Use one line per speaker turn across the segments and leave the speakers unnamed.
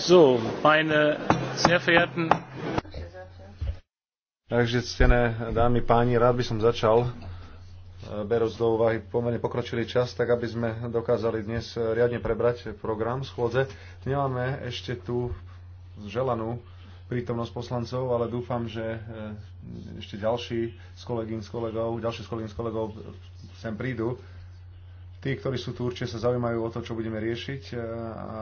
So, meine sehr verehrten Takže ctené dámy, páni, rád by som začal e, berúc do úvahy pomerne pokročilý čas, tak aby sme dokázali dnes riadne prebrať program schôdze. Nemáme ešte tú želanú prítomnosť poslancov, ale dúfam, že e, ešte ďalší z kolegyň, z kolegov, ďalší z kolegyň, z kolegov sem prídu. Tí, ktorí sú tu, určite sa zaujímajú o to, čo budeme riešiť e, a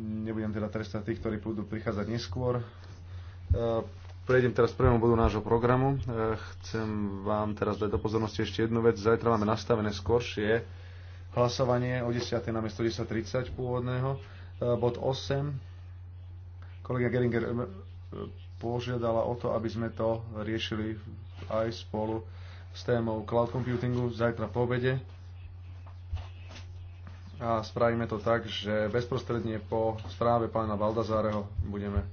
nebudem teda trestať tých, ktorí budú prichádzať neskôr. E, prejdem teraz k prvému bodu nášho programu. Chcem vám teraz dať do pozornosti ešte jednu vec. Zajtra máme nastavené skoršie hlasovanie o 10. namiesto 10.30 pôvodného. Bod 8. Kolega Geringer požiadala o to, aby sme to riešili aj spolu s témou cloud computingu zajtra po obede. A spravíme to tak, že bezprostredne po správe pána Valdazáreho budeme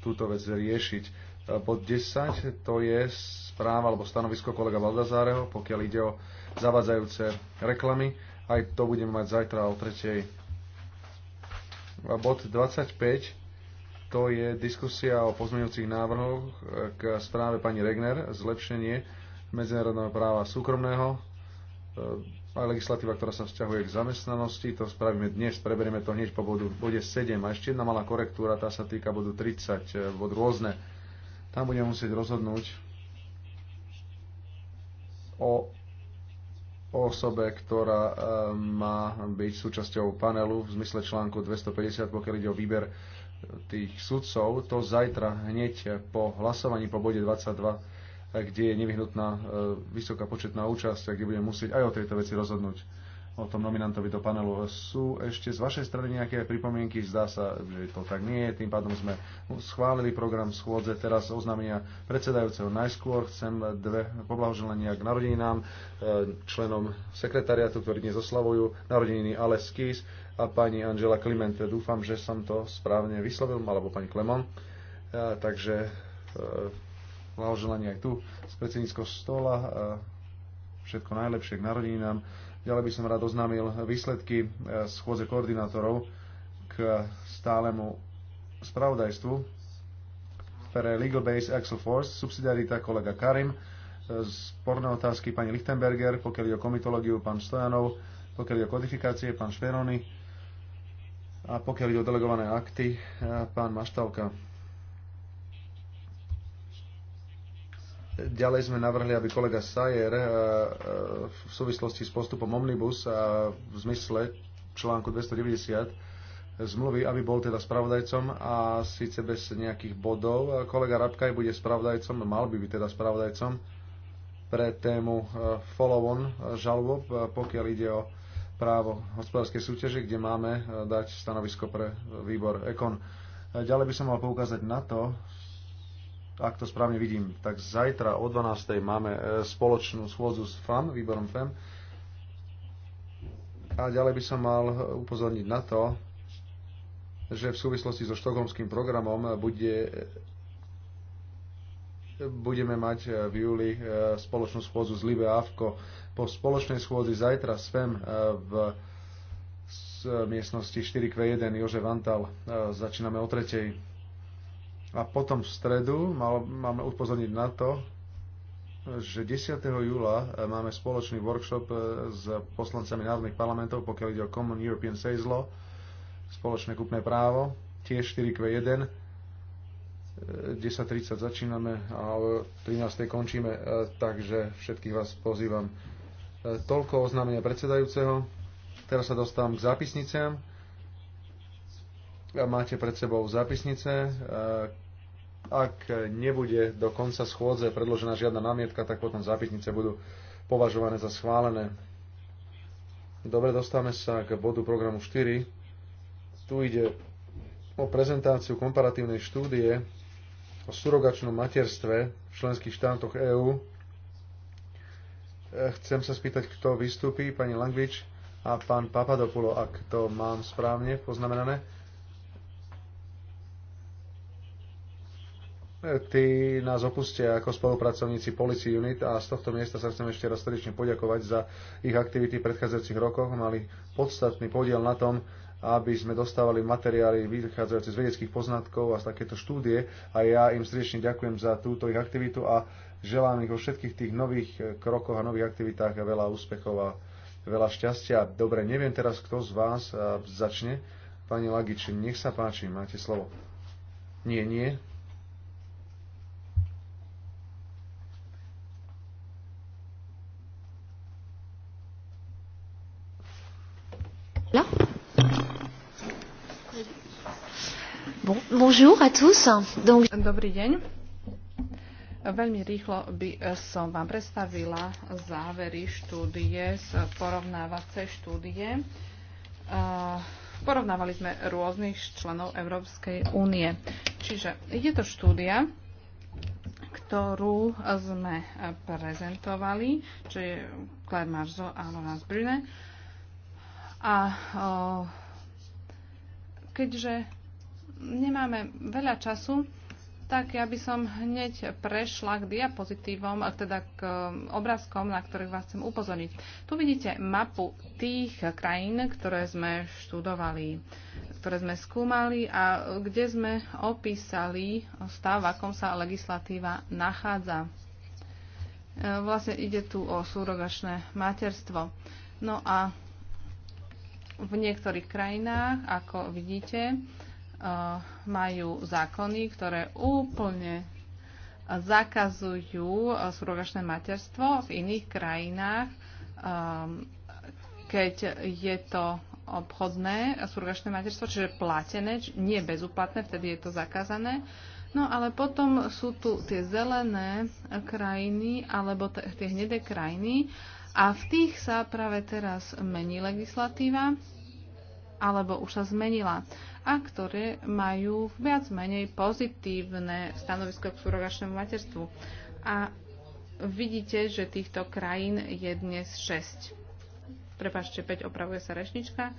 túto vec riešiť. E, bod 10 to je správa alebo stanovisko kolega Valdazáreho, pokiaľ ide o zavadzajúce reklamy. Aj to budeme mať zajtra o 3. Bod 25 to je diskusia o pozmeňujúcich návrhoch eh, k správe pani Regner, zlepšenie medzinárodného práva súkromného, eh, a legislatíva, ktorá sa vzťahuje k zamestnanosti, to spravíme dnes, preberieme to hneď po bodu, bode 7 a ešte jedna malá korektúra, tá sa týka bodu 30, eh, bod rôzne. Tam budeme musieť rozhodnúť o osobe, ktorá má byť súčasťou panelu v zmysle článku 250, pokiaľ ide o výber tých sudcov, to zajtra hneď po hlasovaní po bode 22, eh, kde je nevyhnutná eh, vysoká početná účasť a eh, kde budeme musieť aj o tejto veci rozhodnúť o tom nominantovi do panelu. Sú ešte z vašej strany nejaké pripomienky? Zdá sa, že to tak nie je. Tým pádom sme schválili program schôdze. Teraz oznámenia predsedajúceho najskôr. Chcem dve poblahoželenia k narodeninám e, členom sekretariatu, ktorí dnes oslavujú narodeniny Ales Kis a pani Angela Kliment. Dúfam, že som to správne vyslovil, alebo pani Klemon. E, takže e, blahoželania aj tu z predsedníckého stola. Všetko najlepšie k narodeninám. Ďalej by som rád oznámil výsledky e, schôdze koordinátorov k stálemu spravodajstvu pre Legal Base Axel Force, subsidiarita kolega Karim, e, sporné otázky pani Lichtenberger, pokiaľ je o komitológiu pán Stojanov, pokiaľ je o kodifikácie pán Šverony a pokiaľ je o delegované akty e, pán Maštalka. Ďalej sme navrhli, aby kolega Sayer e, e, v súvislosti s postupom Omnibus a v zmysle článku 290 zmluvy, aby bol teda spravodajcom a síce bez nejakých bodov. Kolega Rabkaj bude spravodajcom, mal by byť teda spravodajcom pre tému e, follow-on žalob, pokiaľ ide o právo hospodárskej súťaže, kde máme dať stanovisko pre výbor Ekon. Ďalej by som mal poukázať na to, ak to správne vidím, tak zajtra o 12.00 máme e, spoločnú schôdzu s FAM, výborom FAM. A ďalej by som mal e, upozorniť na to, že v súvislosti so štokholmským programom bude, e, budeme mať v júli spoločnú schôdzu s Libe Avko. Po spoločnej schôdzi zajtra s FEM v z miestnosti 4Q1 Jože Vantal. Začíname o tretej. A potom v stredu mal, máme upozorniť na to, že 10. júla e, máme spoločný workshop e, s poslancami národných parlamentov, pokiaľ ide o Common European Sales Law, spoločné kupné právo, tiež 4Q1, 10.30 e, začíname a o 13.00 končíme, takže všetkých vás pozývam. Toľko oznámenia predsedajúceho. Teraz sa dostávam k zápisniciam. Máte pred sebou zápisnice. Ak nebude do konca schôdze predložená žiadna námietka, tak potom zápisnice budú považované za schválené. Dobre, dostávame sa k bodu programu 4. Tu ide o prezentáciu komparatívnej štúdie o surogačnom materstve v členských štátoch EÚ. E, chcem sa spýtať, kto vystúpi, pani Langvič a pán Papadopulo, ak to mám správne poznamenané. tí nás opustia ako spolupracovníci Policy Unit a z tohto miesta sa chcem ešte raz srdečne poďakovať za ich aktivity v predchádzajúcich rokoch. Mali podstatný podiel na tom, aby sme dostávali materiály vychádzajúce z vedeckých poznatkov a z takéto štúdie a ja im srdečne ďakujem za túto ich aktivitu a želám ich vo všetkých tých nových krokoch a nových aktivitách a veľa úspechov a veľa šťastia. Dobre, neviem teraz, kto z vás začne. Pani Lagič, nech sa páči, máte slovo. Nie, nie,
bonjour à tous. Donc... Dobrý deň. Veľmi rýchlo by som vám predstavila závery štúdie z porovnávacej štúdie. Porovnávali sme rôznych členov Európskej únie. Čiže je to štúdia, ktorú sme prezentovali, čiže Claire Marzo a Laurence Brune. A keďže nemáme veľa času, tak ja by som hneď prešla k diapozitívom, teda k um, obrázkom, na ktorých vás chcem upozorniť. Tu vidíte mapu tých krajín, ktoré sme študovali, ktoré sme skúmali a kde sme opísali stav, v akom sa legislatíva nachádza. E, vlastne ide tu o súrogačné materstvo. No a v niektorých krajinách, ako vidíte, Eh, majú zákony, ktoré úplne zakazujú eh, surogačné materstvo v iných krajinách, eh, keď je to obchodné surogačné materstvo, čiže platené, nie bezúplatné, vtedy je to zakázané. No ale potom sú tu tie zelené krajiny alebo tie hnedé krajiny a v tých sa práve teraz mení legislatíva alebo už sa zmenila a ktoré majú viac menej pozitívne stanovisko k surogačnému materstvu. A vidíte, že týchto krajín je dnes 6. Prepašte, 5, opravuje sa rešnička.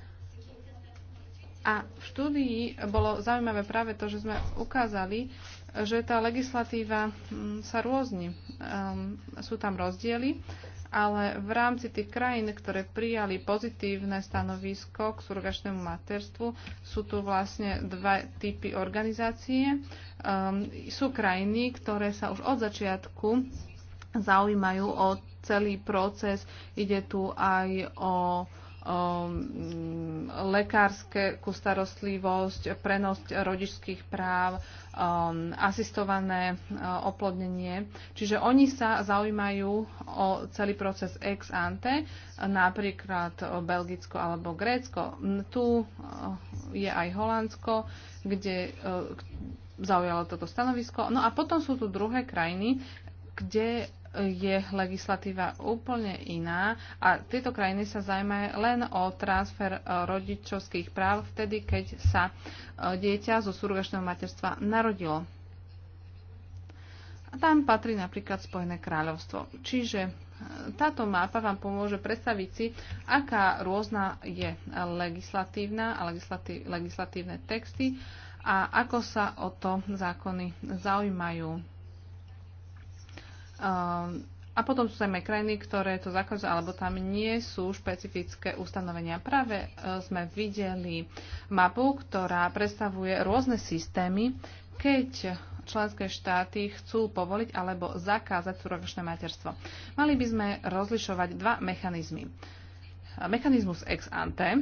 A v štúdii bolo zaujímavé práve to, že sme ukázali, že tá legislatíva mm, sa rôzni. Um, sú tam rozdiely ale v rámci tých krajín, ktoré prijali pozitívne stanovisko k surgačnému materstvu, sú tu vlastne dva typy organizácie. Um, sú krajiny, ktoré sa už od začiatku zaujímajú o celý proces. Ide tu aj o um, lekárskú starostlivosť, prenosť rodičských práv, um, asistované uh, oplodnenie. Čiže oni sa zaujímajú o celý proces ex ante, napríklad Belgicko alebo Grécko. Tu uh, je aj Holandsko, kde uh, zaujalo toto stanovisko. No a potom sú tu druhé krajiny, kde je legislatíva úplne iná a tieto krajiny sa zaujímajú len o transfer e, rodičovských práv vtedy, keď sa e, dieťa zo surrogačného materstva narodilo. A tam patrí napríklad Spojené kráľovstvo. Čiže e, táto mapa vám pomôže predstaviť si, aká rôzna je legislatívna a legislatívne texty a ako sa o to zákony zaujímajú. Ehm, a potom sú aj krajiny, ktoré to zakazujú, alebo tam nie sú špecifické ustanovenia. Práve e, sme videli mapu, ktorá predstavuje rôzne systémy, keď členské štáty chcú povoliť alebo zakázať surrogačné materstvo. Mali by sme rozlišovať dva mechanizmy. Mechanizmus ex ante,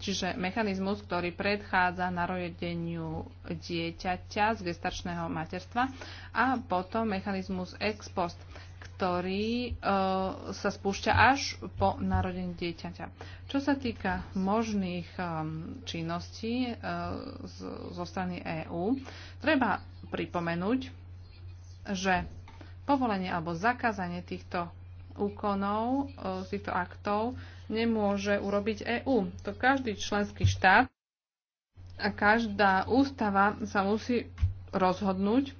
čiže mechanizmus, ktorý predchádza narodeniu dieťaťa z gestačného materstva a potom mechanizmus ex post, ktorý e, sa spúšťa až po narodení dieťaťa. Čo sa týka možných e, činností e, z, zo strany EÚ, treba pripomenúť, že povolenie alebo zakázanie týchto úkonov e, z týchto aktov nemôže urobiť EÚ. To každý členský štát a každá ústava sa musí rozhodnúť,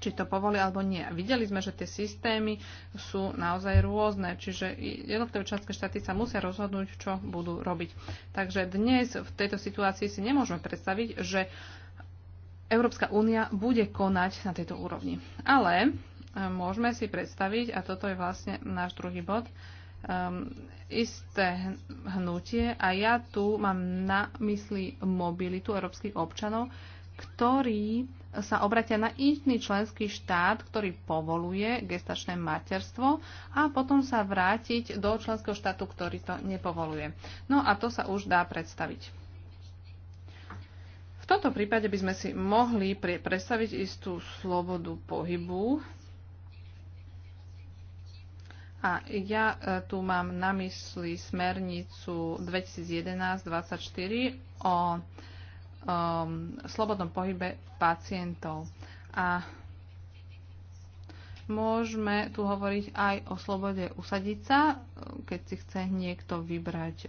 či to povolí alebo nie. Videli sme, že tie systémy sú naozaj rôzne, čiže jednotlivé členské štáty sa musia rozhodnúť, čo budú robiť. Takže dnes v tejto situácii si nemôžeme predstaviť, že Európska únia bude konať na tejto úrovni. Ale môžeme si predstaviť, a toto je vlastne náš druhý bod, um, isté hnutie a ja tu mám na mysli mobilitu európskych občanov, ktorí sa obratia na iný členský štát, ktorý povoluje gestačné materstvo a potom sa vrátiť do členského štátu, ktorý to nepovoluje. No a to sa už dá predstaviť. V tomto prípade by sme si mohli predstaviť istú slobodu pohybu a ja e, tu mám na mysli smernicu 2011-24 o um, slobodnom pohybe pacientov. A môžeme tu hovoriť aj o slobode usadiť sa, keď si chce niekto vybrať e,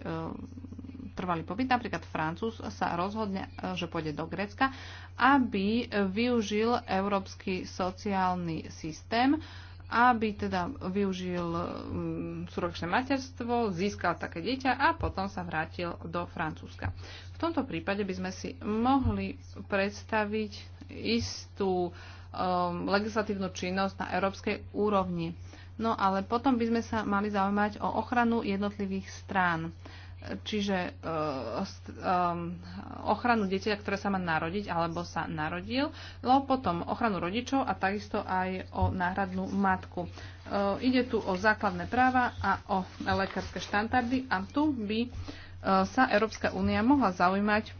trvalý pobyt. Napríklad Francúz sa rozhodne, e, že pôjde do Grécka, aby využil európsky sociálny systém, aby teda využil mm, súročné materstvo, získal také dieťa a potom sa vrátil do Francúzska. V tomto prípade by sme si mohli predstaviť istú um, legislatívnu činnosť na európskej úrovni. No ale potom by sme sa mali zaujímať o ochranu jednotlivých strán. Uh, čiže e, e, ochranu dieťaťa, ktoré sa má narodiť alebo sa narodil, no potom ochranu rodičov a takisto aj o náhradnú matku. E, ide tu o základné práva a o lekárske štandardy a tu by sa Európska únia mohla zaujímať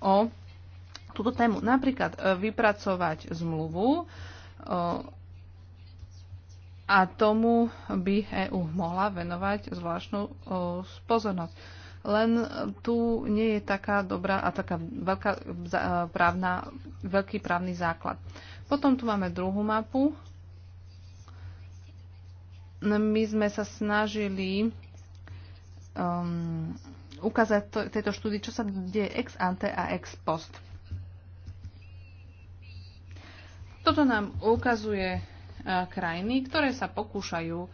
o túto tému. Napríklad vypracovať zmluvu a tomu by EÚ mohla venovať zvláštnu pozornosť. Len tu nie je taká dobrá a taká veľká e, právna, veľký právny základ. Potom tu máme druhú mapu. My sme sa snažili um, ukázať to, tejto štúdii, čo sa deje ex ante a ex post. Toto nám ukazuje krajiny, ktoré sa pokúšajú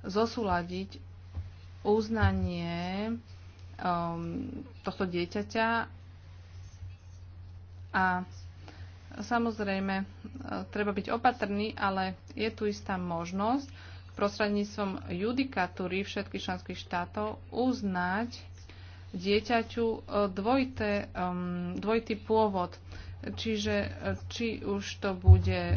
zosúľadiť uznanie um, tohto dieťaťa a samozrejme treba byť opatrný, ale je tu istá možnosť prostredníctvom judikatúry všetkých členských štátov uznať dieťaťu e, dvojité, um, dvojitý pôvod. Čiže e, či už to bude e,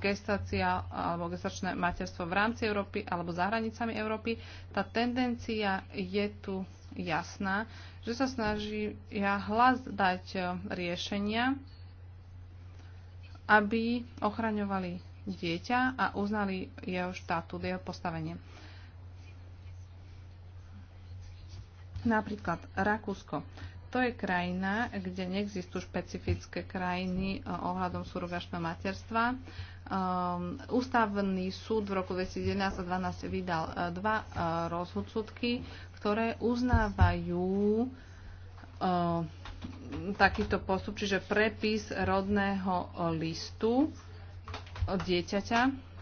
gestácia alebo gestačné materstvo v rámci Európy alebo za hranicami Európy, tá tendencia je tu jasná, že sa snaží ja hľadať e, riešenia, aby ochraňovali dieťa a uznali jeho štatút, jeho postavenie. Napríklad Rakúsko. To je krajina, kde neexistujú špecifické krajiny eh, ohľadom surogačného materstva. Um, ústavný súd v roku 2011 a 2012 vydal eh, dva uh, eh, rozhodcudky, ktoré uznávajú uh, takýto postup, čiže prepis rodného listu dieťaťa,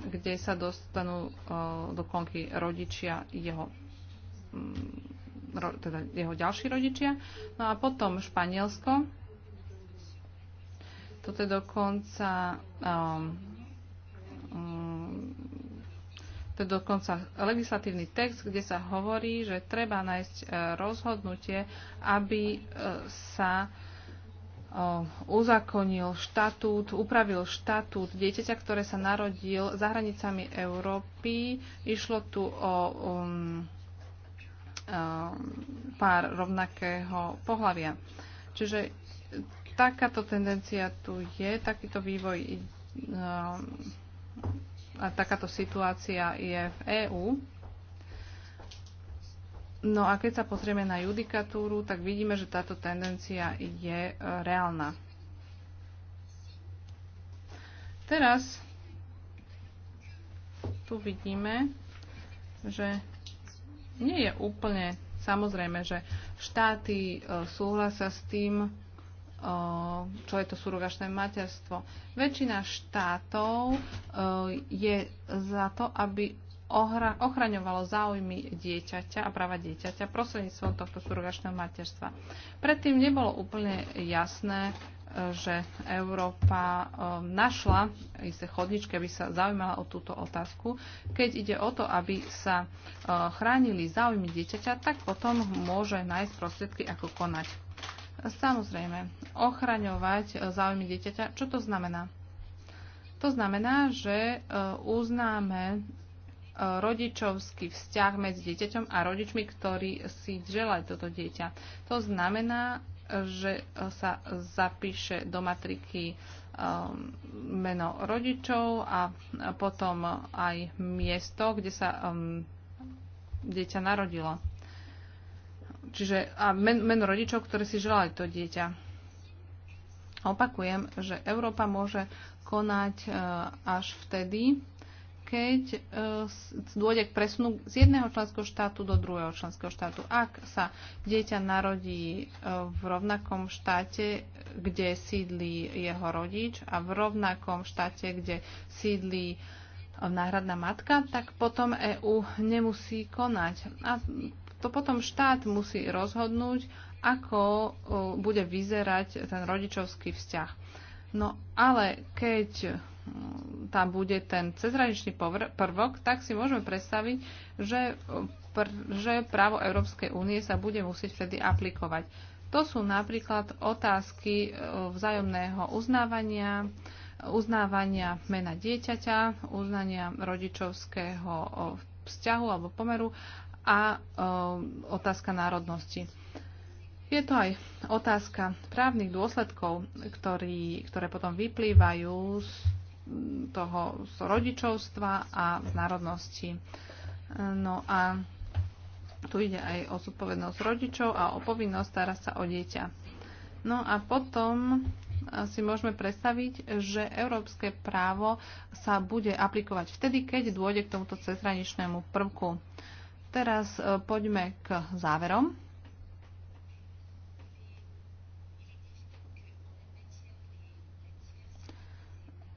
kde sa dostanú uh, do konky rodičia jeho um, teda jeho ďalší rodičia. No a potom Španielsko. Toto je dokonca um, um, to je dokonca legislatívny text, kde sa hovorí, že treba nájsť uh, rozhodnutie, aby uh, sa e, uzakonil štatút, upravil štatút dieťaťa, ktoré sa narodil za hranicami Európy. Išlo tu o um, Um, pár rovnakého pohľavia. Čiže takáto tendencia tu je, takýto vývoj um, a takáto situácia je v EÚ. No a keď sa pozrieme na judikatúru, tak vidíme, že táto tendencia je e, reálna. Teraz tu vidíme, že nie je úplne samozrejme, že štáty e, súhlasia s tým, e, čo je to surogačné materstvo. Väčšina štátov e, je za to, aby ochraňovalo záujmy dieťaťa a práva dieťaťa prostredníctvom tohto surogačného materstva. Predtým nebolo úplne jasné, že Európa um, našla isté chodničky, aby sa zaujímala o túto otázku. Keď ide o to, aby sa uh, chránili záujmy dieťaťa, tak potom môže nájsť prostriedky, ako konať. Samozrejme, ochraňovať uh, záujmy dieťaťa, čo to znamená? To znamená, že uh, uznáme rodičovský vzťah medzi dieťaťom a rodičmi, ktorí si želajú toto dieťa. To znamená, že e, sa zapíše do matriky e, meno rodičov a e, potom aj miesto, kde sa dieťa narodilo. Čiže a men, meno rodičov, ktoré si želali to dieťa. Opakujem, že Európa môže konať až vtedy, keď e, dôjde k presunu z jedného členského štátu do druhého členského štátu. Ak sa dieťa narodí e, v rovnakom štáte, kde sídli jeho rodič a v rovnakom štáte, kde sídli e, náhradná matka, tak potom EÚ nemusí konať. A to potom štát musí rozhodnúť, ako bude vyzerať ten rodičovský vzťah. No ale keď tam bude ten cezhraničný prvok, tak si môžeme predstaviť, že, pr- že právo Európskej únie sa bude musieť vtedy aplikovať. To sú napríklad otázky e, vzájomného uznávania, uznávania mena dieťaťa, uznania rodičovského vzťahu alebo pomeru a e, otázka národnosti. Je to aj otázka právnych dôsledkov, ktorý, ktoré potom vyplývajú z toho z rodičovstva a z národnosti. No a tu ide aj o zodpovednosť rodičov a o povinnosť starať sa o dieťa. No a potom si môžeme predstaviť, že európske právo sa bude aplikovať vtedy, keď dôjde k tomuto cezhraničnému prvku. Teraz eh, poďme k záverom.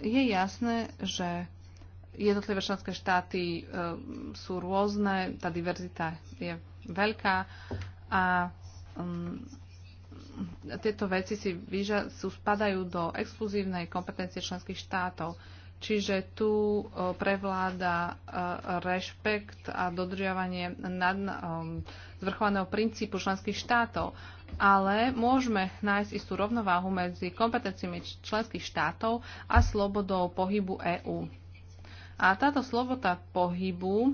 Je jasné, že jednotlivé členské štáty e, sú rôzne, tá diverzita je veľká a mm, tieto veci si vyža- sú, spadajú do exkluzívnej kompetencie členských štátov. Čiže tu e, prevláda e, rešpekt a dodržiavanie nad, zvrchovaného princípu členských štátov ale môžeme nájsť istú rovnováhu medzi kompetenciami členských štátov a slobodou pohybu EÚ. A táto sloboda pohybu eh,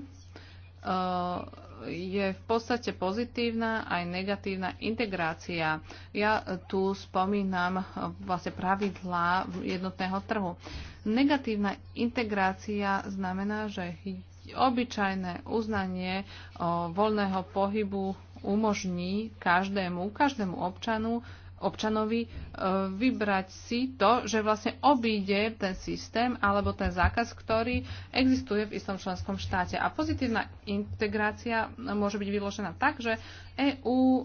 je v podstate pozitívna aj negatívna integrácia. Ja tu spomínam eh, vlastne pravidlá jednotného trhu. Negatívna integrácia znamená, že obyčajné uznanie eh, voľného pohybu umožní každému, každému občanu, občanovi e, vybrať si to, že vlastne obíde ten systém alebo ten zákaz, ktorý existuje v istom členskom štáte. A pozitívna integrácia môže byť vyložená tak, že EÚ e,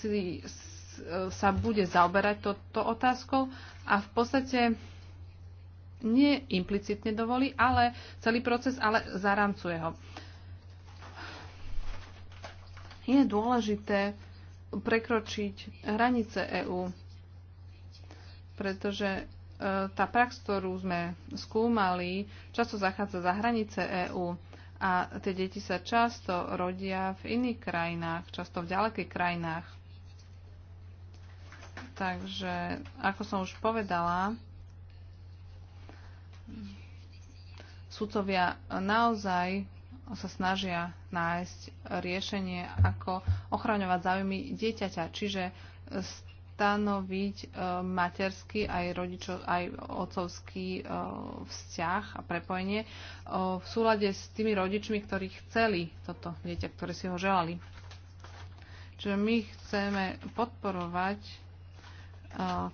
si, e, sa bude zaoberať toto otázkou a v podstate nie implicitne dovolí, ale celý proces, ale zaramcuje ho je dôležité prekročiť hranice EÚ, pretože e, tá prax, ktorú sme skúmali, často zachádza za hranice EÚ a tie deti sa často rodia v iných krajinách, často v ďalekých krajinách. Takže, ako som už povedala, sudcovia naozaj sa snažia nájsť riešenie, ako ochraňovať záujmy dieťaťa, čiže stanoviť e, materský aj, rodičo, aj otcovský e, vzťah a prepojenie e, v súlade s tými rodičmi, ktorí chceli toto dieťa, ktoré si ho želali. Čiže my chceme podporovať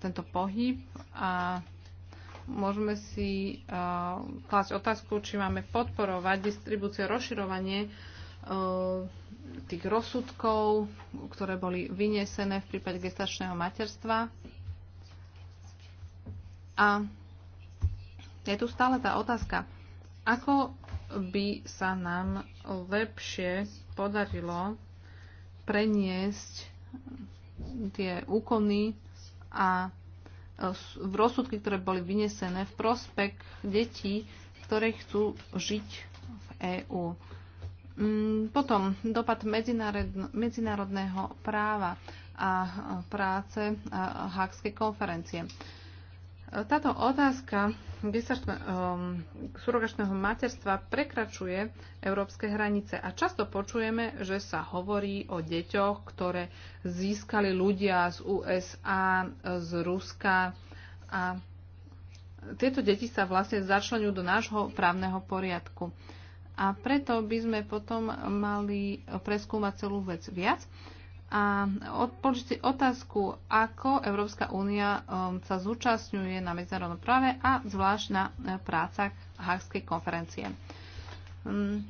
tento pohyb a môžeme si uh, klásť otázku, či máme podporovať distribúciu rozširovanie uh, tých rozsudkov, ktoré boli vyniesené v prípade gestačného materstva. A je tu stále tá otázka, ako by sa nám lepšie podarilo preniesť tie úkony a E, v rozsudky, ktoré boli vynesené v prospek detí, ktoré chcú žiť v EÚ. Mm, potom dopad medzinárodného práva a práce Hákskej konferencie. Táto otázka um, surogačného materstva prekračuje európske hranice a často počujeme, že sa hovorí o deťoch, ktoré získali ľudia z USA, z Ruska a tieto deti sa vlastne začlenujú do nášho právneho poriadku. A preto by sme potom mali preskúmať celú vec viac a položiť si otázku, ako Európska únia um, sa zúčastňuje na medzinárodnom práve a zvlášť na e, prácach Hákskej konferencie. Mm,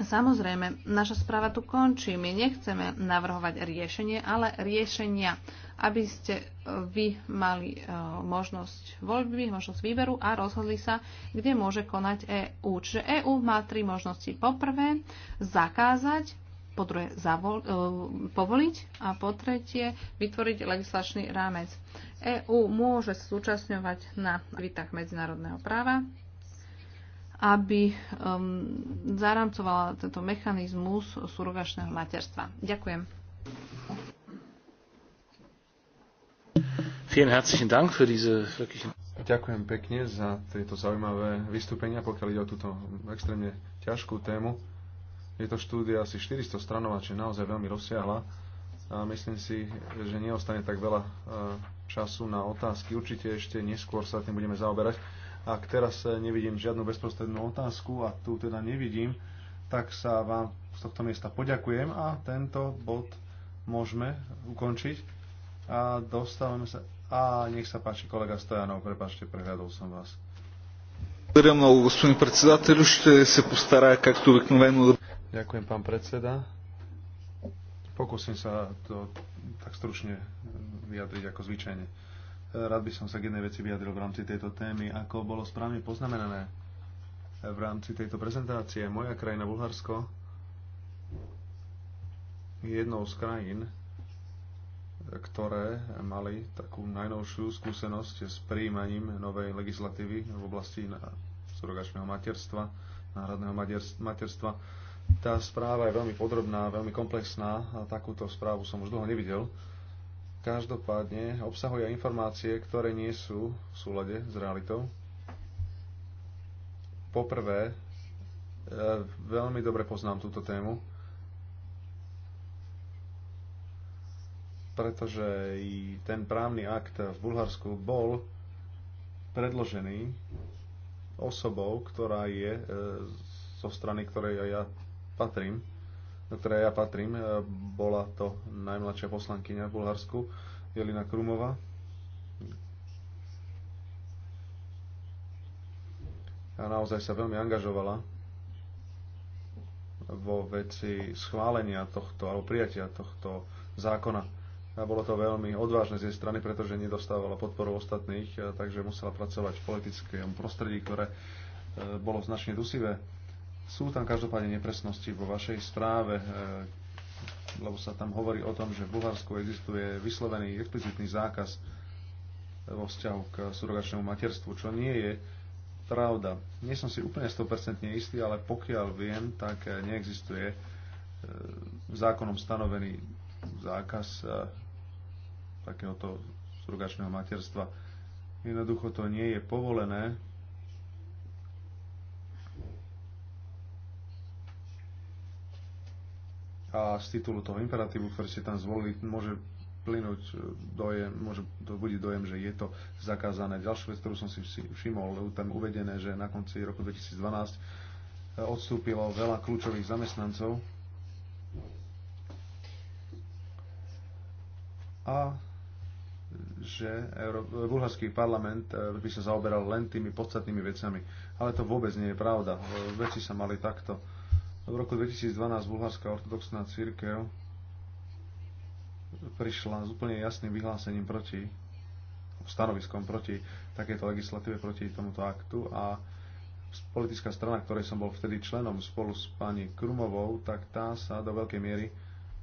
samozrejme, naša správa tu končí. My nechceme navrhovať riešenie, ale riešenia, aby ste e, vy mali e, možnosť voľby, možnosť výberu a rozhodli sa, kde môže konať EÚ. Čiže EÚ má tri možnosti. Poprvé, zakázať po druhé zavol, e, povoliť a po tretie vytvoriť legislačný rámec. EÚ môže súčasňovať na výtah medzinárodného práva, aby um, zaramcovala tento mechanizmus surogačného materstva. Ďakujem.
Ďakujem pekne za tieto zaujímavé vystúpenia, pokiaľ ide o túto extrémne ťažkú tému. Je to štúdia asi 400 stranová, čiže naozaj veľmi rozsiahla. A myslím si, že neostane tak veľa e, času na otázky. Určite ešte neskôr sa tým budeme zaoberať. Ak teraz e, nevidím žiadnu bezprostrednú otázku a tu teda nevidím, tak sa vám z tohto miesta poďakujem a tento bod môžeme ukončiť. A dostávame sa... A nech sa páči kolega Stojanov, prepáčte, prehľadol som vás. Благодаря no, gospodin господин председател. Ще се постарая, както обикновено, Ďakujem, pán predseda. Pokúsim sa to tak stručne eh, vyjadriť ako zvyčajne. Eh, rád by som sa k jednej veci vyjadril v rámci tejto témy, ako bolo správne poznamenané eh, v rámci tejto prezentácie. Moja krajina, Bulharsko, je jednou z krajín, ktoré mali takú najnovšiu skúsenosť s príjmaním novej legislatívy v oblasti surogačného materstva, náhradného materstva tá správa je veľmi podrobná, veľmi komplexná a takúto správu som už dlho nevidel. Každopádne obsahuje informácie, ktoré nie sú v súlade s realitou. Poprvé, e, veľmi dobre poznám túto tému, pretože i ten právny akt v Bulharsku bol predložený osobou, ktorá je e, zo strany, ktorej ja patrím, do ktorej ja patrím, e, bola to najmladšia poslankyňa v Bulharsku, Jelina Krumová. A naozaj sa veľmi angažovala vo veci schválenia tohto alebo prijatia tohto zákona. A bolo to veľmi odvážne z jej strany, pretože nedostávala podporu ostatných, takže musela pracovať v politickom prostredí, ktoré e, bolo značne dusivé. Sú tam každopádne nepresnosti vo vašej správe, eh, lebo sa tam hovorí o tom, že v Bulharsku existuje vyslovený explicitný zákaz eh, vo vzťahu k surogačnému materstvu, čo nie je pravda. Nie som si úplne 100% istý, ale pokiaľ viem, tak eh, neexistuje zákonom stanovený zákaz takéhoto surogačného materstva. Jednoducho to nie je povolené a z titulu toho imperatívu, ktorý ste tam zvolili, môže plynúť e, dojem, môže to budiť dojem, že je to zakázané. Ďalšia vec, ktorú som si všimol, tam uvedené, že na konci roku 2012 e, odstúpilo veľa kľúčových zamestnancov a že bulharský parlament e, by sa zaoberal len tými podstatnými vecami. Ale to vôbec nie je pravda. Veci sa mali takto v roku 2012 Bulharská ortodoxná církev prišla s úplne jasným vyhlásením proti, stanoviskom proti takéto legislatíve, proti tomuto aktu a politická strana, ktorej som bol vtedy členom spolu s pani Krumovou, tak tá sa do veľkej miery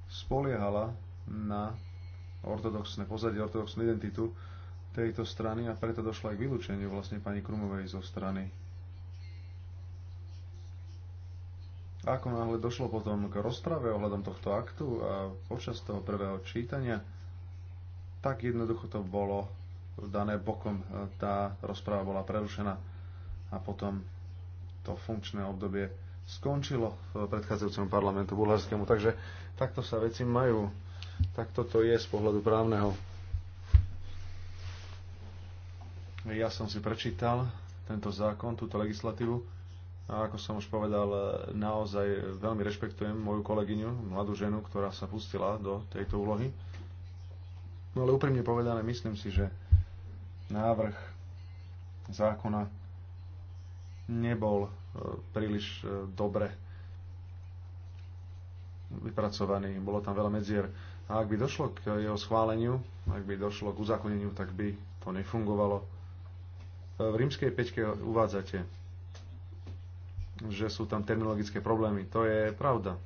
spoliehala na ortodoxné pozadie, ortodoxnú identitu tejto strany a preto došlo aj k vylúčeniu vlastne pani Krumovej zo strany Ako náhle došlo potom k rozprave ohľadom tohto aktu a počas toho prvého čítania, tak jednoducho to bolo dané bokom. Tá rozpráva bola prerušená a potom to funkčné obdobie skončilo v predchádzajúcom parlamentu bulharskému. Takže takto sa veci majú. Takto to je z pohľadu právneho. Ja som si prečítal tento zákon, túto legislatívu a ako som už povedal, e, naozaj veľmi rešpektujem moju kolegyňu, mladú ženu, ktorá sa pustila do tejto úlohy. No ale úprimne povedané, myslím si, že návrh zákona nebol e, príliš e, dobre vypracovaný, bolo tam veľa medzier. A ak by došlo k jeho schváleniu, ak by došlo k uzakoneniu, tak by to nefungovalo. V rímskej peťke uvádzate že sú tam terminologické problémy. To je pravda.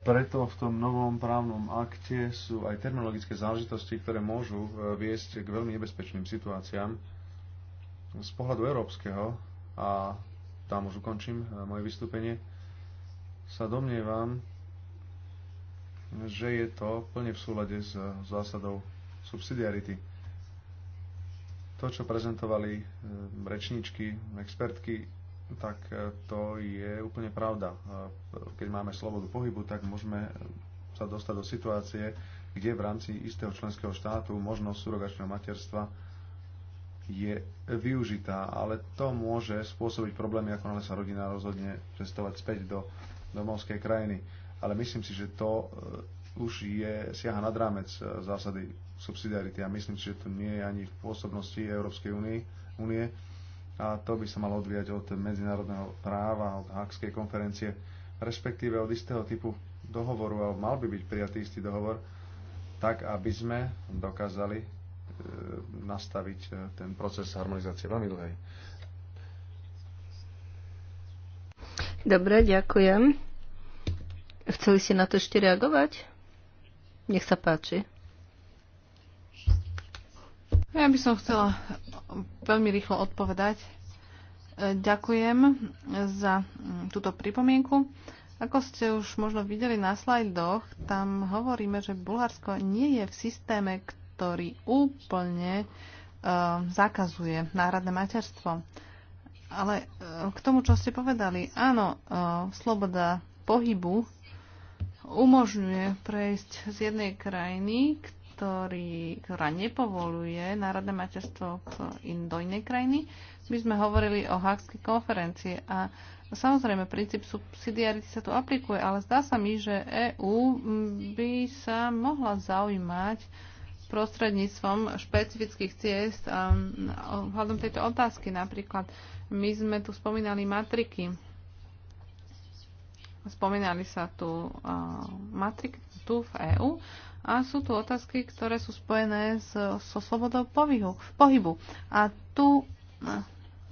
Preto v tom novom právnom akte sú aj terminologické záležitosti, ktoré môžu e, viesť k veľmi nebezpečným situáciám. Z pohľadu európskeho, a tam už ukončím e, moje vystúpenie, sa domnievam, že je to plne v súlade s e, zásadou subsidiarity. To, čo prezentovali eh, rečníčky, expertky, tak eh, to je úplne pravda. Eh, keď máme slobodu pohybu, tak môžeme sa dostať do situácie, kde v rámci istého členského štátu možnosť surogačného materstva je využitá, ale to môže spôsobiť problémy, ako náhle sa rodina rozhodne cestovať späť do domovskej krajiny. Ale myslím si, že to už je, siaha nad rámec zásady subsidiarity a myslím si, že to nie je ani v pôsobnosti Európskej únie, a to by sa malo odvíjať od medzinárodného práva, od Hákskej konferencie, respektíve od istého typu dohovoru, alebo mal by byť prijatý istý dohovor, tak aby sme dokázali e, nastaviť e, ten proces harmonizácie veľmi dlhej.
Dobre, ďakujem. Chceli ste na to ešte reagovať? Nech sa páči.
Ja by som chcela veľmi rýchlo odpovedať. E, ďakujem za mm, túto pripomienku. Ako ste už možno videli na slajdoch, tam hovoríme, že Bulharsko nie je v systéme, ktorý úplne uh, zakazuje náhradné materstvo. Ale uh, k tomu, čo ste povedali, áno, uh, sloboda pohybu umožňuje prejsť z jednej krajiny k ktorý, ktorá nepovoluje národné materstvo do inej krajiny, by sme hovorili o Hákskej konferencii. A samozrejme, princíp subsidiarity sa tu aplikuje, ale zdá sa mi, že EÚ by sa mohla zaujímať prostredníctvom špecifických ciest ohľadom tejto otázky. Napríklad my sme tu spomínali matriky. Spomínali sa tu uh, matriky tu v EÚ a sú tu otázky, ktoré sú spojené so, so slobodou pohybu, pohybu. A tu e,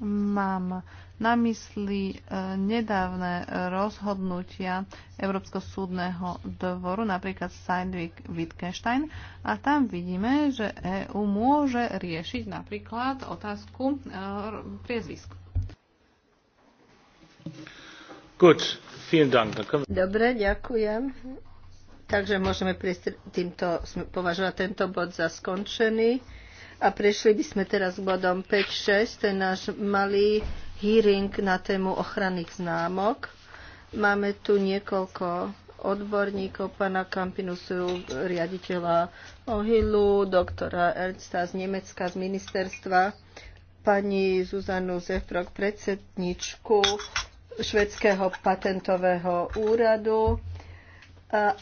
mám na mysli e, nedávne rozhodnutia Európskeho súdneho dvoru, napríklad Seidvik Wittgenstein. A tam vidíme, že EÚ môže riešiť napríklad otázku e, priezvisk. Dobre, ďakujem. Takže
môžeme prejsť týmto, považovať tento bod za skončený. A prešli by sme teraz k bodom 5.6, to je náš malý hearing na tému ochranných známok. Máme tu niekoľko odborníkov, pana Kampinusu, riaditeľa Ohilu, doktora Ernsta z Nemecka, z ministerstva, pani Zuzanu Zefrok, predsedničku Švedského patentového úradu,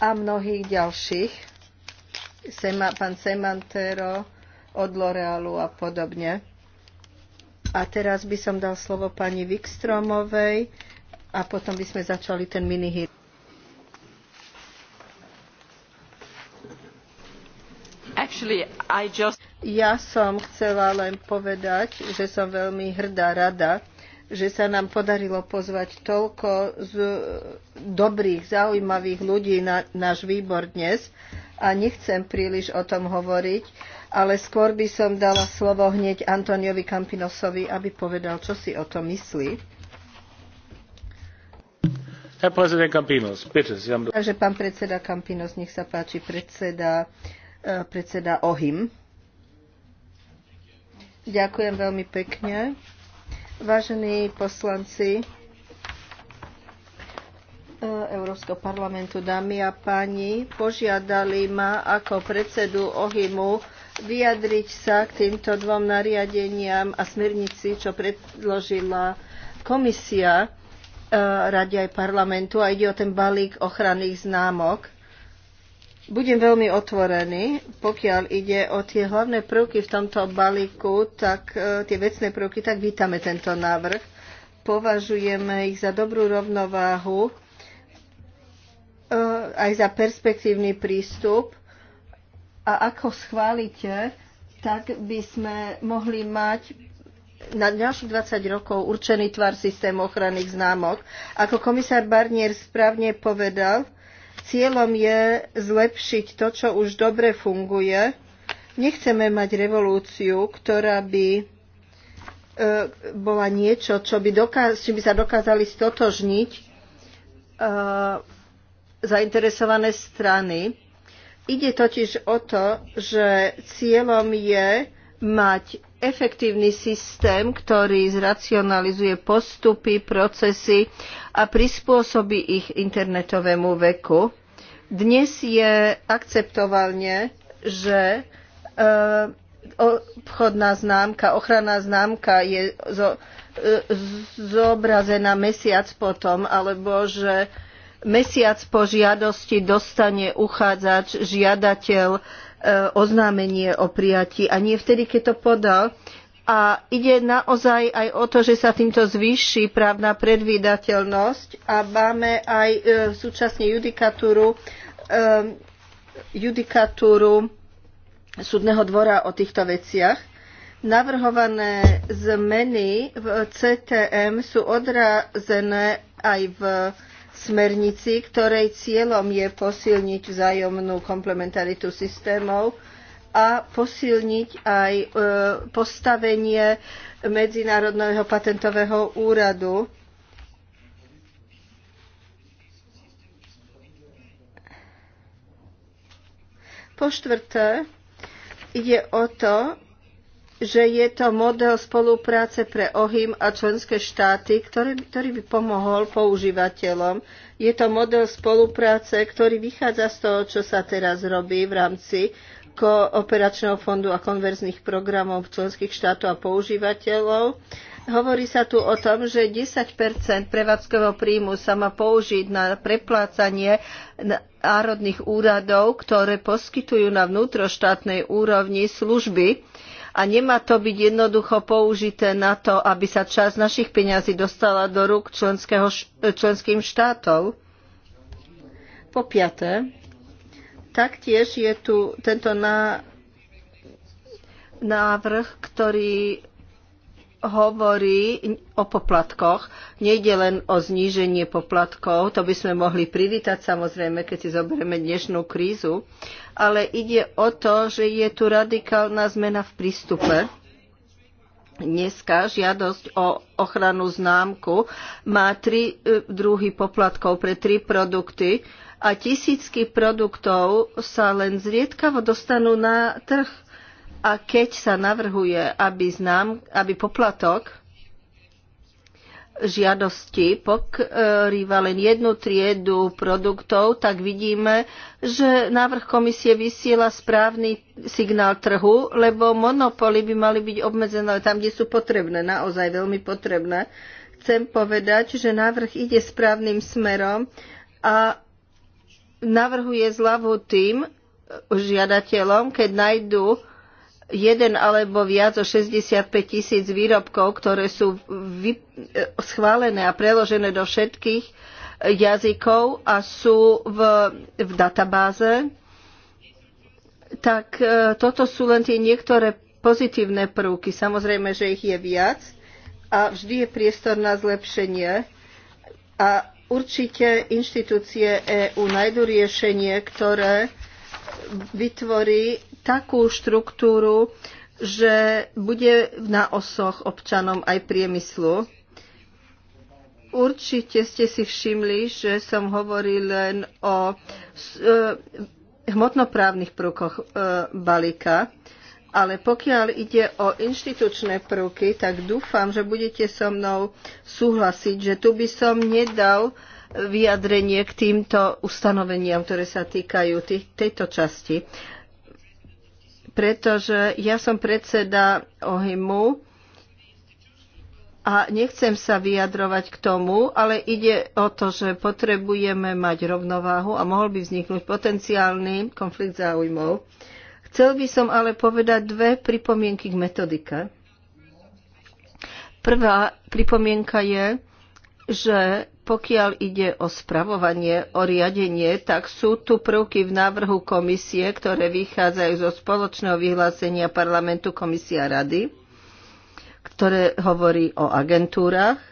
a mnohých ďalších. Sema, pán Semantero od L'Orealu a podobne. A teraz by som dal slovo pani Wikstromovej a potom by sme začali ten mini hit. Actually, I just... Ja som chcela len povedať, že som veľmi hrdá rada, že sa nám podarilo pozvať toľko z e, dobrých, zaujímavých ľudí na náš výbor dnes a nechcem príliš o tom hovoriť, ale skôr by som dala slovo hneď Antoniovi Kampinosovi, aby povedal, čo si o tom myslí.
Takže
pán predseda Kampinos, nech sa páči, predseda, e, predseda OHIM. Ďakujem veľmi pekne. Vážení poslanci e, Európskeho parlamentu, dámy a páni, požiadali ma ako predsedu OHIMu vyjadriť sa k týmto dvom nariadeniam a smernici, čo predložila komisia e, Rade aj parlamentu a ide o ten balík ochranných známok budem veľmi otvorený, pokiaľ ide o tie hlavné prvky v tomto balíku, tak e, tie vecné prvky, tak vítame tento návrh. Považujeme ich za dobrú rovnováhu, e, aj za perspektívny prístup. A ako schválite, tak by sme mohli mať na ďalších 20 rokov určený tvar systému ochranných známok. Ako komisár Barnier správne povedal, Cieľom je zlepšiť to, čo už dobre funguje. Nechceme mať revolúciu, ktorá by e, bola niečo, čo by, dokáz- čo by sa dokázali stotožniť e, zainteresované strany. Ide totiž o to, že cieľom je mať efektívny systém, ktorý zracionalizuje postupy, procesy a prispôsobí ich internetovému veku. Dnes je akceptovalne, že e, obchodná známka, ochranná známka je zo, e, zobrazená mesiac potom, alebo že mesiac po žiadosti dostane uchádzač, žiadateľ E, oznámenie o prijatí a nie vtedy, keď to podal. A ide naozaj aj o to, že sa týmto zvýši právna predvídateľnosť a máme aj e, súčasne judikatúru, e, judikatúru súdneho dvora o týchto veciach. Navrhované zmeny v CTM sú odrazené aj v smernici, ktorej cieľom je posilniť vzájomnú komplementaritu systémov a posilniť aj e, postavenie Medzinárodného patentového úradu. Po štvrté, ide o to, že je to model spolupráce pre OHIM a členské štáty, ktorý, ktorý by pomohol používateľom. Je to model spolupráce, ktorý vychádza z toho, čo sa teraz robí v rámci kooperačného fondu a konverzných programov členských štátov a používateľov. Hovorí sa tu o tom, že 10 prevádzkového príjmu sa má použiť na preplácanie národných úradov, ktoré poskytujú na vnútroštátnej úrovni služby a nemá to byť jednoducho použité na to, aby sa časť našich peňazí dostala do rúk e, členským štátov. Po piaté, taktiež je tu tento návrh, ktorý hovorí o poplatkoch. Nejde len o zníženie poplatkov, to by sme mohli privítať samozrejme, keď si zoberieme dnešnú krízu, ale ide o to, že je tu radikálna zmena v prístupe. Dneska žiadosť o ochranu známku má tri e, druhy poplatkov pre tri produkty a tisícky produktov sa len zriedkavo dostanú na trh a keď sa navrhuje, aby, znám, aby poplatok žiadosti pokrýva len jednu triedu produktov, tak vidíme, že návrh komisie vysiela správny signál trhu, lebo monopoly by mali byť obmedzené tam, kde sú potrebné, naozaj veľmi potrebné. Chcem povedať, že návrh ide správnym smerom a navrhuje zľavu tým žiadateľom, keď nájdú jeden alebo viac o 65 tisíc výrobkov, ktoré sú vy, e, schválené a preložené do všetkých jazykov a sú v, v databáze, tak e, toto sú len tie niektoré pozitívne prvky. Samozrejme, že ich je viac a vždy je priestor na zlepšenie. A určite inštitúcie EÚ nájdú riešenie, ktoré vytvorí takú štruktúru, že bude na osoch občanom aj priemyslu. Určite ste si všimli, že som hovoril len o e, hmotnoprávnych prvkoch e, balíka, ale pokiaľ ide o inštitučné prúky, tak dúfam, že budete so mnou súhlasiť, že tu by som nedal vyjadrenie k týmto ustanoveniam, ktoré sa týkajú tých, tejto časti pretože ja som predseda OHIMu a nechcem sa vyjadrovať k tomu, ale ide o to, že potrebujeme mať rovnováhu a mohol by vzniknúť potenciálny konflikt záujmov. Chcel by som ale povedať dve pripomienky k metodike. Prvá pripomienka je, že pokiaľ ide o spravovanie, o riadenie, tak sú tu prvky v návrhu komisie, ktoré vychádzajú zo spoločného vyhlásenia parlamentu komisia rady, ktoré hovorí o agentúrach.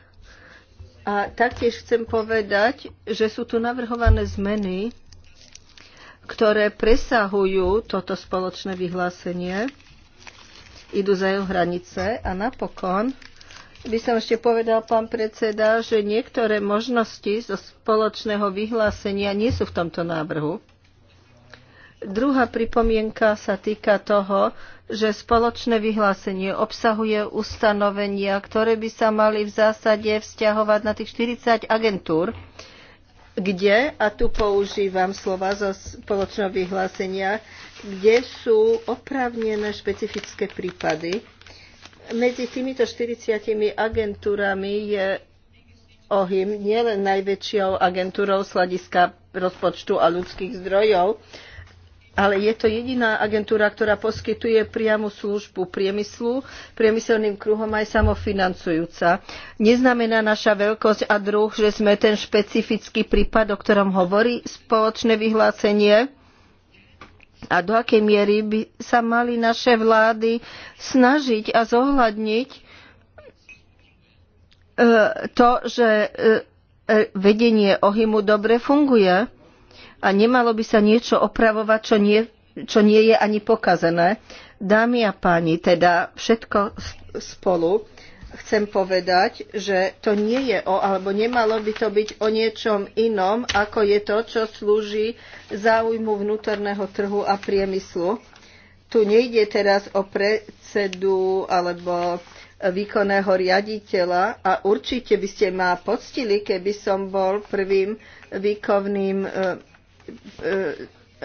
A taktiež chcem povedať, že sú tu navrhované zmeny, ktoré presahujú toto spoločné vyhlásenie, idú za jeho hranice a napokon by som ešte povedal, pán predseda, že niektoré možnosti zo spoločného vyhlásenia nie sú v tomto návrhu. Druhá pripomienka sa týka toho, že spoločné vyhlásenie obsahuje ustanovenia, ktoré by sa mali v zásade vzťahovať na tých 40 agentúr, kde, a tu používam slova zo spoločného vyhlásenia, kde sú oprávnené špecifické prípady medzi týmito 40 agentúrami je OHIM nielen najväčšou agentúrou z hľadiska rozpočtu a ľudských zdrojov, ale je to jediná agentúra, ktorá poskytuje priamu službu priemyslu, priemyselným kruhom aj samofinancujúca. Neznamená naša veľkosť a druh, že sme ten špecifický prípad, o ktorom hovorí spoločné vyhlásenie, a do akej miery by sa mali naše vlády snažiť a zohľadniť e, to, že e, e, vedenie Ohymu dobre funguje a nemalo by sa niečo opravovať, čo nie, čo nie je ani pokazené. Dámy a páni, teda všetko spolu chcem povedať, že to nie je o, alebo nemalo by to byť o niečom inom, ako je to, čo slúži záujmu vnútorného trhu a priemyslu. Tu nejde teraz o predsedu alebo výkonného riaditeľa a určite by ste ma poctili, keby som bol prvým výkonným e, e,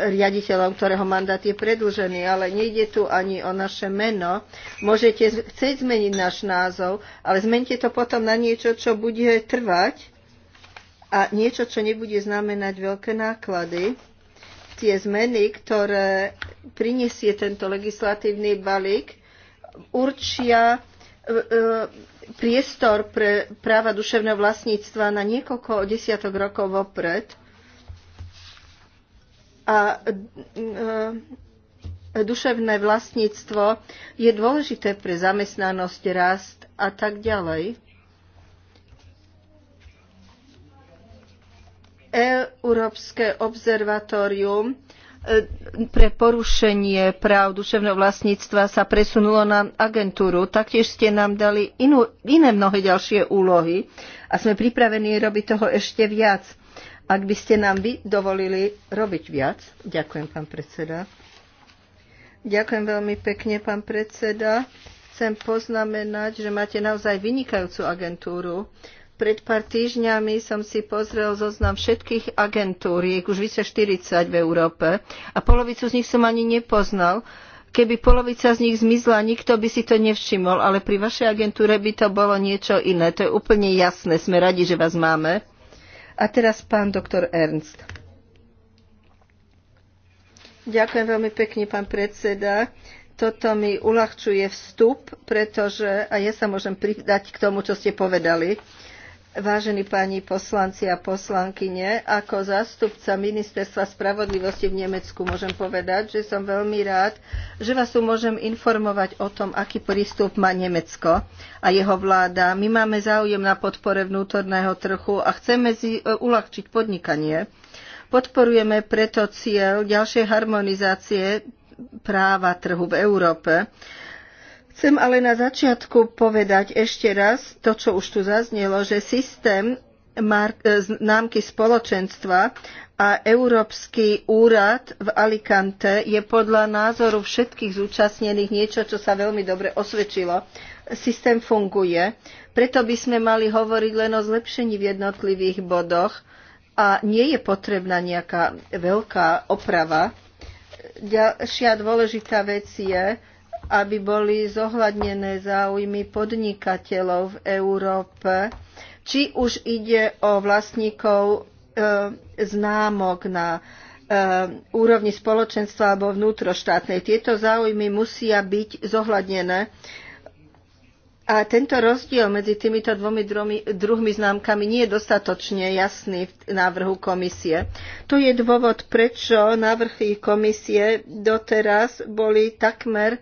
riaditeľom, ktorého mandát je predlžený, ale nejde tu ani o naše meno. Môžete chcieť zmeniť náš názov, ale zmente to potom na niečo, čo bude trvať a niečo, čo nebude znamenať veľké náklady. Tie zmeny, ktoré prinesie tento legislatívny balík, určia e, e, priestor pre práva duševného vlastníctva na niekoľko desiatok rokov vopred a e, e, duševné vlastníctvo je dôležité pre zamestnanosť, rast a tak ďalej. Európske observatórium e, pre porušenie práv duševného vlastníctva sa presunulo na agentúru. Taktiež ste nám dali inú, iné mnohé ďalšie úlohy a sme pripravení robiť toho ešte viac ak by ste nám vy dovolili robiť viac. Ďakujem, pán predseda. Ďakujem veľmi pekne, pán predseda. Chcem poznamenať, že máte naozaj vynikajúcu agentúru. Pred pár týždňami som si pozrel zoznam všetkých agentúr, je už vyše 40 v Európe, a polovicu z nich som ani nepoznal. Keby polovica z nich zmizla, nikto by si to nevšimol, ale pri vašej agentúre by to bolo niečo iné. To je úplne jasné, sme radi, že vás máme. A teraz pán doktor Ernst. Ďakujem veľmi pekne, pán predseda. Toto mi uľahčuje vstup, pretože a ja sa môžem pridať k tomu, čo ste povedali. Uh, Vážení páni poslanci a poslankyne, ako zástupca Ministerstva spravodlivosti v Nemecku môžem povedať, že som veľmi rád, že vás tu môžem informovať o tom, aký prístup má Nemecko a jeho vláda. My máme záujem na podpore vnútorného trhu a chceme e, uľahčiť podnikanie. Podporujeme preto cieľ ďalšej harmonizácie práva trhu v Európe. Chcem ale na začiatku povedať ešte raz to, čo už tu zaznelo, že systém e, známky spoločenstva a Európsky úrad v Alicante je podľa názoru všetkých zúčastnených niečo, čo sa veľmi dobre osvedčilo. Systém funguje, preto by sme mali hovoriť len o zlepšení v jednotlivých bodoch a nie je potrebná nejaká veľká oprava. Ďalšia dôležitá vec je, aby boli zohľadnené záujmy podnikateľov v Európe, či už ide o vlastníkov e, známok na e, úrovni spoločenstva alebo vnútroštátnej. Tieto záujmy musia byť zohľadnené. A tento rozdiel medzi týmito dvomi druhmi známkami nie je dostatočne jasný v návrhu komisie. To je dôvod, prečo návrhy komisie doteraz boli takmer uh,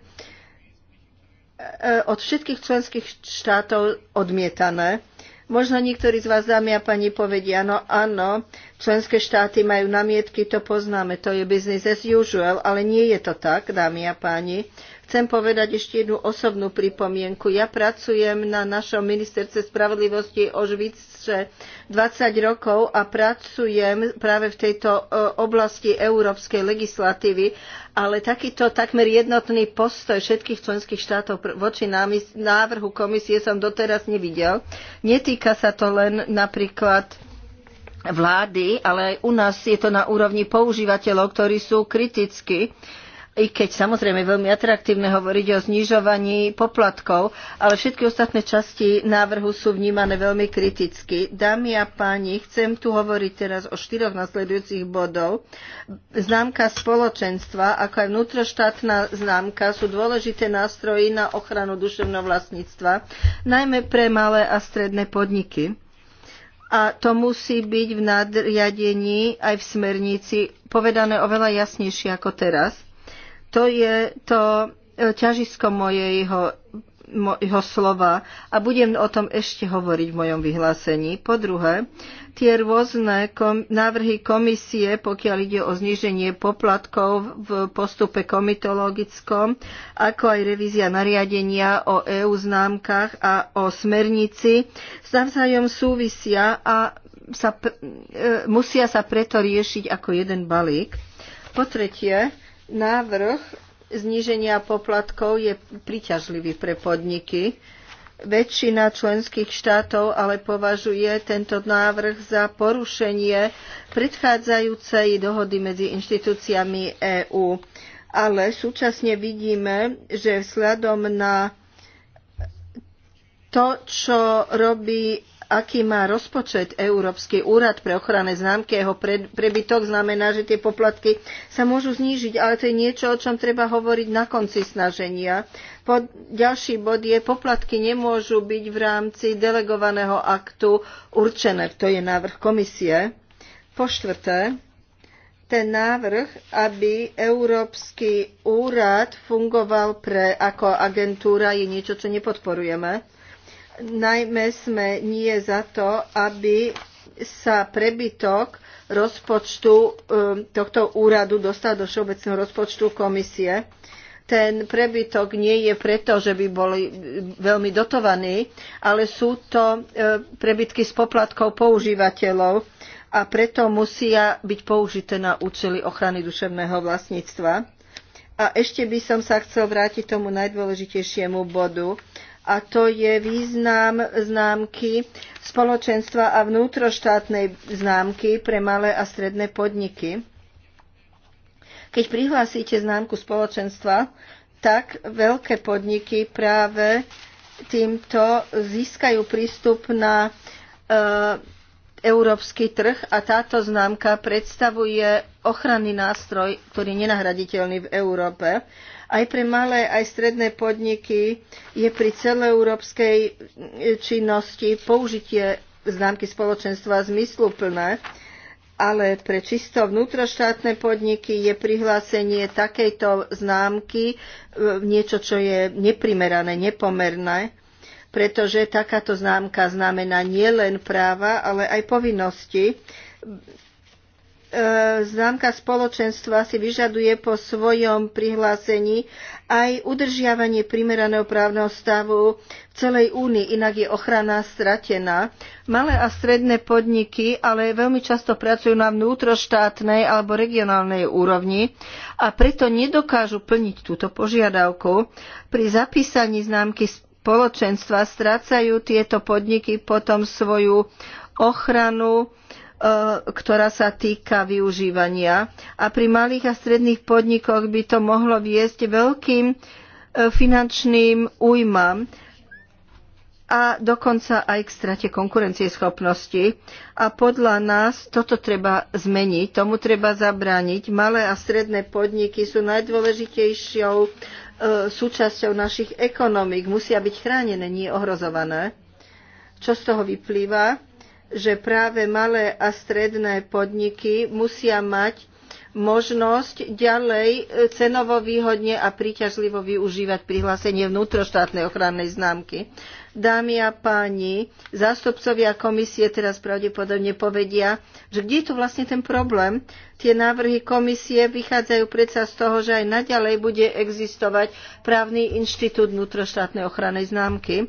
E, od všetkých členských štátov odmietané. Možno niektorí z vás, dámy a pani, povedia, no áno, členské štáty majú namietky, to poznáme, to je business as usual, ale nie je to tak, dámy a páni. Chcem povedať ešte jednu osobnú pripomienku. Ja pracujem na našom ministerstve spravodlivosti už vyše 20 rokov a pracujem práve v tejto e, oblasti európskej legislatívy, ale takýto takmer jednotný postoj všetkých členských štátov voči návrhu komisie som doteraz nevidel. Netýka sa to len napríklad vlády, ale aj u nás je to na úrovni používateľov, ktorí sú kriticky uh, i keď samozrejme je veľmi atraktívne hovoriť o znižovaní poplatkov, ale všetky ostatné časti návrhu sú vnímané veľmi kriticky. Dámy a páni, chcem tu hovoriť teraz o štyroch nasledujúcich bodov. Známka spoločenstva, ako aj vnútroštátna známka, sú dôležité nástroje na ochranu duševného vlastníctva, najmä pre malé a stredné podniky a to musí byť v nadriadení aj v smernici povedané oveľa jasnejšie ako teraz. To je to e, ťažisko mojeho, mojho slova a budem o tom ešte hovoriť v mojom vyhlásení. Po druhé, tie rôzne kom- návrhy komisie, pokiaľ ide o zníženie poplatkov v postupe komitologickom, ako aj revízia nariadenia o EU známkach a o smernici, s navzájom súvisia a sa, e, musia sa preto riešiť ako jeden balík. Po tretie, Návrh zníženia poplatkov je príťažlivý pre podniky. Väčšina členských štátov ale považuje tento návrh za porušenie predchádzajúcej dohody medzi inštitúciami EÚ. Ale súčasne vidíme, že vzhľadom na to, čo robí aký má rozpočet Európsky úrad pre ochranné známky jeho prebytok, znamená, že tie poplatky sa môžu znížiť, ale to je niečo, o čom treba hovoriť na konci snaženia. Pod, ďalší bod je, poplatky nemôžu byť v rámci delegovaného aktu určené. To je návrh komisie. Po štvrté, ten návrh, aby Európsky úrad fungoval pre, ako agentúra, je niečo, čo nepodporujeme najmä sme nie za to, aby sa prebytok rozpočtu um, tohto úradu dostal do všeobecného rozpočtu komisie. Ten prebytok nie je preto, že by boli veľmi dotovaní, ale sú to um, prebytky s poplatkov používateľov a preto musia byť použité na účely ochrany duševného vlastníctva. A ešte by som sa chcel vrátiť tomu najdôležitejšiemu bodu, a to je význam známky spoločenstva a vnútroštátnej známky pre malé a stredné podniky. Keď prihlásíte známku spoločenstva, tak veľké podniky práve týmto získajú prístup na e, európsky trh a táto známka predstavuje ochranný nástroj, ktorý je nenahraditeľný v Európe. Aj pre malé, aj stredné podniky je pri celoeurópskej e, činnosti použitie známky spoločenstva zmysluplné, ale pre čisto vnútroštátne podniky je prihlásenie takejto známky e, niečo, čo je neprimerané, nepomerné pretože takáto známka znamená nielen práva, ale aj povinnosti E, známka spoločenstva si vyžaduje po svojom prihlásení aj udržiavanie primeraného právneho stavu v celej únii, inak je ochrana stratená. Malé a stredné podniky ale veľmi často pracujú na vnútroštátnej alebo regionálnej úrovni a preto nedokážu plniť túto požiadavku. Pri zapísaní známky spoločenstva strácajú tieto podniky potom svoju ochranu E, ktorá sa týka využívania. A pri malých a stredných podnikoch by to mohlo viesť veľkým e, finančným újmam a dokonca aj k strate konkurencieschopnosti. A podľa nás toto treba zmeniť, tomu treba zabrániť. Malé a stredné podniky sú najdôležitejšou e, súčasťou našich ekonomík. Musia byť chránené, nie ohrozované. Čo z toho vyplýva? že práve malé a stredné podniky musia mať možnosť ďalej e, cenovo výhodne a príťažlivo využívať prihlásenie vnútroštátnej ochrannej známky. Dámy a páni, zástupcovia komisie teraz pravdepodobne povedia, že kde je tu vlastne ten problém? Tie návrhy komisie vychádzajú predsa z toho, že aj naďalej bude existovať právny inštitút vnútroštátnej ochrannej známky.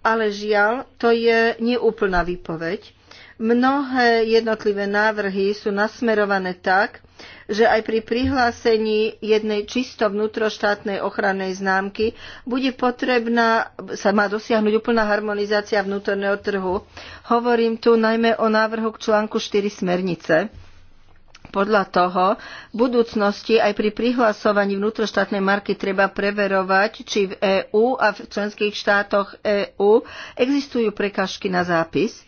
Ale žiaľ, to je neúplná výpoveď Mnohé jednotlivé návrhy sú nasmerované tak, že aj pri prihlásení jednej čisto vnútroštátnej ochrannej známky bude potrebná, sa má dosiahnuť úplná harmonizácia vnútorného trhu. Hovorím tu najmä o návrhu k článku 4 smernice. Podľa toho v budúcnosti aj pri prihlasovaní vnútroštátnej marky treba preverovať, či v EÚ a v členských štátoch EÚ existujú prekažky na zápis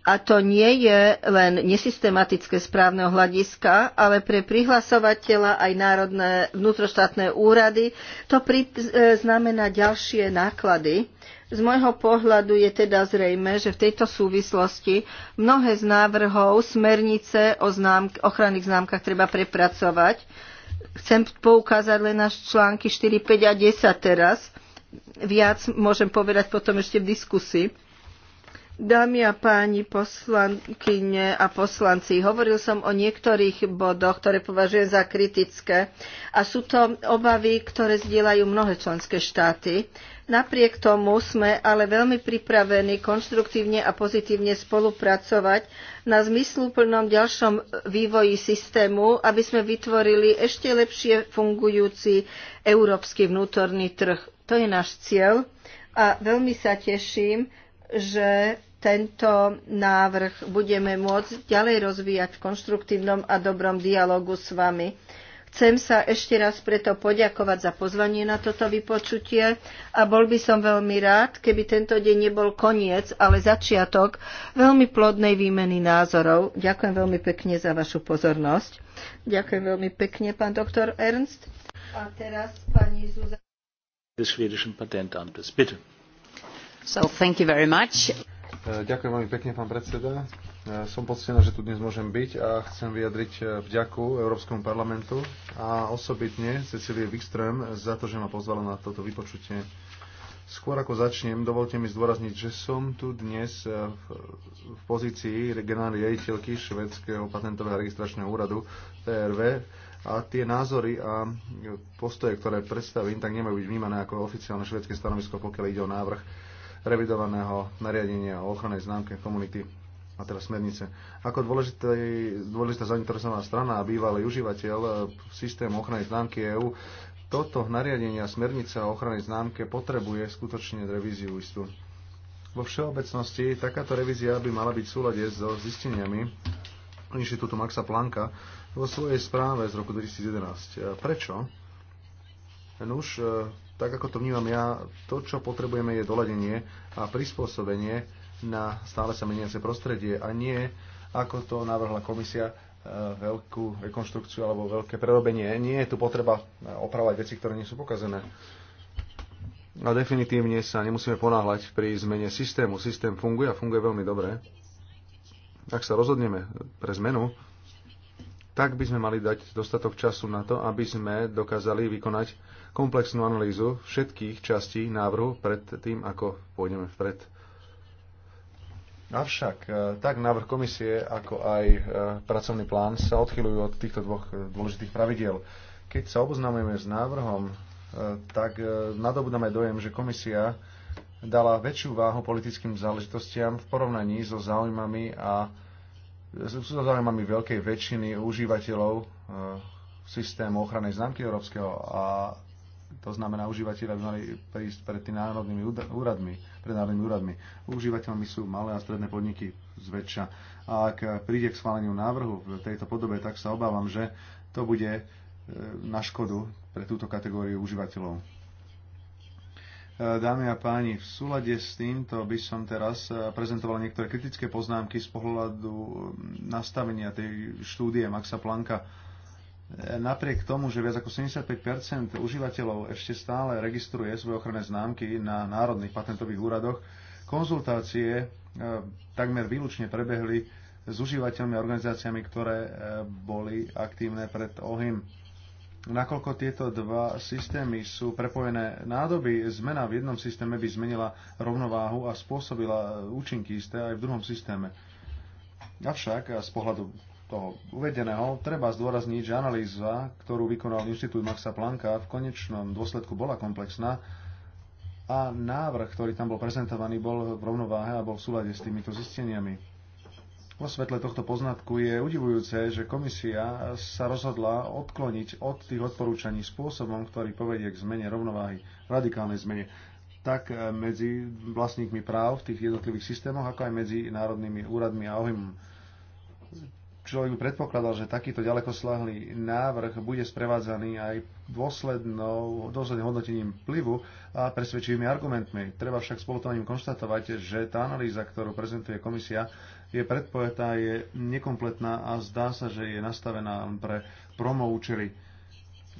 a to nie je len nesystematické správneho hľadiska, ale pre prihlasovateľa aj národné vnútroštátne úrady to pri, e, znamená ďalšie náklady. Z môjho pohľadu je teda zrejme, že v tejto súvislosti mnohé z návrhov smernice o známk, ochranných známkach treba prepracovať. Chcem poukázať len na články 4, 5 a 10 teraz. Viac môžem povedať potom ešte v diskusii. Dámy a páni poslankyne a poslanci, hovoril som o niektorých bodoch, ktoré považujem za kritické a sú to obavy, ktoré zdieľajú mnohé členské štáty. Napriek tomu sme ale veľmi pripravení konštruktívne a pozitívne spolupracovať na zmysluplnom ďalšom vývoji systému, aby sme vytvorili ešte lepšie fungujúci európsky vnútorný trh. To je náš cieľ a veľmi sa teším, že tento návrh budeme môcť ďalej rozvíjať v konštruktívnom a dobrom dialogu s vami. Chcem sa ešte raz preto poďakovať za pozvanie na toto vypočutie a bol by som veľmi rád, keby tento deň nebol koniec, ale začiatok veľmi plodnej výmeny názorov. Ďakujem veľmi pekne za vašu pozornosť. Ďakujem veľmi pekne, pán doktor Ernst. A teraz pani Zuzana.
So,
thank you very much. E, ďakujem veľmi pekne, pán predseda. E, som poctená, že tu dnes môžem byť a chcem vyjadriť e, vďaku Európskemu parlamentu a osobitne Cecilie Wikström za to, že ma pozvala na toto vypočutie. Skôr ako začnem, dovolte mi zdôrazniť, že som tu dnes v pozícii regionálnej riaditeľky Švedského patentového registračného úradu TRV a tie názory a postoje, ktoré predstavím, tak nemajú byť vnímané ako oficiálne švedské stanovisko, pokiaľ ide o návrh revidovaného nariadenia o ochrannej známke komunity a teda smernice. Ako dôležitá, dôležitá zainteresovaná strana a bývalý užívateľ eh, systému ochrany známky EÚ, toto nariadenie a smernica o ochrane známke potrebuje skutočne revíziu istú. Vo všeobecnosti takáto revízia by mala byť v súlade so zisteniami Inštitútu Maxa Planka vo svojej správe z roku 2011. Eh, prečo? Nuž, eh, tak ako to vnímam ja, to, čo potrebujeme, je doladenie a prispôsobenie na stále sa meniace prostredie a nie, ako to navrhla komisia, e, veľkú rekonštrukciu alebo veľké prerobenie. Nie je tu potreba e, opravať veci, ktoré nie sú pokazené. A definitívne sa nemusíme ponáhľať pri zmene systému. Systém funguje a funguje veľmi dobre. Ak sa rozhodneme pre zmenu, tak by sme mali dať dostatok času na to, aby sme dokázali vykonať komplexnú analýzu všetkých častí návrhu pred tým, ako pôjdeme vpred. Avšak e, tak návrh komisie, ako aj e, pracovný plán sa odchyľujú od týchto dvoch e, dôležitých pravidiel. Keď sa oboznámujeme s návrhom, tak nadobudame dojem, že komisia dala väčšiu váhu politickým záležitostiam v porovnaní so záujmami a so záujmami veľkej väčšiny užívateľov systému ochrany známky európskeho a to znamená, užívateľe by mali prísť pred tými národnými úradmi, pred národnými úradmi. Užívateľmi sú malé a stredné podniky zväčša. A ak príde k schváleniu návrhu v tejto podobe, tak sa obávam, že to bude e, na škodu pre túto kategóriu užívateľov. E, dámy a páni, v súlade s týmto by som teraz e, prezentoval niektoré kritické poznámky z pohľadu nastavenia tej štúdie Maxa Planka E, napriek tomu, že viac ako 75 užívateľov ešte stále registruje svoje ochranné známky na národných patentových úradoch, konzultácie e, takmer výlučne prebehli s užívateľmi a organizáciami, ktoré e, boli aktívne pred OHIM. Nakoľko tieto dva systémy sú prepojené nádoby, zmena v jednom systéme by zmenila rovnováhu a spôsobila účinky isté aj v druhom systéme. Avšak z pohľadu toho uvedeného treba zdôrazniť, že analýza, ktorú vykonal Inštitút Maxa Plancka, v konečnom dôsledku bola komplexná a návrh, ktorý tam bol prezentovaný, bol v rovnováhe a bol v súlade s týmito zisteniami. Vo svetle tohto poznatku je udivujúce, že komisia sa rozhodla odkloniť od tých odporúčaní spôsobom, ktorý povedie k zmene rovnováhy, radikálnej zmene, tak eh, medzi vlastníkmi práv v tých jednotlivých systémoch, ako aj medzi národnými úradmi a ohymom človek by predpokladal, že takýto ďalekoslahlý návrh bude sprevádzaný aj dôslednou, dôsledným hodnotením vplyvu a presvedčivými argumentmi. Treba však spolutovaním konštatovať, že tá analýza, ktorú prezentuje komisia, je predpojetá, je nekompletná a zdá sa, že je nastavená pre promo účely.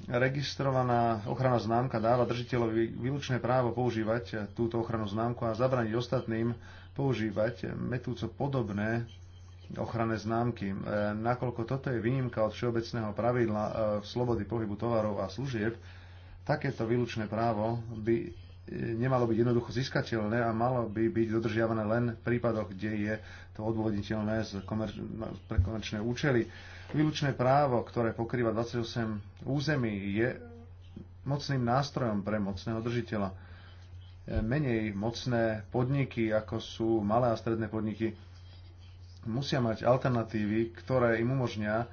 Registrovaná ochrana známka dáva držiteľovi výlučné právo používať túto ochranu známku a zabraniť ostatným používať metúco podobné ochranné známky. E, nakoľko toto je výnimka od všeobecného pravidla v e, slobody pohybu tovarov a služieb, takéto výlučné právo by e, nemalo byť jednoducho získateľné a malo by byť dodržiavané len v prípadoch, kde je to odvodniteľné z pre komerčné účely. Výlučné právo, ktoré pokrýva 28 území, je mocným nástrojom pre mocného držiteľa. Menej mocné podniky, ako sú malé a stredné podniky, musia mať alternatívy, ktoré im umožnia e,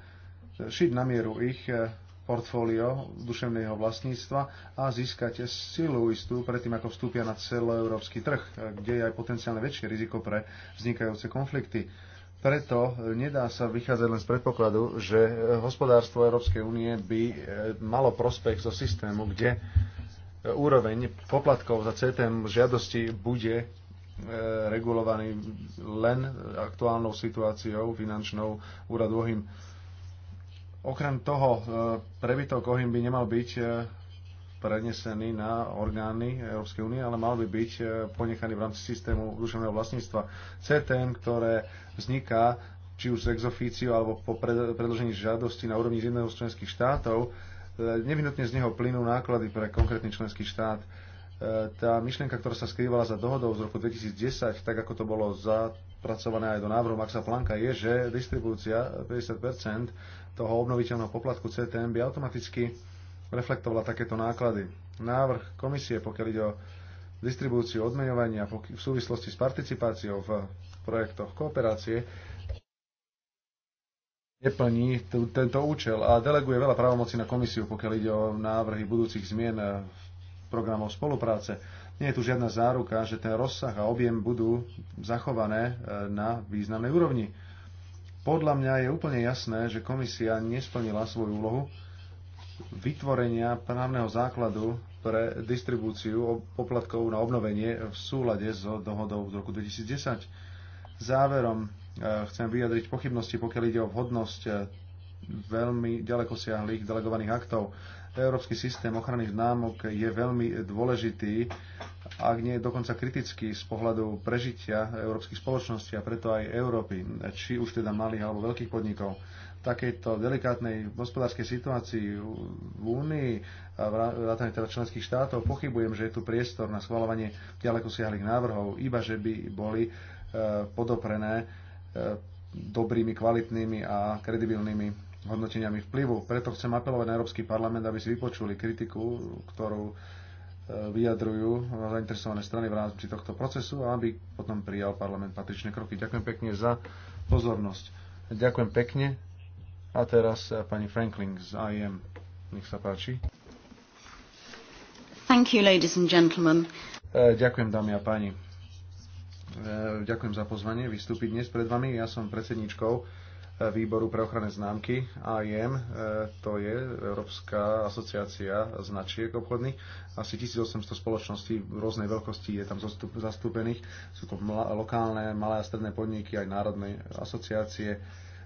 šiť na mieru ich e, portfólio duševného vlastníctva a získať silu istú predtým, ako vstúpia na celoeurópsky trh, e, kde je aj potenciálne väčšie riziko pre vznikajúce konflikty. Preto nedá sa vychádzať len z predpokladu, že hospodárstvo Európskej únie by malo prospech zo systému, kde úroveň poplatkov za CTM žiadosti bude E, regulovaný len aktuálnou situáciou finančnou úradu OHIM. Okrem toho, e, prebytok OHIM by nemal byť e, prenesený na orgány Európskej únie, ale mal by byť ponechaný v rámci systému duševného vlastníctva CTM, ktoré vzniká či už z exofíciu alebo po predložení žiadosti na úrovni z jedného z členských štátov, nevinutne z neho plynú náklady pre konkrétny členský štát tá myšlienka, ktorá sa skrývala za dohodou z roku 2010, tak ako to bolo zapracované aj do návrhu Maxa Planka, je, že distribúcia 50% toho obnoviteľného poplatku CTM by automaticky reflektovala takéto náklady. Návrh komisie, pokiaľ ide o distribúciu odmeňovania v súvislosti s participáciou v projektoch kooperácie, neplní tento účel a deleguje veľa právomocí na komisiu, pokiaľ ide o návrhy budúcich zmien v programov spolupráce. Nie je tu žiadna záruka, že ten rozsah a objem budú zachované e, na významnej úrovni. Podľa mňa je úplne jasné, že komisia nesplnila svoju úlohu vytvorenia právneho základu pre distribúciu poplatkov na obnovenie v súlade s so dohodou z roku 2010. Záverom e, chcem vyjadriť pochybnosti, pokiaľ ide o vhodnosť e, veľmi ďaleko siahlých delegovaných aktov. Európsky systém ochrany známok je veľmi dôležitý, ak nie je dokonca kritický z pohľadu prežitia európskych spoločností a preto aj Európy, či už teda malých alebo veľkých podnikov. V takejto delikátnej hospodárskej situácii v Únii a vrátane teda členských štátov pochybujem, že je tu priestor na schvalovanie ďaleko siahlých návrhov, iba že by boli eh, podoprené eh, dobrými, kvalitnými a kredibilnými hodnoteniami vplyvu. Preto chcem apelovať na Európsky parlament, aby si vypočuli kritiku, ktorú e, vyjadrujú zainteresované strany v rámci tohto procesu a aby potom prijal parlament patričné kroky. Ďakujem pekne za pozornosť. Ďakujem pekne. A teraz e, pani Franklin z IM. Nech sa páči.
Thank you, ladies and gentlemen.
E, ďakujem, dámy a páni. Ďakujem za pozvanie vystúpiť dnes pred vami. Ja som predsedničkou výboru pre ochranné známky AIM, e, to je Európska asociácia značiek obchodných. Asi 1800 spoločností v rôznej veľkosti je tam zastúpených. Sú to lokálne, malé a stredné podniky, aj národné asociácie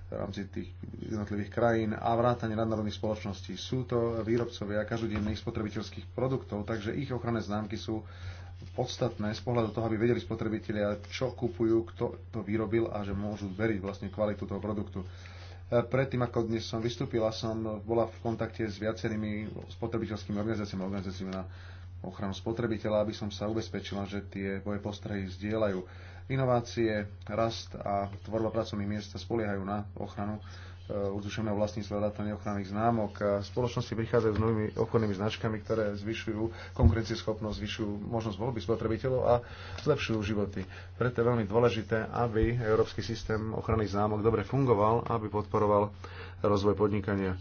v rámci tých jednotlivých krajín a vrátanie nadnárodných spoločností. Sú to výrobcovia každodenných spotrebiteľských produktov, takže ich ochranné známky sú podstatné z pohľadu toho, aby vedeli spotrebitelia, čo kupujú, kto to vyrobil a že môžu veriť vlastne kvalitu toho produktu. E, predtým, ako dnes som vystúpila, som bola v kontakte s viacerými spotrebiteľskými organizáciami, organizáciami na ochranu spotrebiteľa, aby som sa ubezpečila, že tie moje postrehy zdieľajú. Inovácie, rast a tvorba pracovných miest sa spoliehajú na ochranu duševného eh, vlastníctva dátane ochranných známok. A spoločnosti prichádzajú s novými obchodnými značkami, ktoré zvyšujú konkurencieschopnosť, zvyšujú možnosť voľby spotrebiteľov a zlepšujú životy. Preto je veľmi dôležité, aby európsky systém ochranných známok dobre fungoval, aby podporoval rozvoj podnikania.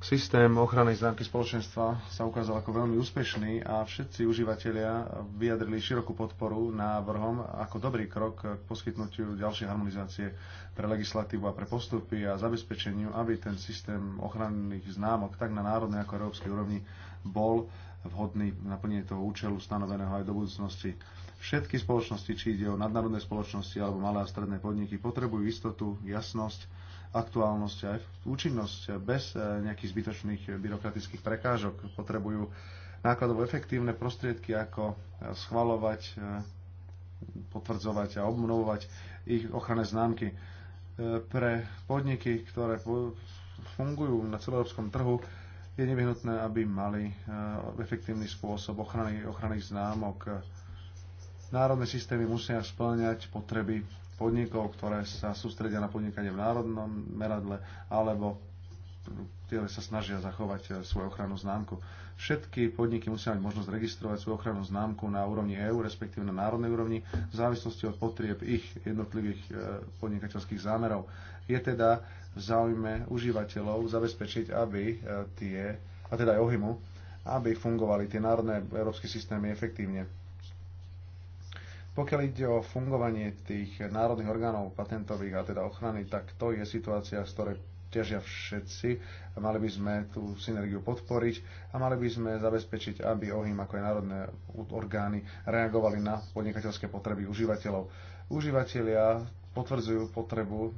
Systém ochrany známky spoločenstva sa ukázal ako veľmi úspešný a všetci užívateľia vyjadrili širokú podporu návrhom ako dobrý krok k poskytnutiu ďalšej harmonizácie pre legislatívu a pre postupy a zabezpečeniu, aby ten systém ochranných známok tak na národnej ako európskej úrovni bol vhodný na plnenie toho účelu stanoveného aj do budúcnosti. Všetky spoločnosti, či ide o nadnárodné spoločnosti alebo malé a stredné podniky, potrebujú istotu, jasnosť, aktuálnosť aj účinnosť eh, bez eh, nejakých zbytočných eh, byrokratických prekážok. Potrebujú nákladovo efektívne prostriedky, ako schvalovať, potvrdzovať a obnovovať ich ochranné známky. Pre podniky, ktoré fungujú na celoeurópskom trhu, je nevyhnutné, aby mali efektívny spôsob ochrany ochranných známok. Národné systémy musia splňať potreby podnikov, ktoré sa sústredia na podnikanie v národnom meradle, alebo ktoré sa snažia zachovať e, svoju ochrannú známku. Všetky podniky musia mať možnosť registrovať svoju ochrannú známku na úrovni EÚ, respektíve na národnej úrovni, v závislosti od potrieb ich jednotlivých e, podnikateľských zámerov. Je teda v záujme užívateľov zabezpečiť, aby e, tie, a teda aj OHIMu, aby fungovali tie národné európske systémy efektívne pokiaľ ide o fungovanie tých národných orgánov patentových a teda ochrany, tak to je situácia, z ktorej ťažia všetci. Mali by sme tú synergiu podporiť a mali by sme zabezpečiť, aby OHIM ako aj národné orgány reagovali na podnikateľské potreby užívateľov. Užívateľia potvrdzujú potrebu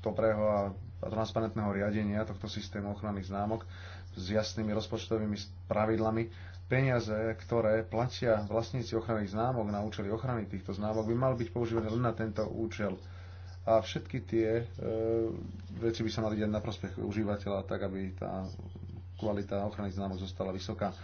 dobrého a transparentného riadenia tohto systému ochranných známok s jasnými rozpočtovými pravidlami peniaze, ktoré platia vlastníci ochranných známok na účely ochrany týchto známok, by mal byť používané len na tento účel. A všetky tie e, veci by sa mali diať na prospech užívateľa, tak aby tá kvalita ochranných známok zostala vysoká. E,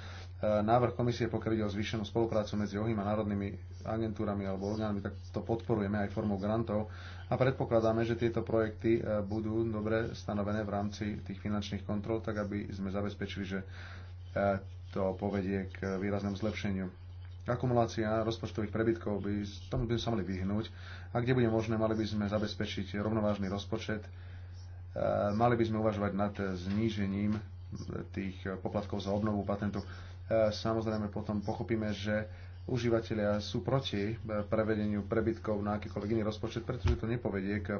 návrh komisie, pokiaľ ide o zvýšenú spoluprácu medzi ohým a národnými agentúrami alebo orgánmi, tak to podporujeme aj formou grantov a predpokladáme, že tieto projekty e, budú dobre stanovené v rámci tých finančných kontrol, tak aby sme zabezpečili, že e, to povedie k výraznému zlepšeniu. Akumulácia rozpočtových prebytkov by tomu by sme sa mali vyhnúť a kde bude možné, mali by sme zabezpečiť rovnovážny rozpočet, e, mali by sme uvažovať nad znížením tých poplatkov za obnovu patentu. E, samozrejme potom pochopíme, že užívateľia sú proti prevedeniu prebytkov na akýkoľvek iný rozpočet, pretože to nepovedie k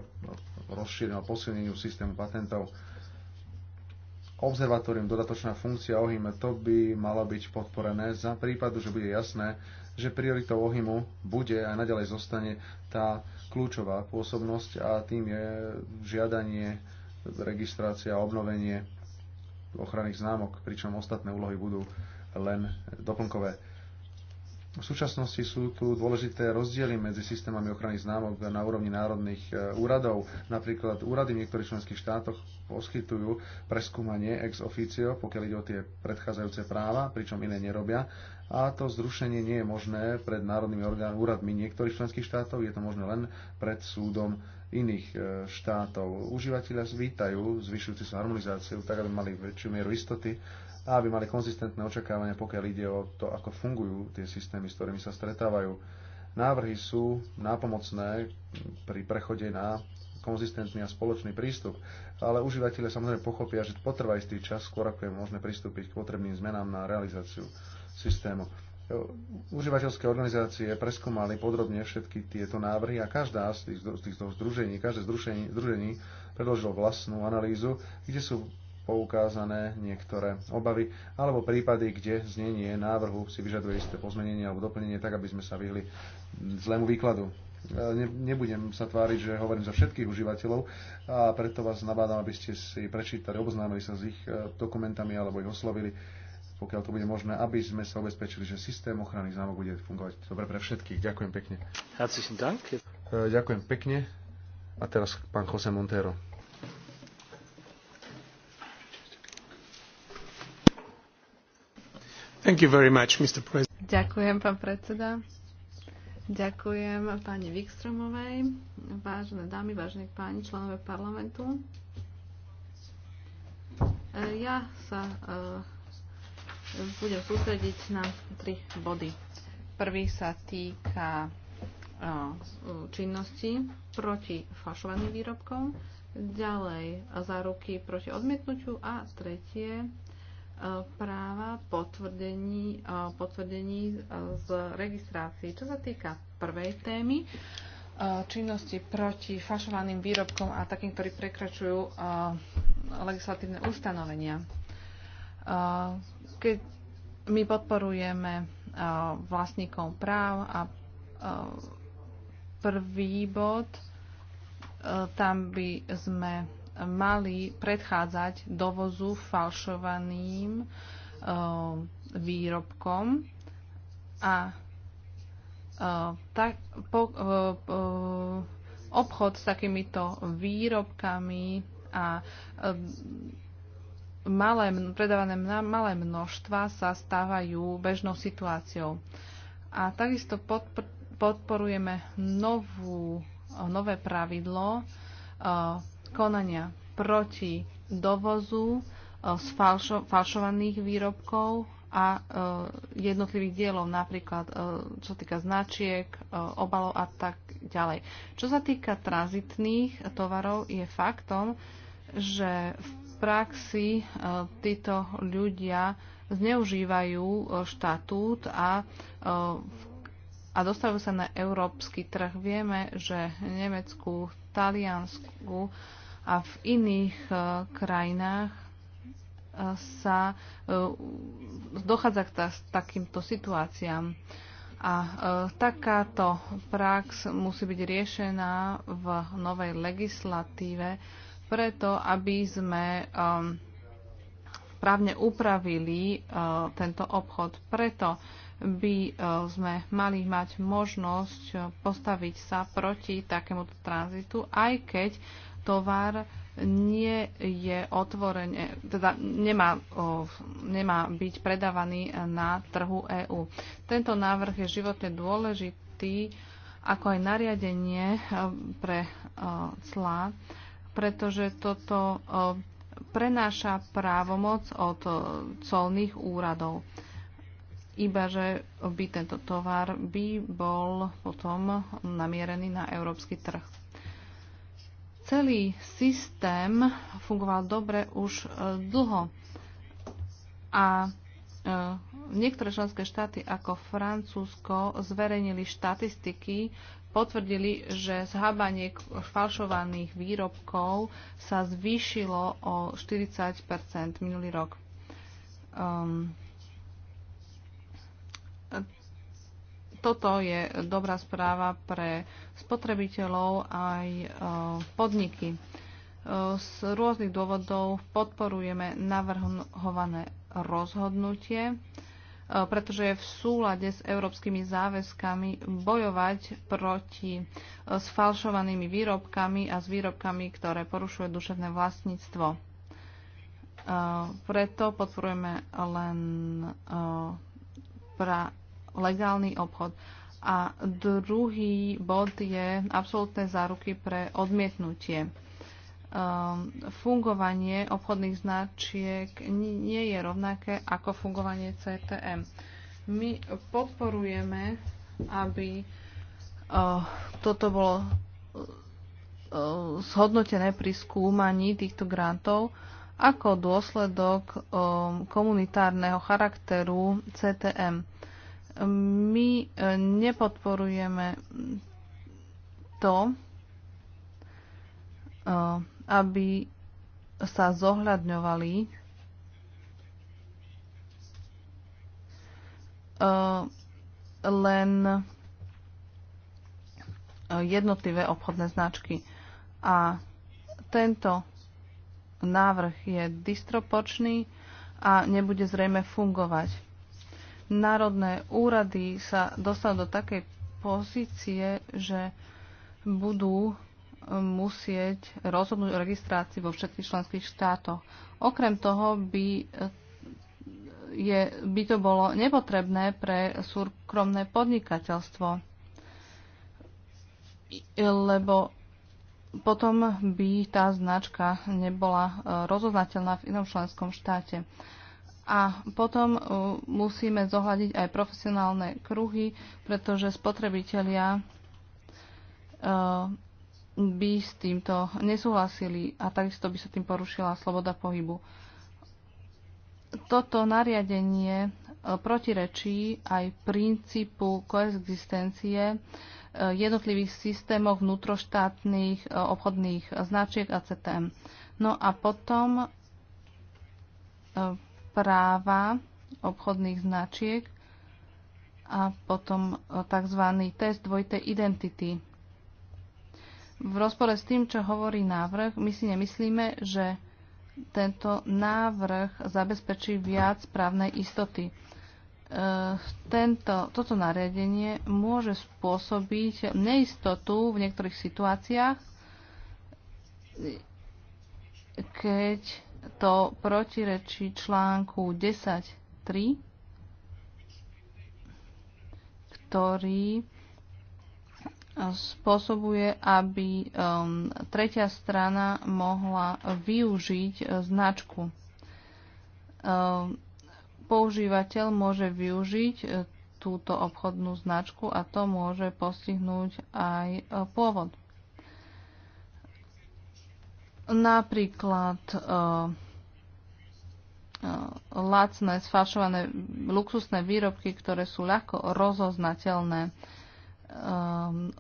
rozšíreniu a posilneniu systému patentov observatórium dodatočná funkcia OHIME, to by malo byť podporené za prípadu, že bude jasné, že prioritou OHIMu bude a naďalej zostane tá kľúčová pôsobnosť a tým je žiadanie, registrácia a obnovenie ochranných známok, pričom ostatné úlohy budú len doplnkové. V súčasnosti sú tu dôležité rozdiely medzi systémami ochrany známok na úrovni národných e, úradov. Napríklad úrady v niektorých členských štátoch poskytujú preskúmanie ex officio, pokiaľ ide o tie predchádzajúce práva, pričom iné nerobia. A to zrušenie nie je možné pred národnými orgán, úradmi niektorých členských štátov, je to možné len pred súdom iných e, štátov. Užívateľia zvítajú zvyšujúcu sa harmonizáciu, tak aby mali väčšiu mieru istoty a aby mali konzistentné očakávania, pokiaľ ide o to, ako fungujú tie systémy, s ktorými sa stretávajú. Návrhy sú nápomocné pri prechode na konzistentný a spoločný prístup, ale užívateľe samozrejme pochopia, že potrvá istý čas, skôr ako je možné pristúpiť k potrebným zmenám na realizáciu systému. Užívateľské organizácie preskúmali podrobne všetky tieto návrhy a každá z týchto tých združení, každé združení, združení predložilo vlastnú analýzu, kde sú poukázané niektoré obavy, alebo prípady, kde znenie návrhu si vyžaduje isté pozmenenie alebo doplnenie, tak aby sme sa vyhli zlému výkladu. E, ne, nebudem sa tváriť, že hovorím za všetkých užívateľov a preto vás nabádam, aby ste si prečítali, oboznámili sa s ich e, dokumentami alebo ich oslovili, pokiaľ to bude možné, aby sme sa ubezpečili, že systém ochrany známok bude fungovať dobre pre všetkých. Ďakujem pekne. E, ďakujem pekne. A teraz pán Jose Montero.
Ďakujem, pán predseda. Ďakujem pani Wikstromovej, vážne dámy, vážne páni, členové parlamentu. E, ja sa uh, budem sústrediť na tri body. Prvý sa týka uh, činnosti proti fašovaným výrobkom, ďalej záruky proti odmietnutiu a tretie E, práva potvrdení, e, potvrdení e, z registrácií. Čo sa týka prvej témy, činnosti proti fašovaným výrobkom a takým, ktorí prekračujú legislatívne ustanovenia. Keď my podporujeme vlastníkom práv a prvý bod, tam by sme mali predchádzať dovozu falšovaným eh, výrobkom a eh, tak, po, eh, obchod s takýmito výrobkami a malé, predávané malé množstva sa stávajú bežnou situáciou. A takisto podporujeme novú, nové pravidlo konania proti dovozu e, falšo, falšovaných výrobkov a e, jednotlivých dielov, napríklad e, čo týka značiek, obalov a tak ďalej. Čo sa týka tranzitných tovarov, je faktom, že v praxi títo ľudia zneužívajú štatút a, a dostávajú sa na európsky trh. Vieme, že Nemecku Taliansku a v iných e, krajinách e, sa e, dochádza k takýmto situáciám. A takáto prax musí byť riešená v novej legislatíve preto, aby sme právne upravili tento obchod. Preto by e, sme mali mať možnosť e, postaviť sa proti takémuto tranzitu, aj keď tovar nie je otvorene, teda nemá, nemá byť predávaný na trhu EÚ. Tento návrh je životne dôležitý ako aj nariadenie e, pre clá, pretože toto prenáša právomoc od colných úradov iba že by tento tovar by bol potom namierený na európsky trh. Celý systém fungoval dobre už e, dlho a e, niektoré členské štáty ako Francúzsko zverejnili štatistiky, potvrdili, že zhábanie falšovaných výrobkov sa zvýšilo o 40 minulý rok. Um, toto je dobrá správa pre spotrebiteľov aj e, podniky. E, z rôznych dôvodov podporujeme navrhované rozhodnutie, e, pretože je v súlade s európskymi záväzkami bojovať proti sfalšovanými výrobkami a s výrobkami, ktoré porušuje duševné vlastníctvo. Preto podporujeme len pra legálny obchod. A druhý bod je absolútne záruky pre odmietnutie. Ehm, fungovanie obchodných značiek nie je rovnaké ako fungovanie CTM. My podporujeme, aby eh, toto bolo eh, zhodnotené pri skúmaní týchto grantov ako dôsledok ehm, komunitárneho charakteru CTM. My e, nepodporujeme to, e, aby sa zohľadňovali e, len jednotlivé obchodné značky. A tento návrh je distropočný a nebude zrejme fungovať národné úrady sa dostanú do takej pozície, že budú e, musieť rozhodnúť o registrácii vo všetkých členských štátoch. Okrem toho by, e, je, by to bolo nepotrebné pre súkromné podnikateľstvo, lebo potom by tá značka nebola e, rozoznateľná v inom členskom štáte. A potom uh, musíme zohľadiť aj profesionálne kruhy, pretože spotrebitelia uh, by s týmto nesúhlasili a takisto by sa tým porušila sloboda pohybu. Toto nariadenie uh, protirečí aj princípu koexistencie jednotlivých systémov vnútroštátnych obchodných značiek a CTM. No a potom práva obchodných značiek a potom e, tzv. test dvojtej identity. V rozpore s tým, čo hovorí návrh, my si nemyslíme, že tento návrh zabezpečí viac právnej istoty. E, tento, toto nariadenie môže spôsobiť neistotu v niektorých situáciách, keď to protirečí článku 10.3, ktorý eh, spôsobuje, aby um, tretia strana mohla využiť eh, značku. Um, používateľ môže využiť eh, túto obchodnú značku a to môže postihnúť aj pôvod. Napríklad eh, eh, lacné, sfašované luxusné výrobky, ktoré sú ľahko rozoznateľné. Eh,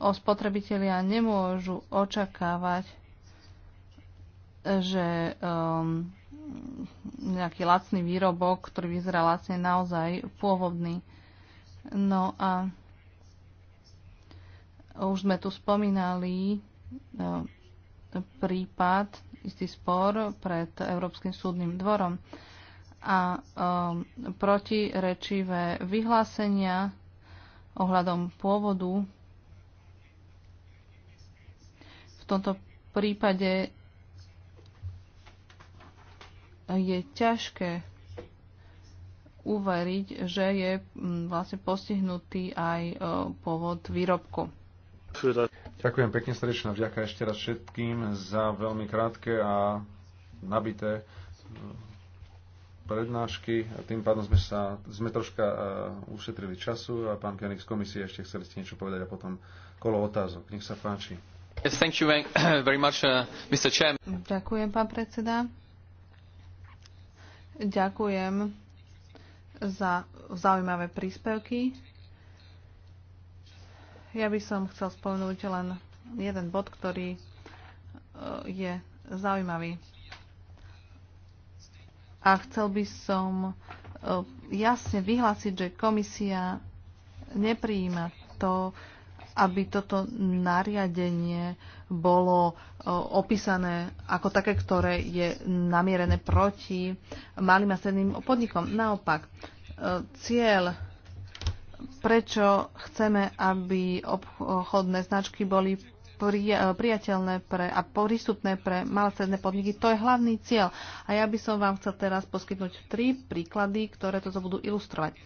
o spotrebitelia nemôžu očakávať, že nejaký lacný výrobok, ktorý vyzerá lacne naozaj pôvodný. No a už sme tu spomínali prípad, istý spor pred Európskym súdnym dvorom a um, protirečivé vyhlásenia ohľadom pôvodu v tomto prípade je ťažké uveriť, že je mm, vlastne postihnutý aj uh, pôvod výrobku.
Ďakujem pekne srdečná vďaka ešte raz všetkým za veľmi krátke a nabité mm, prednášky. A tým pádom sme, sa, sme troška e, ušetrili času a pán Kianik z komisie ešte chceli ste niečo povedať a potom kolo otázok. Nech sa páči. Yes, thank you very much, uh, Mr. Chairman.
Ďakujem, pán predseda. Ďakujem za zaujímavé príspevky. Ja by som chcel spomenúť len jeden bod, ktorý e, je zaujímavý. A chcel by som e, jasne vyhlásiť, že komisia nepríjima to, aby toto nariadenie bolo e, opísané ako také, ktoré je namierené proti malým a stredným podnikom. Naopak, cieľ prečo chceme, aby obchodné značky boli priateľné pre a prístupné pre malé stredné podniky. To je hlavný cieľ. A ja by som vám chcel teraz poskytnúť tri príklady, ktoré toto budú ilustrovať.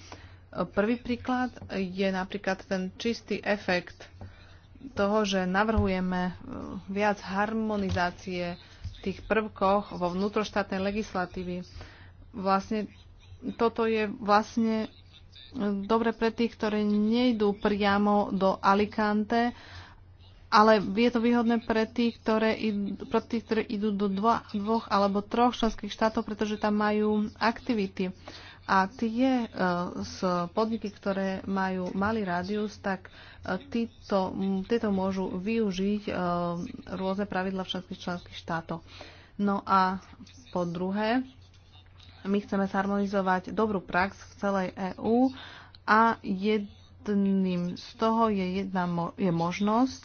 Prvý príklad je napríklad ten čistý efekt toho, že navrhujeme e, viac harmonizácie v tých prvkoch vo vnútroštátnej legislatívy. Vlastne toto je vlastne dobre pre tých, ktorí nejdú priamo do Alicante, ale je to výhodné pre tých, ktoré, idú, pre tých, ktoré idú do dva, dvoch alebo troch členských štátov, pretože tam majú aktivity. A tie z e, podniky, ktoré majú malý rádius, tak e, títo, títo môžu využiť e, rôzne pravidla všetkých členských štátov. No a po druhé, my chceme zharmonizovať dobrú prax v celej EÚ a jedným z toho je, jedna, je možnosť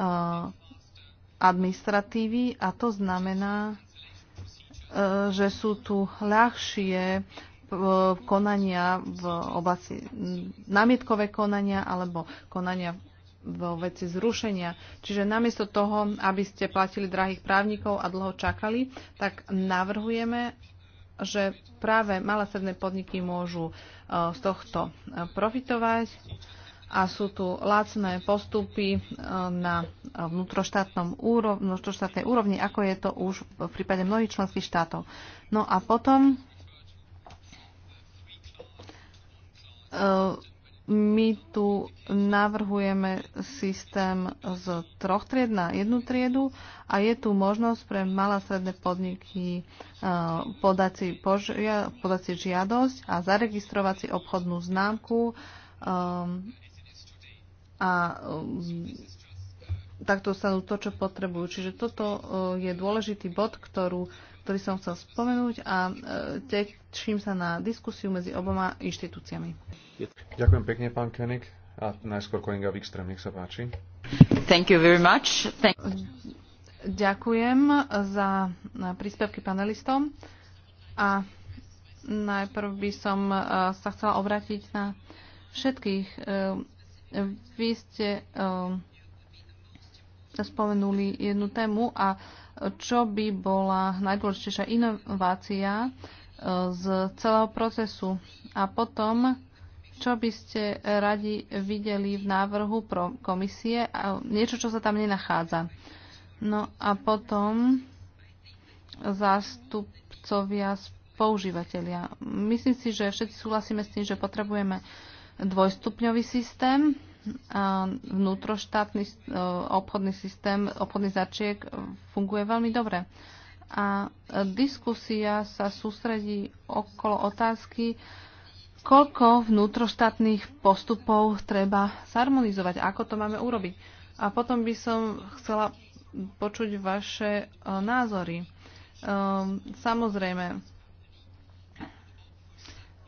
uh, administratívy a to znamená, uh, že sú tu ľahšie eh, konania v oblasti hm, námietkové konania alebo konania vo veci zrušenia. Čiže namiesto toho, aby ste platili drahých právnikov a dlho čakali, tak navrhujeme, že práve malé stredné podniky môžu e, z tohto e, profitovať a sú tu lacné postupy e, na vnútroštátnom úrovni, vnútroštátnej úrovni, ako je to už v prípade mnohých členských štátov. No a potom my tu navrhujeme systém z troch tried na jednu triedu a je tu možnosť pre malé stredné podniky e, podať si, požia- podať si žiadosť a zaregistrovať si obchodnú známku e, a e, takto sa to, čo potrebujú. Čiže toto je dôležitý bod, ktorú ktorý som chcel spomenúť a e, teším sa na diskusiu medzi oboma inštitúciami.
Ďakujem pekne, pán Koenig. A najskôr Koeniga Wikström, nech sa páči. Thank you very much. Thank...
Ďakujem za príspevky panelistom. A najprv by som e, sa chcela obrátiť na všetkých. E, vy ste spomenuli jednu tému a čo by bola najdôležitejšia inovácia e, z celého procesu. A potom, čo by ste radi videli v návrhu pro komisie, a niečo, čo sa tam nenachádza. No a potom zástupcovia používateľia. Myslím si, že všetci súhlasíme s tým, že potrebujeme dvojstupňový systém, vnútroštátny e, obchodný systém, obchodný začiek funguje veľmi dobre. A diskusia sa sústredí okolo otázky, koľko vnútroštátnych postupov treba zharmonizovať, ako to máme urobiť. A potom by som chcela počuť vaše e, názory. E, samozrejme,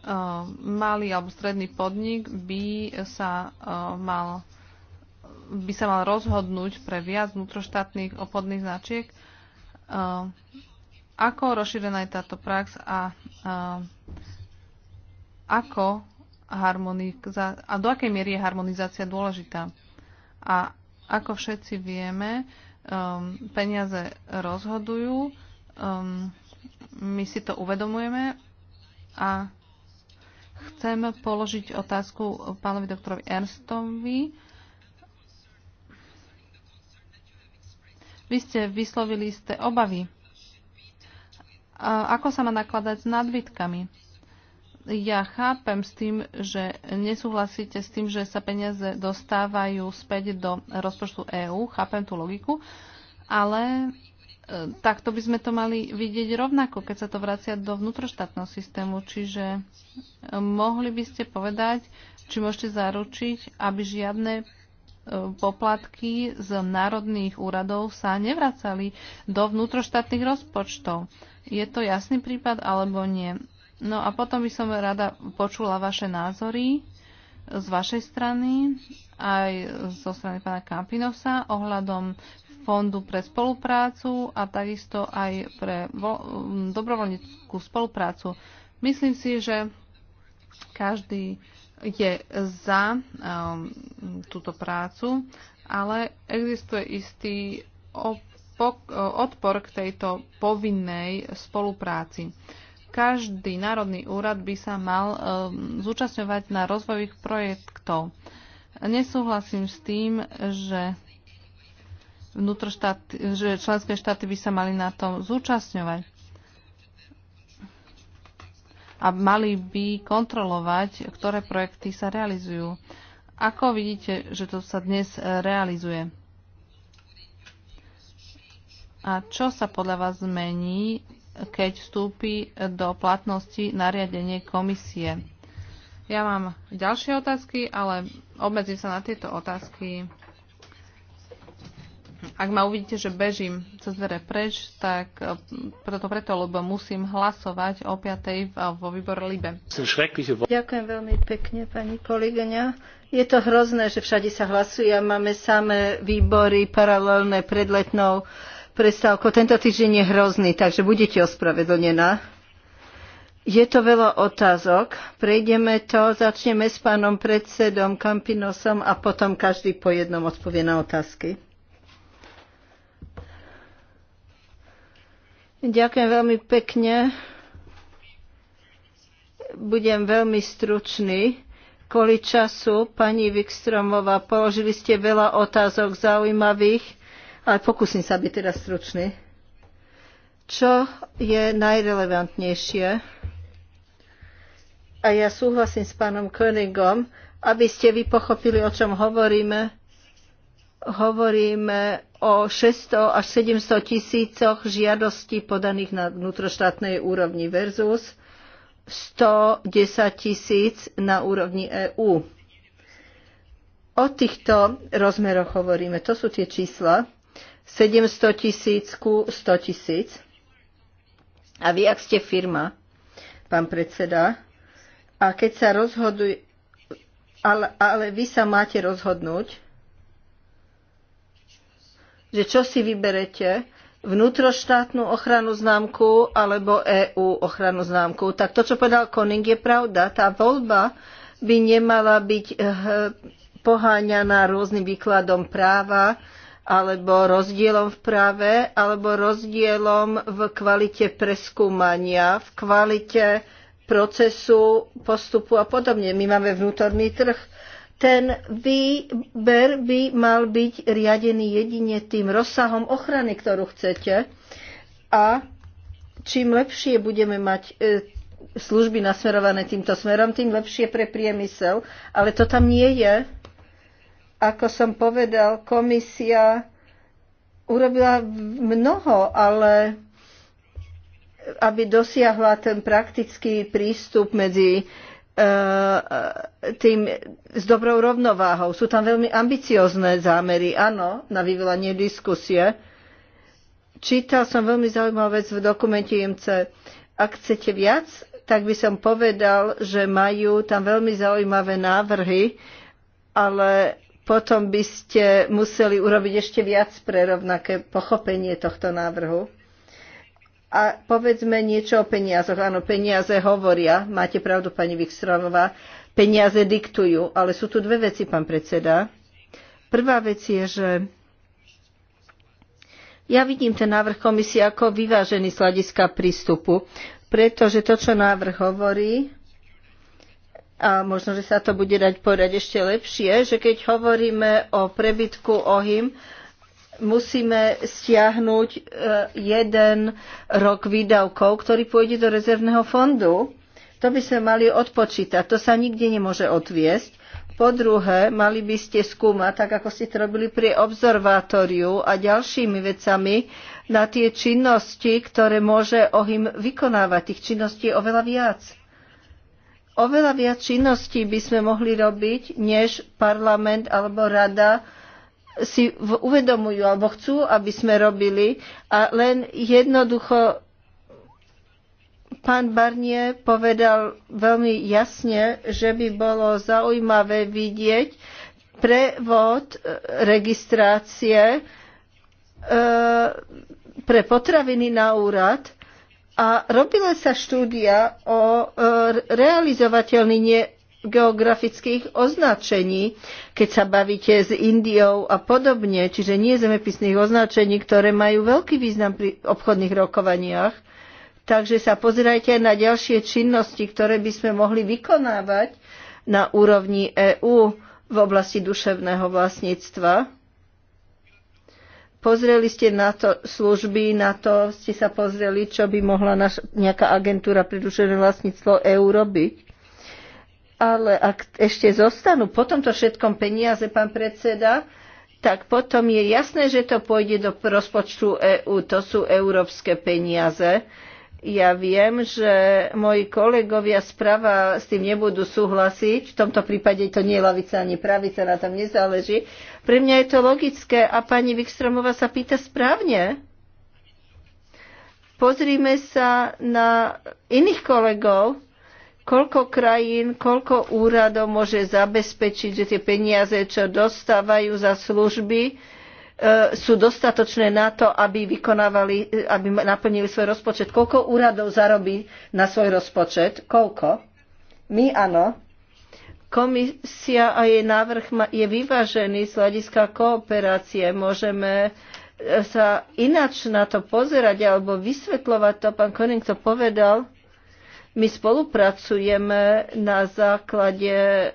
Eh, malý alebo stredný podnik by sa eh, mal by sa mal rozhodnúť pre viac vnútroštátnych obchodných značiek. Eh, ako rozšírená je táto prax a ako a do akej miery je harmonizácia dôležitá? A ako všetci vieme, um, peniaze rozhodujú, um, my si to uvedomujeme a Chcem položiť otázku pánovi doktorovi Ernstovi. Vy ste vyslovili ste obavy. Ako sa má nakladať s nadbytkami? ja chápem s tým, že nesúhlasíte s tým, že sa peniaze dostávajú späť do rozpočtu EÚ, chápem tú logiku, ale E, takto by sme to mali vidieť rovnako, keď sa to vracia do vnútroštátneho systému. Čiže e, mohli by ste povedať, či môžete zaručiť, aby žiadne e, poplatky z národných úradov sa nevracali do vnútroštátnych rozpočtov. Je to jasný prípad alebo nie? No a potom by som rada počula vaše názory z vašej strany, aj zo strany pána Kampinovsa ohľadom Fondu pre spoluprácu a takisto aj pre dobrovoľníckú spoluprácu. Myslím si, že každý je za um, túto prácu, ale existuje istý odpor k tejto povinnej spolupráci. Každý národný úrad by sa mal um, zúčastňovať na rozvojových projektov. Nesúhlasím s tým, že že členské štáty by sa mali na tom zúčastňovať a mali by kontrolovať, ktoré projekty sa realizujú. Ako vidíte, že to sa dnes e, realizuje? A čo sa podľa vás zmení, keď vstúpi do platnosti nariadenie komisie? Ja mám ďalšie otázky, ale obmedzím sa na tieto otázky. Ak ma uvidíte, že bežím cez dvere preč, tak e, preto, preto, lebo musím hlasovať o 5. E, vo výbore Libe. Ďakujem veľmi pekne, pani kolegyňa. Je to hrozné, že všade sa hlasuje a
máme samé výbory paralelné pred letnou prestávkou. Tento týždeň je hrozný, takže budete ospravedlnená. Je to veľa otázok. Prejdeme to, začneme s pánom predsedom Kampinosom a potom každý po jednom odpovie na otázky. Ďakujem veľmi pekne. Budem veľmi stručný. Kvôli času, pani Vikstromová, položili ste veľa otázok zaujímavých, ale pokúsim sa byť teda stručný. Čo je najrelevantnejšie? A ja súhlasím s pánom Königom, aby ste vy pochopili, o čom hovoríme hovoríme o 600 až 700 tisícoch žiadostí podaných na vnútroštátnej úrovni versus 110 tisíc na úrovni EÚ. O týchto rozmeroch hovoríme. To sú tie čísla. 700 tisíc ku 100 tisíc. A vy, ak ste firma, pán predseda, a keď sa rozhoduje, ale, ale vy sa máte rozhodnúť, že čo si vyberete, vnútroštátnu ochranu známku alebo EÚ ochranu známku. Tak to, čo povedal Koning, je pravda. Tá voľba by nemala byť eh, poháňaná rôznym výkladom práva alebo rozdielom v práve, alebo rozdielom v kvalite preskúmania, v kvalite procesu, postupu a podobne. My máme vnútorný trh ten výber by mal byť riadený jedine tým rozsahom ochrany, ktorú chcete. A čím lepšie budeme mať e, služby nasmerované týmto smerom, tým lepšie pre priemysel. Ale to tam nie je. Ako som povedal, komisia urobila mnoho, ale aby dosiahla ten praktický prístup medzi E, e, tým s dobrou rovnováhou. Sú tam veľmi ambiciozne zámery, áno, na vyvolanie diskusie. Čítal som veľmi zaujímavú vec v dokumente IMC. Ak chcete viac, tak by som povedal, že majú tam veľmi zaujímavé návrhy, ale potom by ste museli urobiť ešte viac pre rovnaké pochopenie tohto návrhu. A povedzme niečo o peniazoch. Áno, peniaze hovoria, máte pravdu, pani Vikstrovová, peniaze diktujú, ale sú tu dve veci, pán predseda. Prvá vec je, že ja vidím ten návrh komisie ako vyvážený z hľadiska prístupu, pretože to, čo návrh hovorí, a možno, že sa to bude dať povedať ešte lepšie, že keď hovoríme o prebytku OHIM, musíme stiahnuť e, jeden rok výdavkov, ktorý pôjde do rezervného fondu. To by sme mali odpočítať. To sa nikde nemôže odviesť. Po druhé, mali by ste skúmať, tak ako ste to robili pri observatóriu a ďalšími vecami, na tie činnosti, ktoré môže ohym vykonávať. Tých činností je oveľa viac. Oveľa viac činností by sme mohli robiť, než parlament alebo rada si uvedomujú alebo chcú, aby sme robili a len jednoducho pán Barnier povedal veľmi jasne, že by bolo zaujímavé vidieť prevod e, registrácie e, pre potraviny na úrad a robila sa štúdia o e, realizovateľný, nie geografických označení, keď sa bavíte s Indiou a podobne, čiže nie zemepisných označení, ktoré majú veľký význam pri obchodných rokovaniach. Takže sa pozerajte aj na ďalšie činnosti, ktoré by sme mohli vykonávať na úrovni EÚ v oblasti duševného vlastníctva. Pozreli ste na to služby, na to ste sa pozreli, čo by mohla naš, nejaká agentúra pre duševné vlastníctvo EÚ robiť ale ak ešte zostanú po tomto všetkom peniaze, pán predseda, tak potom je jasné, že to pôjde do rozpočtu EÚ. To sú európske peniaze. Ja viem, že moji kolegovia prava s tým nebudú súhlasiť. V tomto prípade to nie je lavica ani pravica, na tom nezáleží. Pre mňa je to logické a pani Vikstromová sa pýta správne. Pozrime sa na iných kolegov, koľko krajín, koľko úradov môže zabezpečiť, že tie peniaze, čo dostávajú za služby, e, sú dostatočné na to, aby, vykonávali, aby naplnili svoj rozpočet. Koľko úradov zarobí na svoj rozpočet? Koľko? My áno. Komisia a jej návrh je vyvážený z hľadiska kooperácie. Môžeme e, sa ináč na to pozerať alebo vysvetľovať to. Pán Koning to povedal my spolupracujeme na základe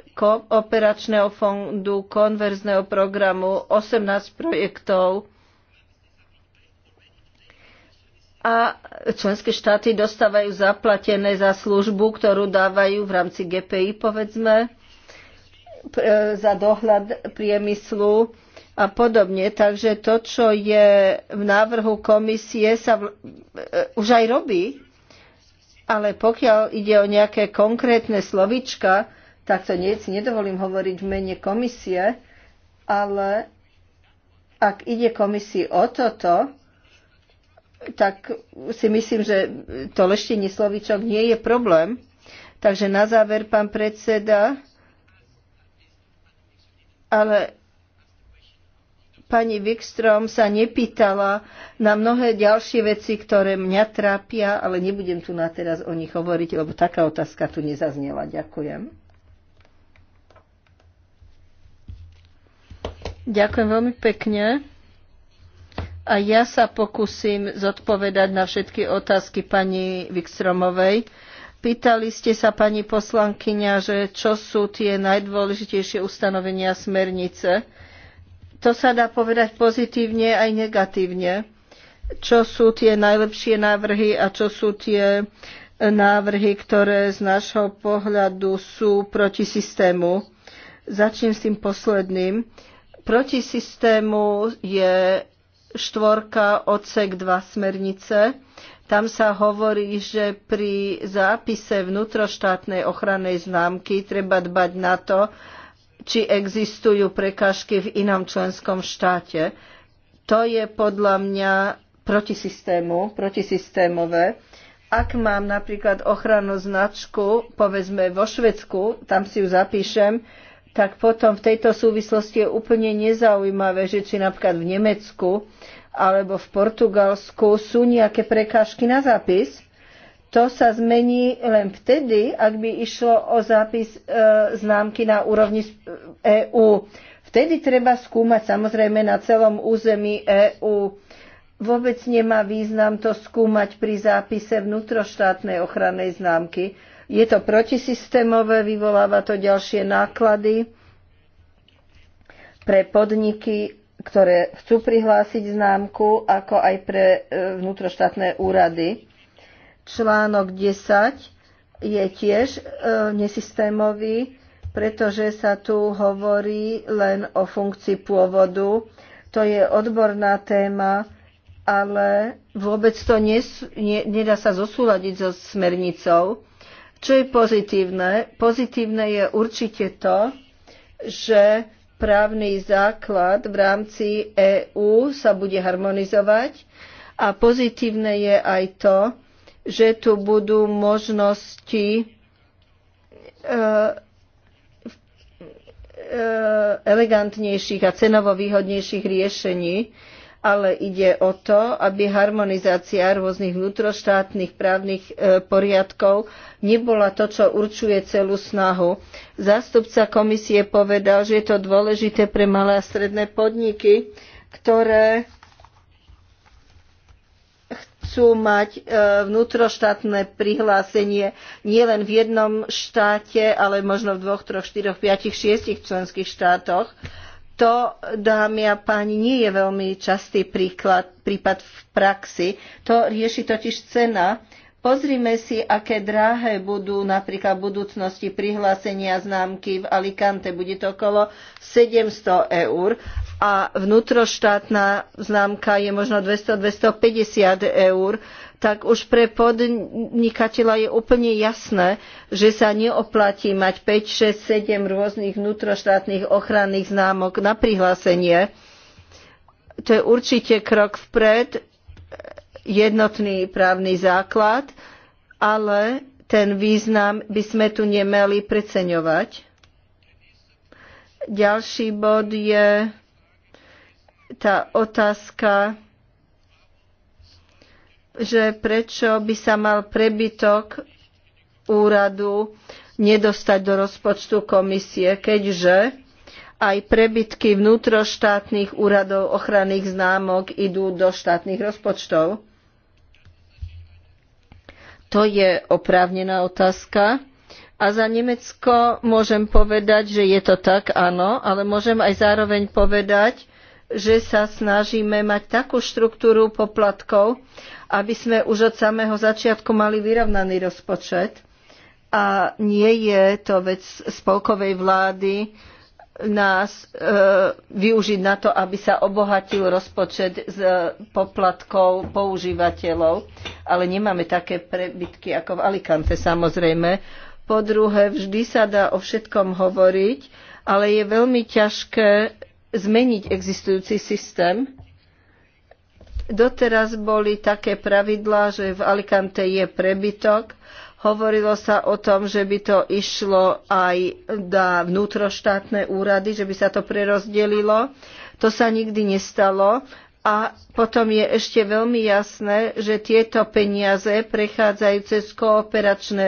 operačného fondu, konverzného programu, 18 projektov a členské štáty dostávajú zaplatené za službu, ktorú dávajú v rámci GPI, povedzme, e, za dohľad priemyslu a podobne. Takže to, čo je v návrhu komisie, sa e, už aj robí ale pokiaľ ide o nejaké konkrétne slovička, tak to nie, si nedovolím hovoriť v mene komisie, ale ak ide komisii o toto, tak si myslím, že to leštenie slovíčok nie je problém. Takže na záver, pán predseda, ale Pani Wikström sa nepýtala na mnohé ďalšie veci, ktoré mňa trápia, ale nebudem tu na teraz o nich hovoriť, lebo taká otázka tu nezaznela. Ďakujem. Ďakujem veľmi pekne. A ja sa pokúsim zodpovedať na všetky otázky pani Vikstromovej. Pýtali ste sa, pani poslankyňa, že čo sú tie najdôležitejšie ustanovenia smernice. To sa dá povedať pozitívne aj negatívne. Čo sú tie najlepšie návrhy a čo sú tie návrhy, ktoré z nášho pohľadu sú proti systému. Začnem s tým posledným. Proti systému je štvorka odsek 2 smernice. Tam sa hovorí, že pri zápise vnútroštátnej ochrannej známky treba dbať na to, či existujú prekážky v inom členskom štáte. To je podľa mňa proti systému, protisystémové. Ak mám napríklad ochranu značku, povedzme vo Švedsku, tam si ju zapíšem, tak potom v tejto súvislosti je úplne nezaujímavé, že či napríklad v Nemecku alebo v Portugalsku sú nejaké prekážky na zápis. To sa zmení len vtedy, ak by išlo o zápis e, známky na úrovni EÚ. E vtedy treba skúmať samozrejme na celom území EÚ. Vôbec nemá význam to skúmať pri zápise vnútroštátnej ochrannej známky. Je to protisystémové, vyvoláva to ďalšie náklady pre podniky, ktoré chcú prihlásiť známku, ako aj pre e, vnútroštátne úrady Článok 10 je tiež e, nesystémový, pretože sa tu hovorí len o funkcii pôvodu. To je odborná téma, ale vôbec to nes, ne, nedá sa zosúľadiť so smernicou. Čo je pozitívne? Pozitívne je určite to, že právny základ v rámci EÚ sa bude harmonizovať a pozitívne je aj to, že tu budú možnosti e, e, elegantnejších a cenovo výhodnejších riešení, ale ide o to, aby harmonizácia rôznych vnútroštátnych právnych e, poriadkov nebola to, čo určuje celú snahu. Zástupca komisie povedal, že je to dôležité pre malé a stredné podniky, ktoré chcú mať e, vnútroštátne prihlásenie nielen v jednom štáte, ale možno v dvoch, troch, štyroch, piatich, šiestich členských štátoch. To, dámy a páni, nie je veľmi častý príklad, prípad v praxi. To rieši totiž cena. Pozrime si, aké drahé budú napríklad v budúcnosti prihlásenia známky v Alicante. Bude to okolo 700 eur a vnútroštátna známka je možno 200-250 eur, tak už pre podnikateľa je úplne jasné, že sa neoplatí mať 5, 6, 7 rôznych vnútroštátnych ochranných známok na prihlásenie. To je určite krok vpred, jednotný právny základ, ale ten význam by sme tu nemali preceňovať. Ďalší bod je tá otázka, že prečo by sa mal prebytok úradu nedostať do rozpočtu komisie, keďže aj prebytky vnútroštátnych úradov ochranných známok idú do štátnych rozpočtov? To je oprávnená otázka. A za Nemecko môžem povedať, že je to tak, áno, ale môžem aj zároveň povedať, že sa snažíme mať takú štruktúru poplatkov, aby sme už od samého začiatku mali vyrovnaný rozpočet. A nie je to vec spolkovej vlády nás e, využiť na to, aby sa obohatil rozpočet z poplatkov používateľov, ale nemáme také prebytky ako v Alicante samozrejme. Po druhé, vždy sa dá o všetkom hovoriť, ale je veľmi ťažké zmeniť existujúci systém. Doteraz boli také pravidlá, že v Alicante je prebytok. Hovorilo sa o tom, že by to išlo aj na vnútroštátne úrady, že by sa to prerozdelilo. To sa nikdy nestalo. A potom je ešte veľmi jasné, že tieto peniaze prechádzajúce z kooperačné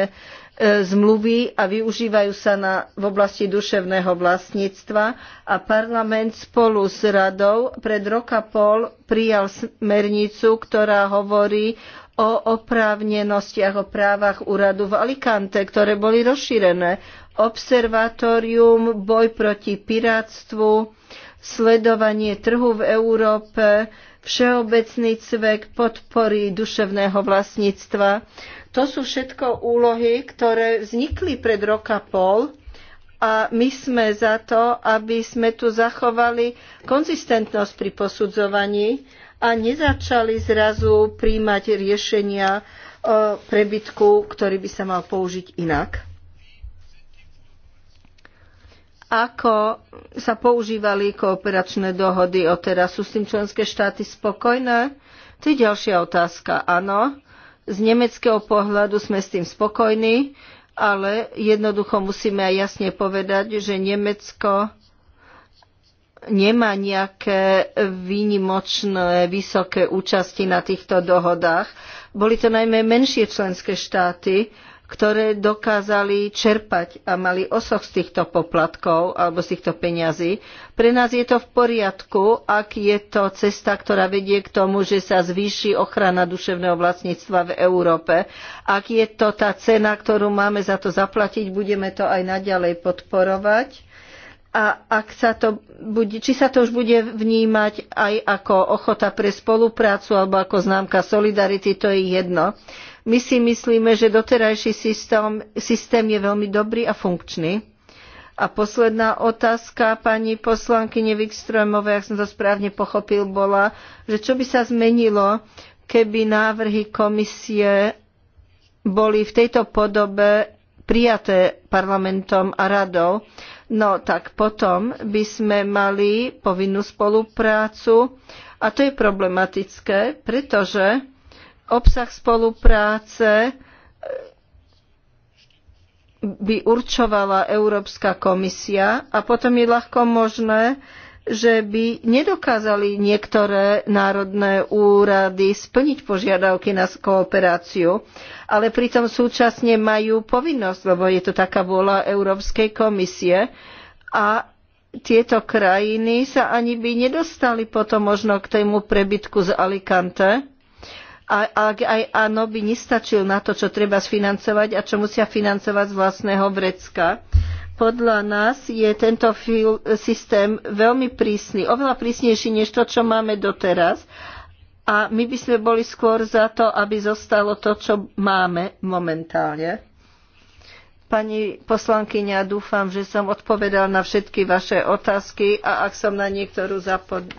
E, zmluvy a využívajú sa na, v oblasti duševného vlastníctva a parlament spolu s radou pred roka pol prijal smernicu, ktorá hovorí o oprávnenostiach, o právach úradu v Alicante, ktoré boli rozšírené. Observatórium, boj proti pirátstvu, sledovanie trhu v Európe, všeobecný cvek podpory duševného vlastníctva to sú všetko úlohy, ktoré vznikli pred roka pol a my sme za to, aby sme tu zachovali konzistentnosť pri posudzovaní a nezačali zrazu príjmať riešenia e, prebytku, ktorý by sa mal použiť inak. Ako sa používali kooperačné dohody o teraz? Sú s tým členské štáty spokojné? To je ďalšia otázka. Áno, z nemeckého pohľadu sme s tým spokojní, ale jednoducho musíme aj jasne povedať, že Nemecko nemá nejaké výnimočné vysoké účasti na týchto dohodách. Boli to najmä menšie členské štáty ktoré dokázali čerpať a mali osoch z týchto poplatkov alebo z týchto peňazí. Pre nás je to v poriadku, ak je to cesta, ktorá vedie k tomu, že sa zvýši ochrana duševného vlastníctva v Európe. Ak je to tá cena, ktorú máme za to zaplatiť, budeme to aj naďalej podporovať. A ak sa to bude, či sa to už bude vnímať aj ako ochota pre spoluprácu alebo ako známka solidarity, to je jedno my si myslíme, že doterajší systém, systém je veľmi dobrý a funkčný. A posledná otázka pani poslankyne Wikströmovej, ak som to správne pochopil, bola, že čo by sa zmenilo, keby návrhy komisie boli v tejto podobe prijaté parlamentom a radou. No tak potom by sme mali povinnú spoluprácu a to je problematické, pretože obsah spolupráce e, by určovala Európska komisia a potom je ľahko možné, že by nedokázali niektoré národné úrady splniť požiadavky na kooperáciu, ale pritom súčasne majú povinnosť, lebo je to taká vôľa Európskej komisie a tieto krajiny sa ani by nedostali potom možno k tému prebytku z Alicante, a ak aj áno, by nestačil na to, čo treba sfinancovať a čo musia financovať z vlastného vrecka. Podľa nás je tento systém veľmi prísny, oveľa prísnejší než to, čo máme doteraz. A my by sme boli skôr za to, aby zostalo to, čo máme momentálne. Pani poslankyňa, dúfam, že som odpovedal na všetky vaše otázky a ak som na niektorú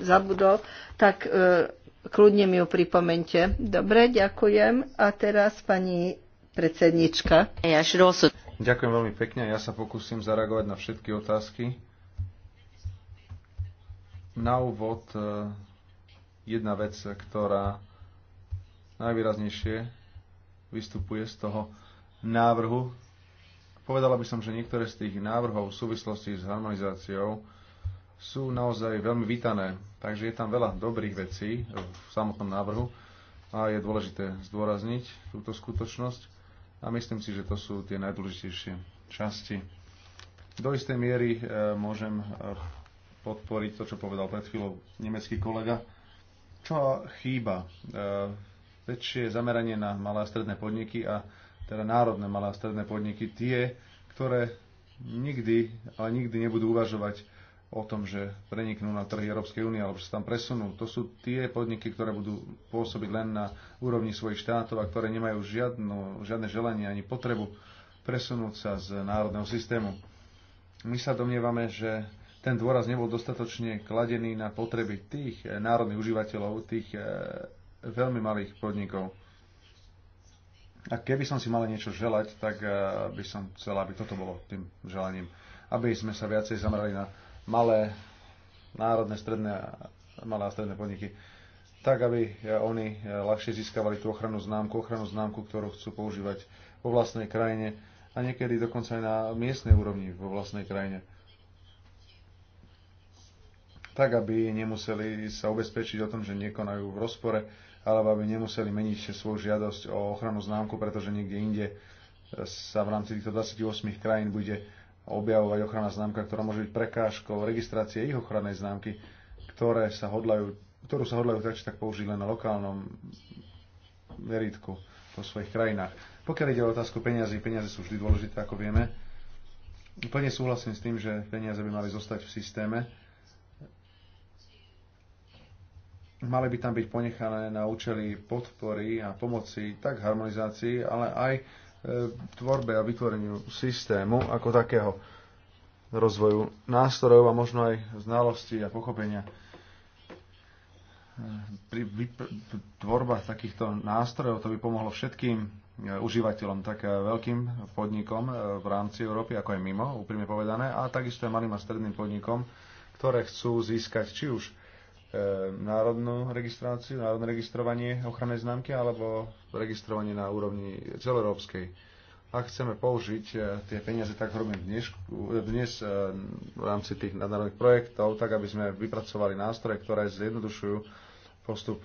zabudol, tak e, Kľudne mi ju pripomente. Dobre, ďakujem. A teraz pani predsednička.
Ďakujem veľmi pekne. Ja sa pokúsim zareagovať na všetky otázky. Na úvod e, jedna vec, ktorá najvýraznejšie vystupuje z toho návrhu. Povedala by som, že niektoré z tých návrhov v súvislosti s harmonizáciou sú naozaj veľmi vítané. Takže je tam veľa dobrých vecí v samotnom návrhu a je dôležité zdôrazniť túto skutočnosť a myslím si, že to sú tie najdôležitejšie časti. Do istej miery e, môžem e, podporiť to, čo povedal pred chvíľou nemecký kolega. Čo chýba? E, väčšie zameranie na malé a stredné podniky a teda národné malé a stredné podniky, tie, ktoré nikdy, ale nikdy nebudú uvažovať o tom, že preniknú na trhy Európskej únie alebo že sa tam presunú. To sú tie podniky, ktoré budú pôsobiť len na úrovni svojich štátov a ktoré nemajú žiadno, žiadne želanie ani potrebu presunúť sa z národného systému. My sa domnievame, že ten dôraz nebol dostatočne kladený na potreby tých národných užívateľov, tých e, veľmi malých podnikov. A keby som si mal niečo želať, tak e, by som chcela, aby toto bolo tým želaním. Aby sme sa viacej zamerali na malé národné stredné, malé a stredné podniky, tak aby eh, oni eh, ľahšie získavali tú ochranu známku, ochranu známku, ktorú chcú používať vo vlastnej krajine a niekedy dokonca aj na miestnej úrovni vo vlastnej krajine. Tak, aby nemuseli sa ubezpečiť o tom, že nekonajú v rozpore, alebo aby nemuseli meniť svoju žiadosť o ochranu známku, pretože niekde inde eh, sa v rámci týchto 28 krajín bude objavovať ochranná známka, ktorá môže byť prekážkou registrácie ich ochrannej známky, ktoré sa hodlajú, ktorú sa hodlajú tak či tak použiť len na lokálnom meritku po svojich krajinách. Pokiaľ ide o otázku peniazy, peniaze sú vždy dôležité, ako vieme. Úplne súhlasím s tým, že peniaze by mali zostať v systéme. Mali by tam byť ponechané na účely podpory a pomoci tak harmonizácii, ale aj E, tvorbe a vytvoreniu systému ako takého rozvoju nástrojov a možno aj znalosti a pochopenia. E, pri tvorba takýchto nástrojov to by pomohlo všetkým e, užívateľom, tak veľkým podnikom v rámci Európy, ako aj mimo, úprimne povedané, a takisto aj malým a stredným podnikom, ktoré chcú získať či už E, národnú registráciu, národné registrovanie ochrannej známky alebo registrovanie na úrovni celoeurópskej. Ak chceme použiť e, tie peniaze, tak robíme dnes, dnes e, v rámci tých nadnárodných projektov, tak aby sme vypracovali nástroje, ktoré zjednodušujú postup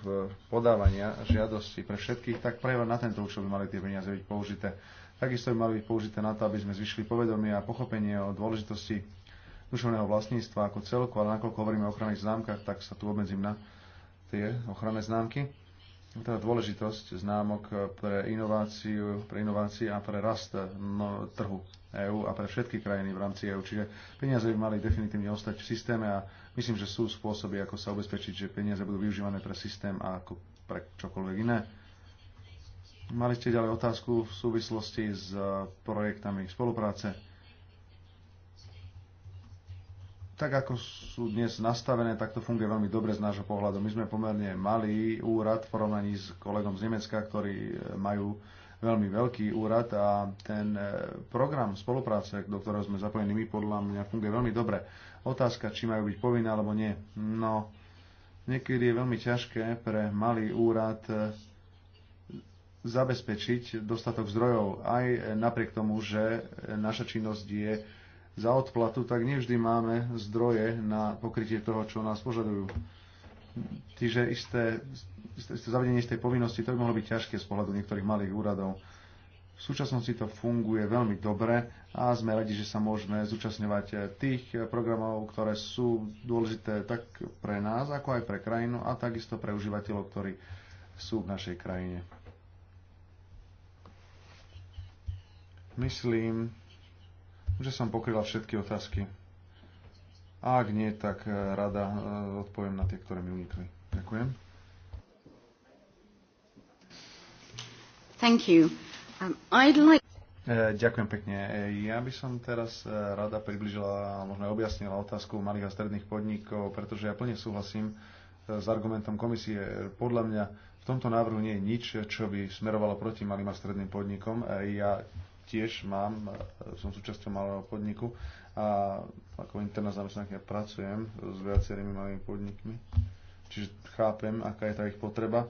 podávania žiadosti pre všetkých, tak práve na tento účel by mali tie peniaze byť použité. Takisto by mali byť použité na to, aby sme zvyšili povedomie a pochopenie o dôležitosti duševného vlastníctva ako celku, ale nakoľko hovoríme o ochranných známkach, tak sa tu obmedzím na tie ochranné známky. Teda dôležitosť známok pre inováciu, pre inovácie a pre rast no, trhu EÚ a pre všetky krajiny v rámci EÚ. Čiže peniaze by mali definitívne ostať v systéme a myslím, že sú spôsoby, ako sa ubezpečiť, že peniaze budú využívané pre systém a ako pre čokoľvek iné. Mali ste ďalej otázku v súvislosti s projektami spolupráce. tak ako sú dnes nastavené, tak to funguje veľmi dobre z nášho pohľadu. My sme pomerne malý úrad v porovnaní s kolegom z Nemecka, ktorí e, majú veľmi veľký úrad a ten e, program spolupráce, do ktorého sme zapojení my, podľa mňa funguje veľmi dobre. Otázka, či majú byť povinné alebo nie. No, niekedy je veľmi ťažké pre malý úrad e, zabezpečiť dostatok zdrojov, aj napriek tomu, že naša činnosť je za odplatu, tak nevždy máme zdroje na pokrytie toho, čo nás požadujú. Čiže isté, isté, isté zavedenie istej povinnosti, to by mohlo byť ťažké z pohľadu niektorých malých úradov. V súčasnosti to funguje veľmi dobre a sme radi, že sa môžeme zúčastňovať tých programov, ktoré sú dôležité tak pre nás, ako aj pre krajinu a takisto pre užívateľov, ktorí sú v našej krajine. Myslím, že som pokryla všetky otázky. A ak nie, tak e, rada e, odpoviem na tie, ktoré mi unikli. Ďakujem. Thank you. Um, I'd like... E, ďakujem pekne. Ja by som teraz rada približila, možno aj objasnila otázku malých a stredných podnikov, pretože ja plne súhlasím s argumentom komisie. Podľa mňa v tomto návrhu nie je nič, čo by smerovalo proti malým a stredným podnikom. Ja tiež mám, som súčasťou malého podniku a ako interná ja pracujem s viacerými malými podnikmi, čiže chápem, aká je tá ich potreba.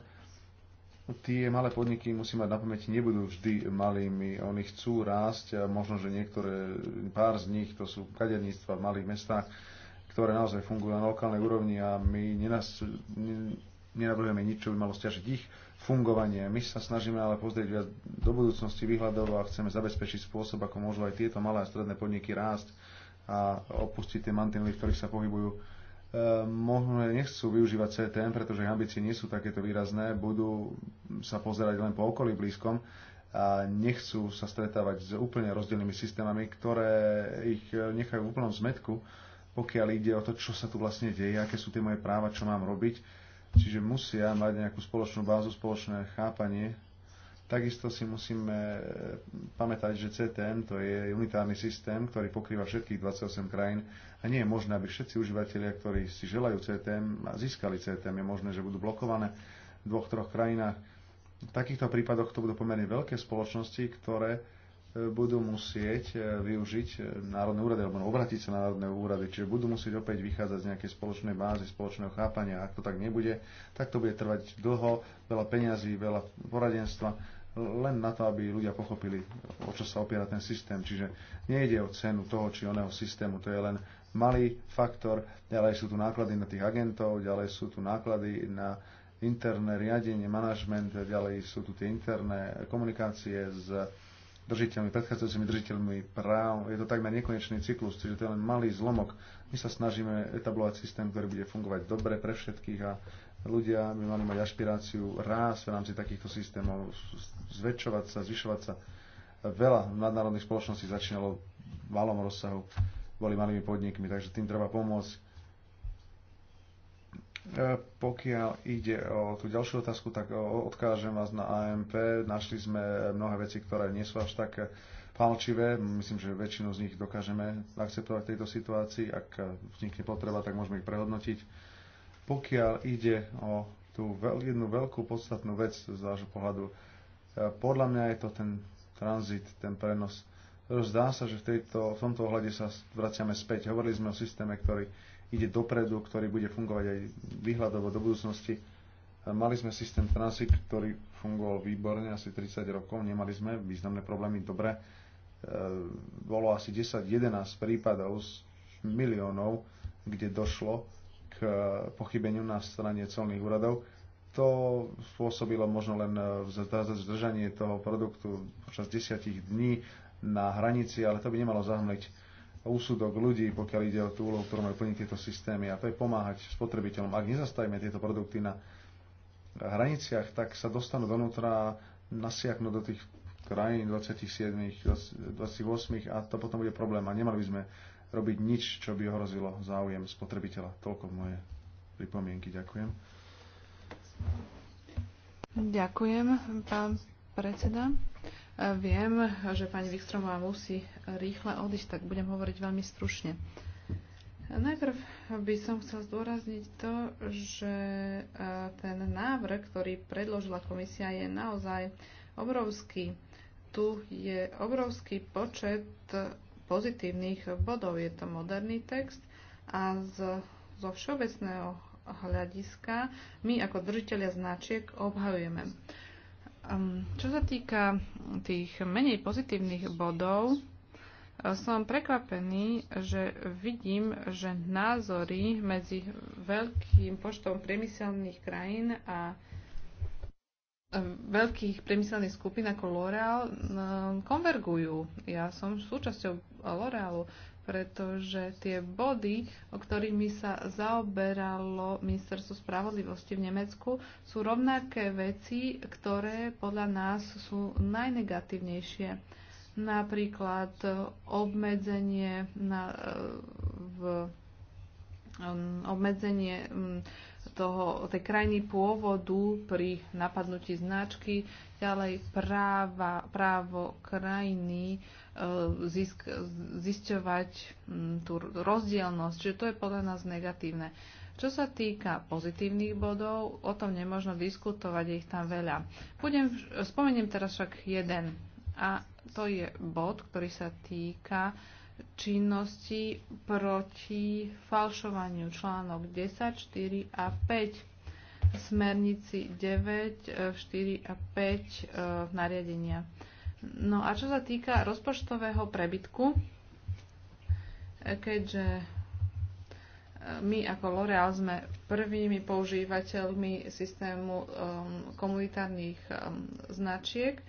Tie malé podniky, musí mať na pamäti, nebudú vždy malými. Oni chcú rásť a možno, že niektoré, pár z nich, to sú kaderníctva v malých mestách, ktoré naozaj fungujú na lokálnej úrovni a my nenas, nenavrhujeme nič, čo by malo stiažiť ich fungovanie. My sa snažíme ale pozrieť viac do budúcnosti výhľadov a chceme zabezpečiť spôsob, ako môžu aj tieto malé a stredné podniky rásť a opustiť tie mantinely, v ktorých sa pohybujú. E, možno nechcú využívať CTM, pretože ich ambície nie sú takéto výrazné, budú sa pozerať len po okolí blízkom a nechcú sa stretávať s úplne rozdielnymi systémami, ktoré ich nechajú v úplnom zmetku, pokiaľ ide o to, čo sa tu vlastne deje, aké sú tie moje práva, čo mám robiť Čiže musia mať nejakú spoločnú bázu, spoločné chápanie. Takisto si musíme eh, pamätať, že CTM to je unitárny systém, ktorý pokrýva všetkých 28 krajín a nie je možné, aby všetci užívateľia, ktorí si želajú CTM, získali CTM. Je možné, že budú blokované v dvoch, troch krajinách. V takýchto prípadoch to budú pomerne veľké spoločnosti, ktoré budú musieť e, využiť e, národné úrady alebo obratiť sa na národné úrady, čiže budú musieť opäť vychádzať z nejakej spoločnej bázy, spoločného chápania. Ak to tak nebude, tak to bude trvať dlho, veľa peňazí, veľa poradenstva, len na to, aby ľudia pochopili, o čo sa opiera ten systém. Čiže nejde o cenu toho či oného systému, to je len malý faktor, ďalej sú tu náklady na tých agentov, ďalej sú tu náklady na interné riadenie, manažment, ďalej sú tu tie interné komunikácie s držiteľmi, predchádzajúcimi držiteľmi práv. Je to takmer nekonečný cyklus, čiže to je len malý zlomok. My sa snažíme etablovať systém, ktorý bude fungovať dobre pre všetkých a ľudia by mali mať ašpiráciu rásť v rámci takýchto systémov, zväčšovať sa, zvyšovať sa. Veľa nadnárodných spoločností začínalo v malom rozsahu, boli malými podnikmi, takže tým treba pomôcť E, pokiaľ ide o tú ďalšiu otázku, tak e, odkážem vás na AMP. Našli sme mnohé veci, ktoré nie sú až tak e, palčivé. Myslím, že väčšinu z nich dokážeme akceptovať v tejto situácii. Ak vznikne potreba, tak môžeme ich prehodnotiť. Pokiaľ ide o tú veľ, jednu veľkú podstatnú vec z vášho pohľadu, podľa mňa je to ten tranzit, ten prenos. Zdá sa, že v, tejto, v tomto ohľade sa vraciame späť. Hovorili sme o systéme, ktorý ide dopredu, ktorý bude fungovať aj výhľadovo do budúcnosti. Mali sme systém Transit, ktorý fungoval výborne asi 30 rokov, nemali sme významné problémy, dobre. E, bolo asi 10-11 prípadov z miliónov, kde došlo k pochybeniu na strane colných úradov. To spôsobilo možno len e, zdržanie toho produktu počas 10 dní na hranici, ale to by nemalo zahmliť úsudok ľudí, pokiaľ ide o tú úlohu, ktorú majú plniť tieto systémy. A to je pomáhať spotrebiteľom. Ak nezastavíme tieto produkty na hraniciach, tak sa dostanú donútra a nasiaknú do tých krajín 27, 28 a to potom bude problém. A nemali by sme robiť nič, čo by ohrozilo záujem spotrebiteľa. Toľko moje pripomienky. Ďakujem.
Ďakujem, pán predseda. Viem, že pani Vikstromová musí rýchle odísť, tak budem hovoriť veľmi stručne. Najprv by som chcel zdôrazniť to, že e, ten návrh, ktorý predložila komisia, je naozaj obrovský. Tu je obrovský počet pozitívnych bodov. Je to moderný text a z, zo všeobecného hľadiska my ako držiteľia značiek obhajujeme. Ehm, čo sa týka tých menej pozitívnych bodov, eh, som prekvapený, že vidím, že názory medzi veľkým počtom priemyselných krajín a eh, veľkých priemyselných skupín ako L'Oreal ehm, konvergujú. Ja som súčasťou L'Orealu pretože tie body, o ktorými sa zaoberalo ministerstvo spravodlivosti v Nemecku, sú rovnaké veci, ktoré podľa nás sú najnegatívnejšie. Napríklad obmedzenie, na, v, um, obmedzenie um, toho, tej krajiny pôvodu pri napadnutí značky, ďalej práva, právo krajiny, zisk, zisťovať mm, tú rozdielnosť, čiže to je podľa nás negatívne. Čo sa týka pozitívnych bodov, o tom nemôžno diskutovať, je ich tam veľa. Budem, spomeniem teraz však jeden a to je bod, ktorý sa týka činnosti proti falšovaniu článok 10, 4 a 5 smernici 9, 4 e, a 5 e, nariadenia. No a čo sa týka rozpočtového prebytku, keďže e, my ako L'Oreal sme prvými používateľmi systému e, komunitárnych e, značiek,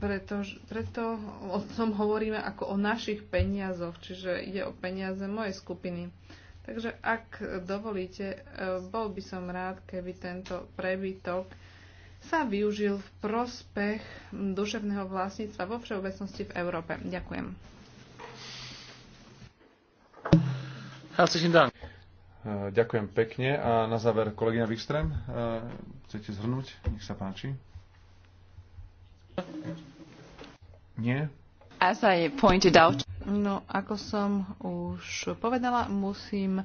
preto, preto o tom hovoríme ako o našich peniazoch, čiže ide o peniaze mojej skupiny. Takže ak dovolíte, bol by som rád, keby tento prebytok sa využil v prospech duševného vlastníctva vo všeobecnosti v Európe. Ďakujem.
E, ďakujem pekne. A na záver kolegyňa Wikström, e, chcete zhrnúť? Nech sa páči. Nie?
As I pointed out. No, ako som už povedala, musím uh,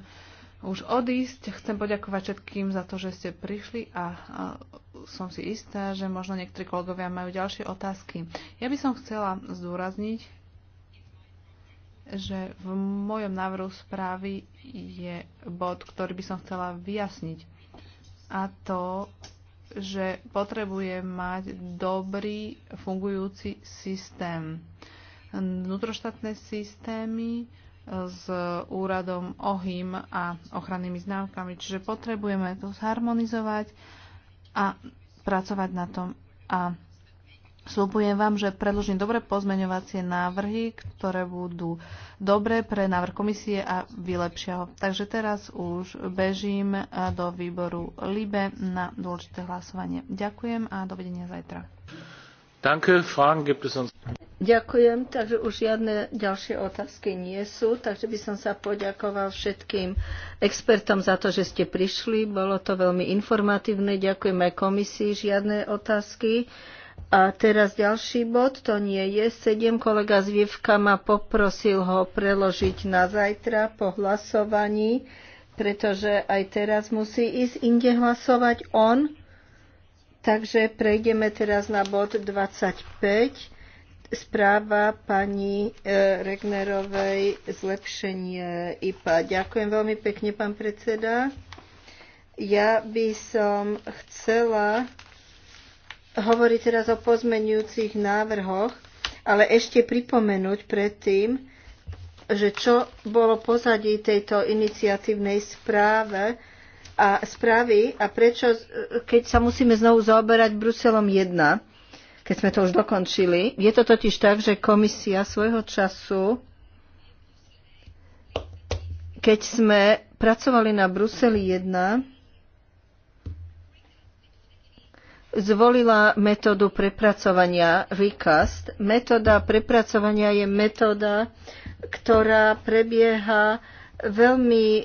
už odísť. Chcem poďakovať všetkým za to, že ste prišli a, a som si istá, že možno niektorí kolegovia majú ďalšie otázky. Ja by som chcela zdôrazniť, že v mojom návrhu správy je bod, ktorý by som chcela vyjasniť. A to, že potrebuje mať dobrý fungujúci systém. Vnútroštátne systémy s úradom OHIM a ochrannými známkami. Čiže potrebujeme to zharmonizovať a pracovať na tom. A slúbujem vám, že predložím dobre pozmeňovacie návrhy, ktoré budú dobre pre návrh komisie a vylepšia ho. Takže teraz už bežím do výboru LIBE na dôležité hlasovanie. Ďakujem a dovidenia zajtra. Danke, Fragen gibt es Ďakujem, takže
už žiadne ďalšie otázky nie sú, takže by som sa poďakoval všetkým expertom za to, že ste prišli. Bolo to veľmi informatívne, ďakujem aj komisii, žiadne otázky. A teraz ďalší bod, to nie je Sedem Kolega z Vievka ma poprosil ho preložiť na zajtra po hlasovaní, pretože aj teraz musí ísť inde hlasovať on. Takže prejdeme teraz na bod 25 správa pani e, Regnerovej zlepšenie IPA. Ďakujem veľmi pekne, pán predseda. Ja by som chcela hovoriť teraz o pozmenujúcich návrhoch, ale ešte pripomenúť predtým, že čo bolo pozadí tejto iniciatívnej správe a správy a prečo, e, keď sa musíme znovu zaoberať Bruselom 1 keď sme to už dokončili. Je to totiž tak, že komisia svojho času, keď sme pracovali na Bruseli 1, zvolila metódu prepracovania recast. Metóda prepracovania je metóda, ktorá prebieha veľmi e,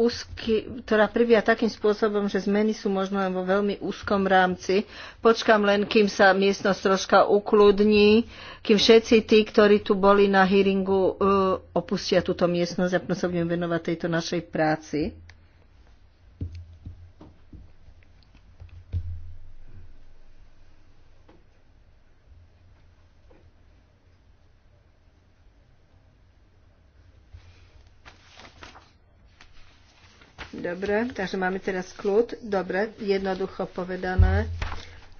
úzky, ktorá prebieha takým spôsobom, že zmeny sú možno len vo veľmi úzkom rámci. Počkam len, kým sa miestnosť troška ukludní, kým všetci tí, ktorí tu boli na hearingu, e, opustia túto miestnosť a ja sa budem venovať tejto našej práci. Dobre, takže máme teraz kľud. Dobre, jednoducho povedané.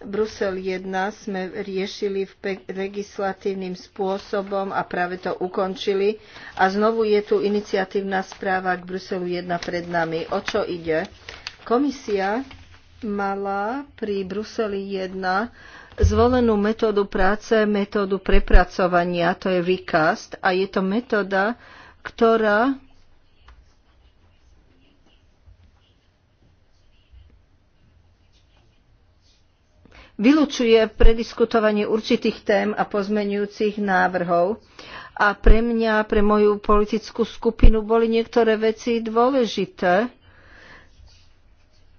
Brusel 1 sme riešili v legislatívnym spôsobom a práve to ukončili. A znovu je tu iniciatívna správa k Bruselu 1 pred nami. O čo ide? Komisia mala pri Bruseli 1 zvolenú metódu práce, metódu prepracovania, to je výkast a je to metóda, ktorá vylučuje prediskutovanie určitých tém a pozmenujúcich návrhov. A pre mňa, pre moju politickú skupinu boli niektoré veci dôležité.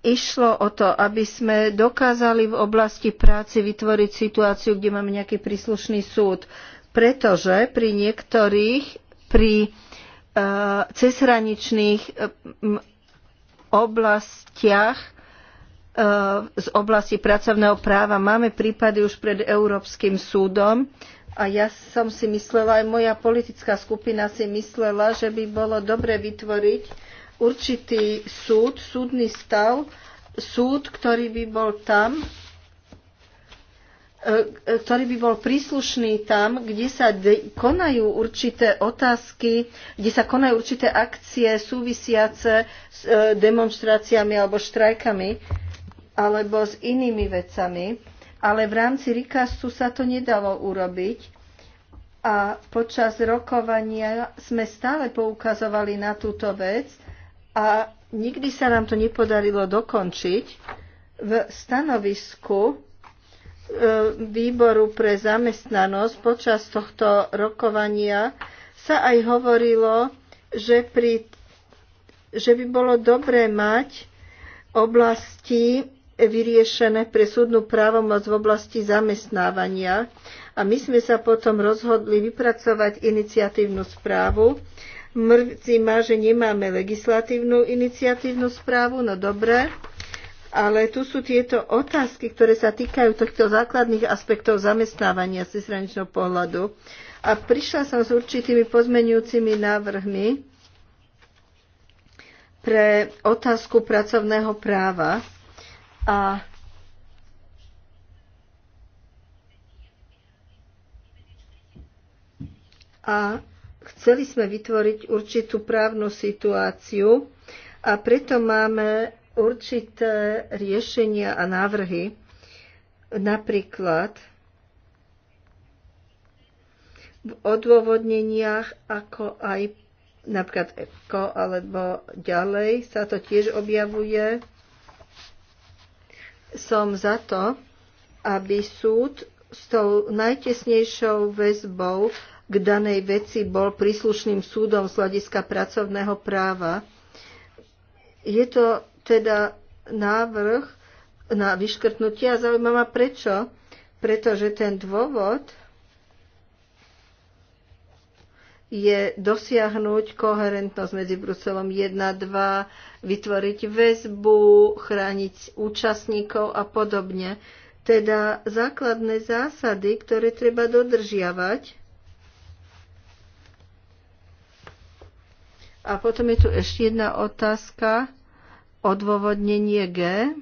Išlo o to, aby sme dokázali v oblasti práce vytvoriť situáciu, kde máme nejaký príslušný súd, pretože pri niektorých, pri uh, cezhraničných m, oblastiach Eh, z oblasti pracovného práva. Máme prípady už pred Európskym súdom a ja som si myslela, aj moja politická skupina si myslela, že by bolo dobre vytvoriť určitý súd, súdny stav, súd, ktorý by bol tam, eh, ktorý by bol príslušný tam, kde sa konajú určité otázky, kde sa konajú určité akcie súvisiace s eh, demonstráciami alebo štrajkami alebo s inými vecami, ale v rámci Rikastu sa to nedalo urobiť a počas rokovania sme stále poukazovali na túto vec a nikdy sa nám to nepodarilo dokončiť. V stanovisku e, výboru pre zamestnanosť počas tohto rokovania sa aj hovorilo, že, pri, že by bolo dobré mať oblasti vyriešené pre súdnu právomoc v oblasti zamestnávania. A my sme sa potom rozhodli vypracovať iniciatívnu správu. Mrzí ma, že nemáme legislatívnu iniciatívnu správu, no dobre, ale tu sú tieto otázky, ktoré sa týkajú tohto základných aspektov zamestnávania z cezhraničného pohľadu. A prišla som s určitými pozmenujúcimi návrhmi pre otázku pracovného práva a a chceli sme vytvoriť určitú právnu situáciu a preto máme určité riešenia a návrhy. Napríklad v odôvodneniach, ako aj napríklad EPCO alebo ďalej sa to tiež objavuje som za to, aby súd s tou najtesnejšou väzbou k danej veci bol príslušným súdom z hľadiska pracovného práva. Je to teda návrh na vyškrtnutie a zaujímavá prečo. Pretože ten dôvod je dosiahnuť koherentnosť medzi Bruselom 1, 2, vytvoriť väzbu, chrániť účastníkov a podobne. Teda základné zásady, ktoré treba dodržiavať. A potom je tu ešte jedna otázka, odôvodnenie G.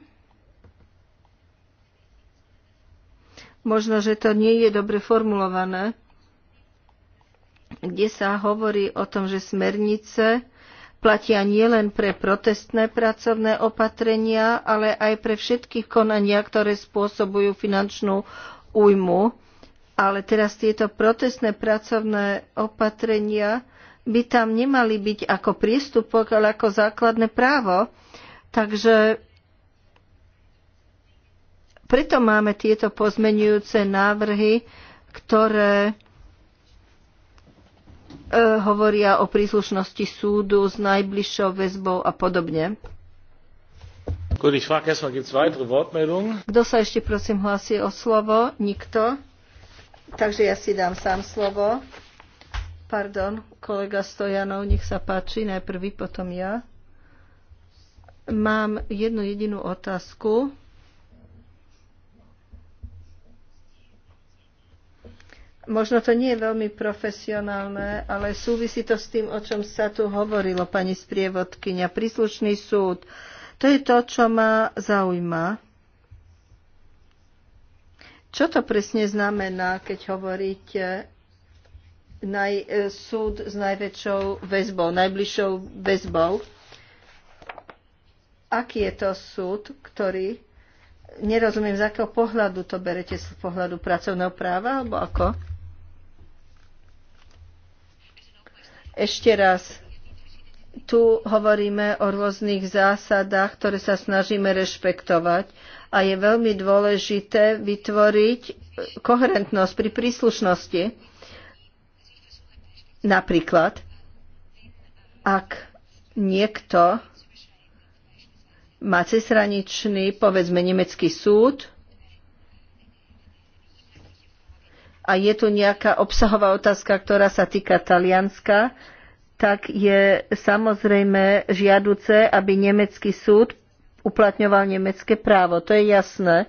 Možno, že to nie je dobre formulované, kde sa hovorí o tom, že smernice platia nielen pre protestné pracovné opatrenia, ale aj pre všetky konania, ktoré spôsobujú finančnú újmu. Ale teraz tieto protestné pracovné opatrenia by tam nemali byť ako priestupok, ale ako základné právo. Takže preto máme tieto pozmenujúce návrhy, ktoré E, hovoria o príslušnosti súdu s najbližšou väzbou a podobne. Kto sa ešte prosím hlási o slovo? Nikto. Takže ja si dám sám slovo. Pardon, kolega Stojanov, nech sa páči, najprv vy, potom ja. Mám jednu jedinú otázku Možno to nie je veľmi profesionálne, ale súvisí to s tým, o čom sa tu hovorilo, pani sprievodkynia. Príslušný súd. To je to, čo ma zaujíma. Čo to presne znamená, keď hovoríte naj, e, súd s najväčšou väzbou, najbližšou väzbou? Aký je to súd, ktorý... Nerozumiem, z akého pohľadu to berete, z pohľadu pracovného práva, alebo ako? Ešte raz, tu hovoríme o rôznych zásadách, ktoré sa snažíme rešpektovať a je veľmi dôležité vytvoriť koherentnosť pri príslušnosti. Napríklad, ak niekto má cezhraničný, povedzme, nemecký súd, a je tu nejaká obsahová otázka, ktorá sa týka Talianska, tak je samozrejme žiaduce, aby nemecký súd uplatňoval nemecké právo. To je jasné.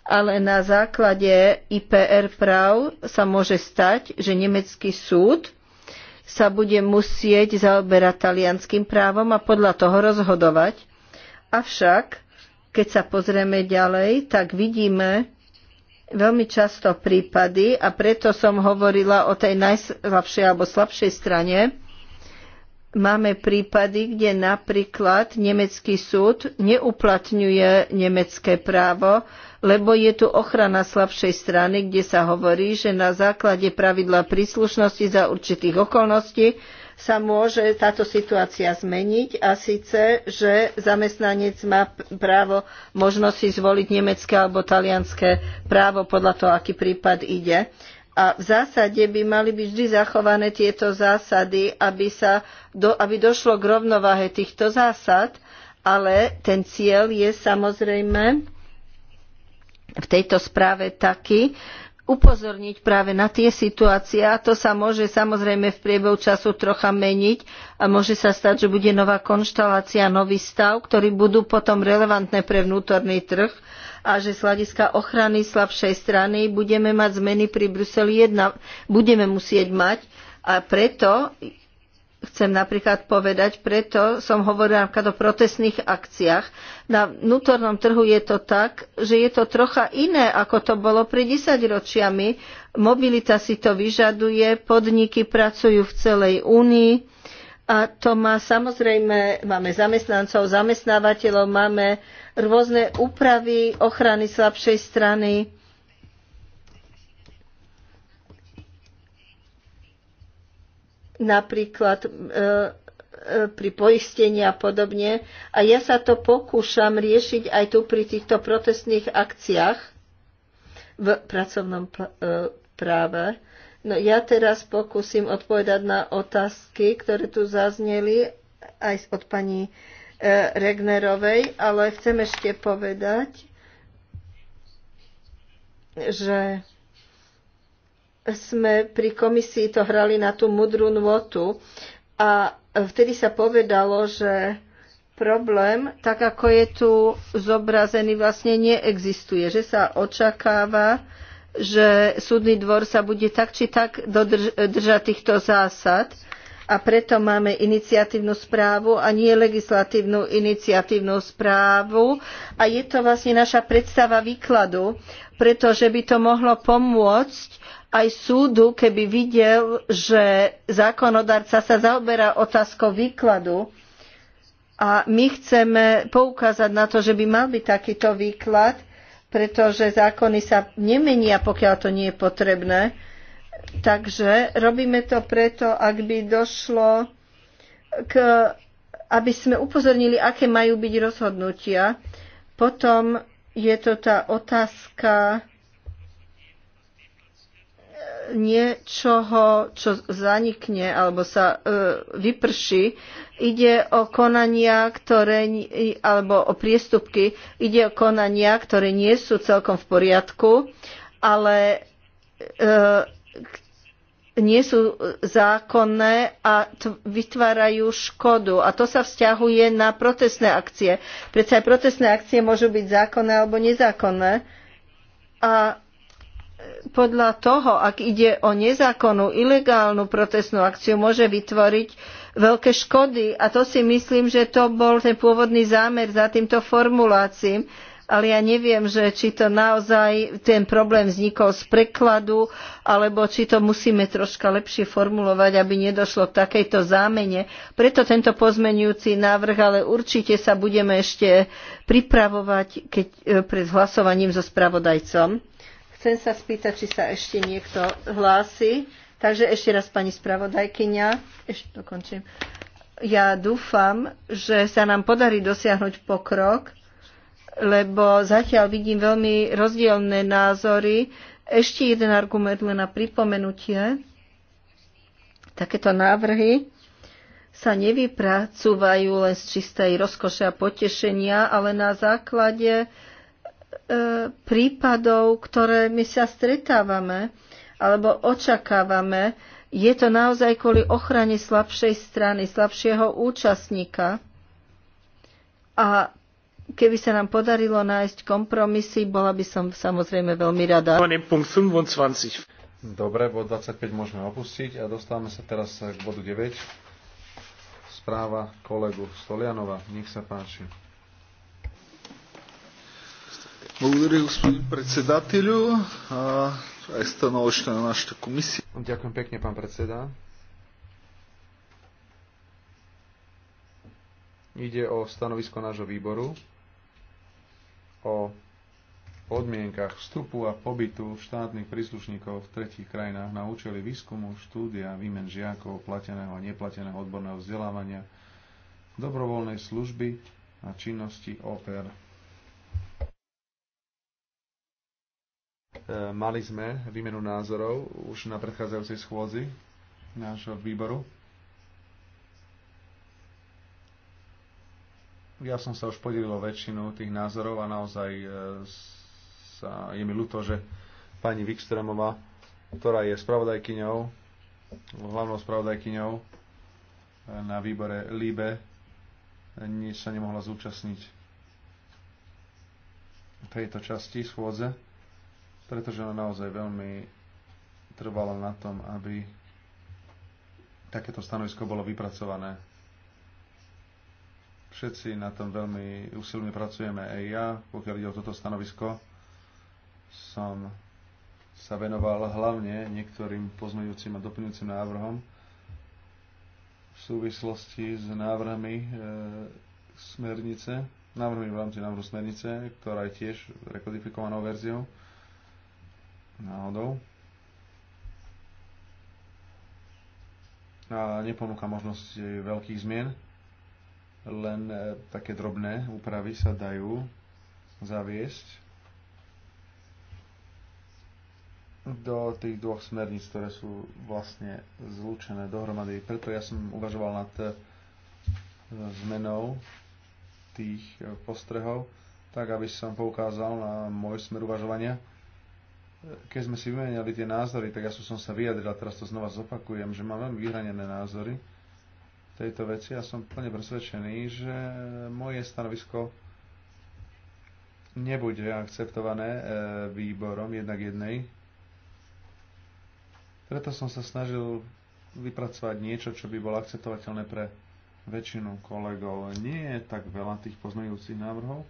Ale na základe IPR práv sa môže stať, že nemecký súd sa bude musieť zaoberať talianským právom a podľa toho rozhodovať. Avšak, keď sa pozrieme ďalej, tak vidíme, veľmi často prípady a preto som hovorila o tej najslabšej alebo slabšej strane. Máme prípady, kde napríklad nemecký súd neuplatňuje nemecké právo, lebo je tu ochrana slabšej strany, kde sa hovorí, že na základe pravidla príslušnosti za určitých okolností sa môže táto situácia zmeniť a síce, že zamestnanec má právo možnosti zvoliť nemecké alebo talianské právo podľa toho, aký prípad ide. A v zásade by mali byť vždy zachované tieto zásady, aby, sa do, aby došlo k rovnováhe týchto zásad, ale ten cieľ je samozrejme v tejto správe taký, upozorniť práve na tie situácie a to sa môže samozrejme v priebehu času trocha meniť a môže sa stať, že bude nová konštalácia, nový stav, ktorý budú potom relevantné pre vnútorný trh a že z hľadiska ochrany slabšej strany budeme mať zmeny pri Bruseli 1, budeme musieť mať a preto chcem napríklad povedať, preto som hovorila napríklad o protestných akciách. Na vnútornom trhu je to tak, že je to trocha iné, ako to bolo pred 10 ročiami. Mobilita si to vyžaduje, podniky pracujú v celej únii a to má samozrejme, máme zamestnancov, zamestnávateľov, máme rôzne úpravy ochrany slabšej strany napríklad e, e, pri poistení a podobne. A ja sa to pokúšam riešiť aj tu pri týchto protestných akciách v pracovnom e, práve. No ja teraz pokúsim odpovedať na otázky, ktoré tu zazneli aj od pani Regnerovej, ale chcem ešte povedať, že sme pri komisii to hrali na tú mudrú nôtu a vtedy sa povedalo, že problém, tak ako je tu zobrazený, vlastne neexistuje, že sa očakáva, že súdny dvor sa bude tak či tak dodrž- držať týchto zásad a preto máme iniciatívnu správu a nie legislatívnu iniciatívnu správu. A je to vlastne naša predstava výkladu, pretože by to mohlo pomôcť aj súdu, keby videl, že zákonodarca sa zaoberá otázkou výkladu a my chceme poukázať na to, že by mal byť takýto výklad, pretože zákony sa nemenia, pokiaľ to nie je potrebné. Takže robíme to preto, ak by došlo k aby sme upozornili, aké majú byť rozhodnutia. Potom je to tá otázka niečoho, čo zanikne alebo sa e, vyprší. Ide o konania, ktoré, alebo o priestupky, ide o konania, ktoré nie sú celkom v poriadku, ale e, nie sú zákonné a vytvárajú škodu. A to sa vzťahuje na protestné akcie. Predsa aj protestné akcie môžu byť zákonné alebo nezákonné. A podľa toho, ak ide o nezákonnú, ilegálnu protestnú akciu, môže vytvoriť veľké škody. A to si myslím, že to bol ten pôvodný zámer za týmto formuláciím. Ale ja neviem, že či to naozaj ten problém vznikol z prekladu, alebo či to musíme troška lepšie formulovať, aby nedošlo k takejto zámene. Preto tento pozmenujúci návrh, ale určite sa budeme ešte pripravovať keď, e, pred hlasovaním so spravodajcom. Chcem sa spýtať, či sa ešte niekto hlási. Takže ešte raz, pani spravodajkyňa, ešte dokončím. Ja dúfam, že sa nám podarí dosiahnuť pokrok, lebo zatiaľ vidím veľmi rozdielne názory. Ešte jeden argument len na pripomenutie. Takéto návrhy sa nevypracúvajú len z čistej rozkoše a potešenia, ale na základe E, prípadov, ktoré my sa stretávame alebo očakávame, je to naozaj kvôli ochrane slabšej strany, slabšieho účastníka. A keby sa nám podarilo nájsť kompromisy, bola by som samozrejme veľmi rada.
Dobre, bod 25 môžeme opustiť a dostávame sa teraz k bodu 9. Správa kolegu Stolianova. Nech sa páči. Благодаря, господин председателю. е становище на нашата комисия. Ďakujem pekne, pán predseda. Ide o stanovisko nášho výboru, o podmienkach vstupu a pobytu štátnych príslušníkov v tretich krajinách na účely výskumu, štúdia, výmen žiakov, plateného a neplateného odborného vzdelávania, dobrovoľnej služby a činnosti OPR. E, mali sme výmenu názorov už na predchádzajúcej schôzi nášho výboru. Ja som sa už podelil o väčšinu tých názorov a naozaj e, sa, je mi ľúto, že pani Vikstremová, ktorá je spravodajkyňou, hlavnou spravodajkyňou e, na výbore LIBE, nič sa nemohla zúčastniť v tejto časti schôdze pretože ona naozaj veľmi trvala na tom, aby takéto stanovisko bolo vypracované. Všetci na tom veľmi úsilne pracujeme. Aj ja, pokiaľ ide o toto stanovisko, som sa venoval hlavne niektorým pozmeňujúcim a doplňujúcim návrhom v súvislosti s návrhmi e, smernice, návrhmi v rámci návrhu smernice, ktorá je tiež rekodifikovanou verziou náhodou. A neponúka možnosť veľkých zmien, len e, také drobné úpravy sa dajú zaviesť do tých dvoch smerníc, ktoré sú vlastne zlúčené dohromady. Preto ja som uvažoval nad e, zmenou tých e, postrehov, tak aby som poukázal na môj smer uvažovania keď sme si vymenili tie názory, tak ja som sa vyjadril, teraz to znova zopakujem, že mám veľmi vyhranené názory v tejto veci a som plne presvedčený, že moje stanovisko nebude akceptované e, výborom jednak jednej. Preto som sa snažil vypracovať niečo, čo by bolo akceptovateľné pre väčšinu kolegov. Nie je tak veľa tých poznajúcich návrhov,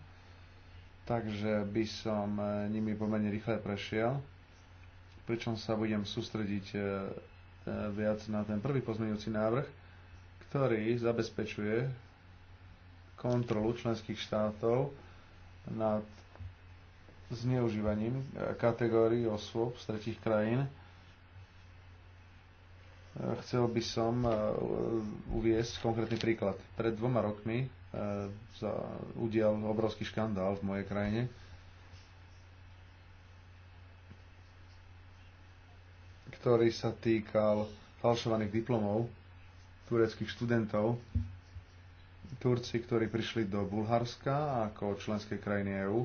takže by som e, nimi pomerne rýchle prešiel, pričom sa budem sústrediť e, e, viac na ten prvý pozmeňujúci návrh, ktorý zabezpečuje kontrolu členských štátov nad zneužívaním kategórií osôb z tretich krajín Chcel by som e, uviesť konkrétny príklad. Pred dvoma rokmi sa e, udial obrovský škandál v mojej krajine. ktorý sa týkal falšovaných diplomov tureckých študentov. Turci, ktorí prišli do Bulharska ako členskej krajiny EÚ.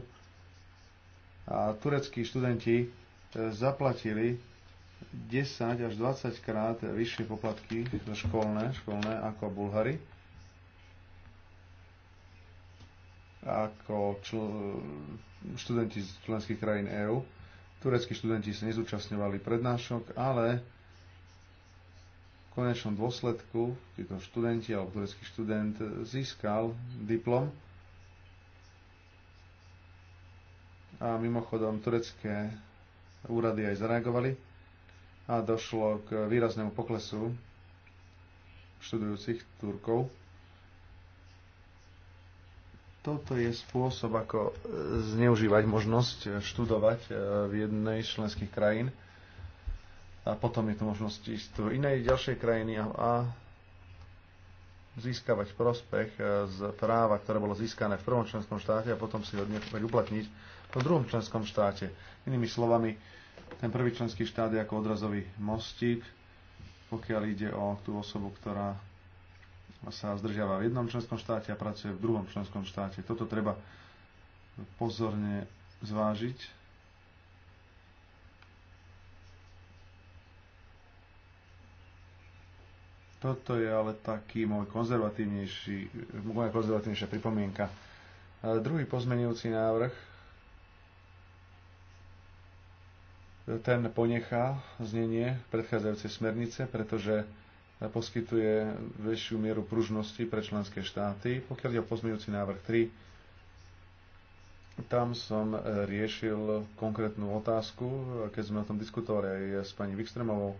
A tureckí študenti e, zaplatili 10 až 20 krát vyššie poplatky za školné, školné ako Bulhari. Ako čl- študenti z členských krajín EÚ. Tureckí študenti sa nezúčastňovali prednášok, ale v konečnom dôsledku títo študenti alebo turecký študent získal diplom a mimochodom turecké úrady aj zareagovali a došlo k výraznému poklesu študujúcich Turkov. Toto je spôsob, ako zneužívať možnosť študovať eh, v jednej z členských krajín a potom je tu možnosť ísť do inej ďalšej krajiny a, a získavať prospech eh, z práva, ktoré bolo získané v prvom členskom štáte a potom si ho nechať uplatniť v druhom členskom štáte. Inými slovami, ten prvý členský štát je ako odrazový mostík, pokiaľ ide o tú osobu, ktorá sa zdržiava v jednom členskom štáte a pracuje v druhom členskom štáte. Toto treba pozorne zvážiť. Toto je ale taký môj konzervatívnejší, moja konzervatívnejšia pripomienka. Druhý pozmenujúci návrh ten ponechá znenie predchádzajúcej smernice, pretože poskytuje väčšiu mieru pružnosti pre členské štáty. Pokiaľ je o pozmeňujúci návrh 3, tam som e, riešil konkrétnu otázku, keď sme o tom diskutovali aj s pani Vikstremovou.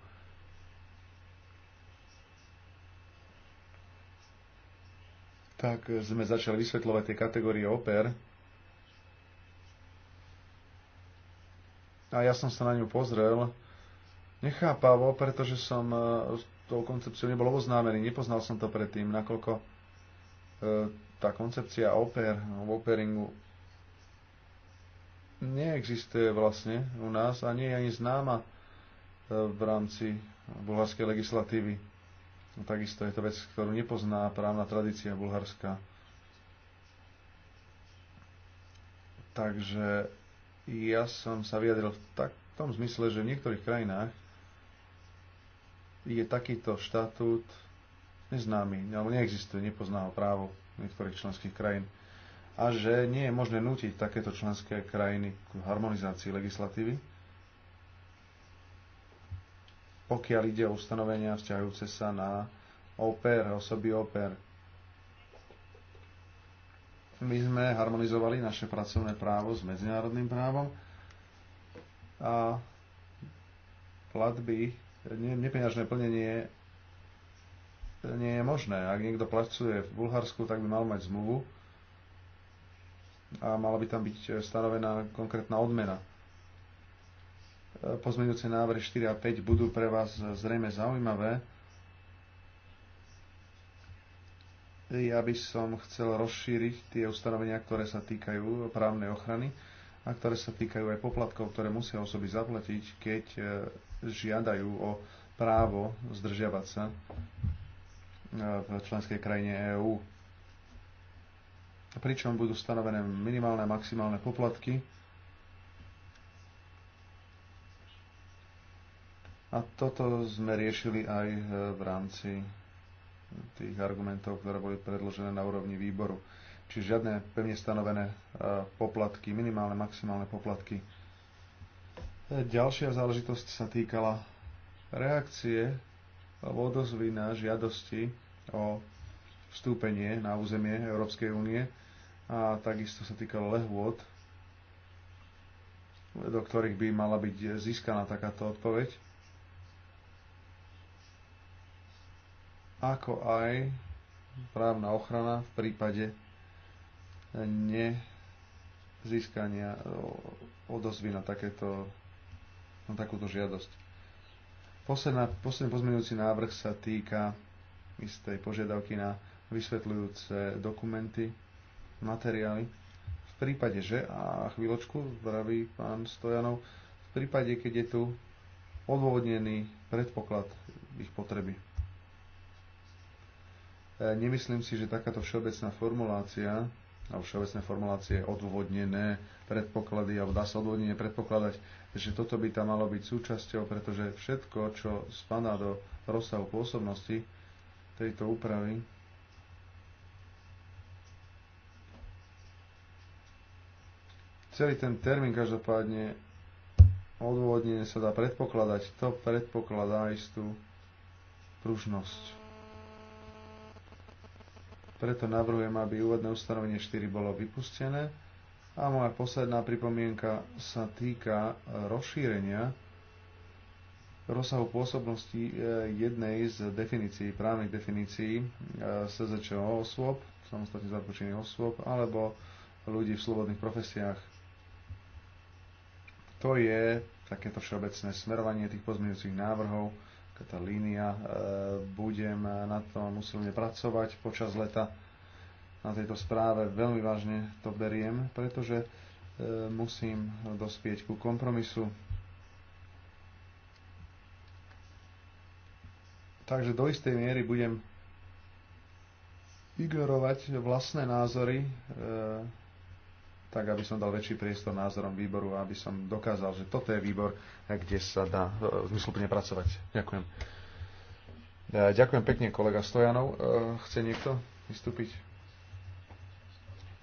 Tak sme začali vysvetľovať tie kategórie oper, a ja som sa na ňu pozrel nechápavo, pretože som e, s tou koncepciou nebol oboznámený, nepoznal som to predtým, nakoľko e, tá koncepcia oper, operingu neexistuje vlastne u nás a nie je ani známa e, v rámci bulharskej legislatívy. No, takisto je to vec, ktorú nepozná právna tradícia bulharská. Takže ja som sa vyjadril v tom zmysle, že v niektorých krajinách je takýto štatút neznámy, alebo neexistuje, nepozná ho právo niektorých členských krajín a že nie je možné nútiť takéto členské krajiny k harmonizácii legislatívy, pokiaľ ide o ustanovenia vzťahujúce sa na OPR, osoby OPR. My sme harmonizovali naše pracovné právo s medzinárodným právom a platby, nepeňažné plnenie nie je možné. Ak niekto pracuje v Bulharsku, tak by mal mať zmluvu a mala by tam byť stanovená konkrétna odmena. Pozmeňujúce návrhy 4 a 5 budú pre vás zrejme zaujímavé Ja by som chcel rozšíriť tie ustanovenia, ktoré sa týkajú právnej ochrany a ktoré sa týkajú aj poplatkov, ktoré musia osoby zaplatiť, keď e, žiadajú o právo zdržiavať sa e, v členskej krajine EÚ. Pričom budú stanovené minimálne a maximálne poplatky a toto sme riešili aj e, v rámci tých argumentov, ktoré boli predložené na úrovni výboru. Čiže žiadne pevne stanovené e, poplatky, minimálne, maximálne poplatky. E, ďalšia záležitosť sa týkala reakcie alebo odozvy na žiadosti o vstúpenie na územie Európskej únie a takisto sa týkalo lehôd, do ktorých by mala byť získaná takáto odpoveď. ako aj právna ochrana v prípade nezískania odozvy na, takéto, na takúto žiadosť. Posledná, posledný pozmeňujúci návrh sa týka istej požiadavky na vysvetľujúce dokumenty, materiály. V prípade, že, a chvíľočku, vraví pán Stojanov, v prípade, keď je tu odôvodnený predpoklad ich potreby. E, nemyslím si, že takáto všeobecná formulácia alebo všeobecné formulácie odôvodnené predpoklady, alebo dá sa odôvodnenie predpokladať, že toto by tam malo byť súčasťou, pretože všetko, čo spadá do rozsahu pôsobnosti tejto úpravy, celý ten termín každopádne odôvodnenie sa dá predpokladať, to predpokladá istú pružnosť. Preto navrhujem, aby úvodné ustanovenie 4 bolo vypustené. A moja posledná pripomienka sa týka e, rozšírenia rozsahu pôsobnosti e, jednej z definícií, právnych definícií e, SZČO osôb, samostatne započených osôb, alebo ľudí v slobodných profesiách. To je takéto všeobecné smerovanie tých pozmeňujúcich návrhov tá línia. E, budem na tom usilne pracovať počas leta na tejto správe. Veľmi vážne to beriem, pretože e, musím dospieť ku kompromisu. Takže do istej miery budem ignorovať vlastné názory e, tak aby som dal väčší priestor názorom výboru a aby som dokázal, že toto je výbor, kde sa dá e, zmysluplne pracovať. Ďakujem. E, ďakujem pekne, kolega Stojanov. E, chce niekto vystúpiť?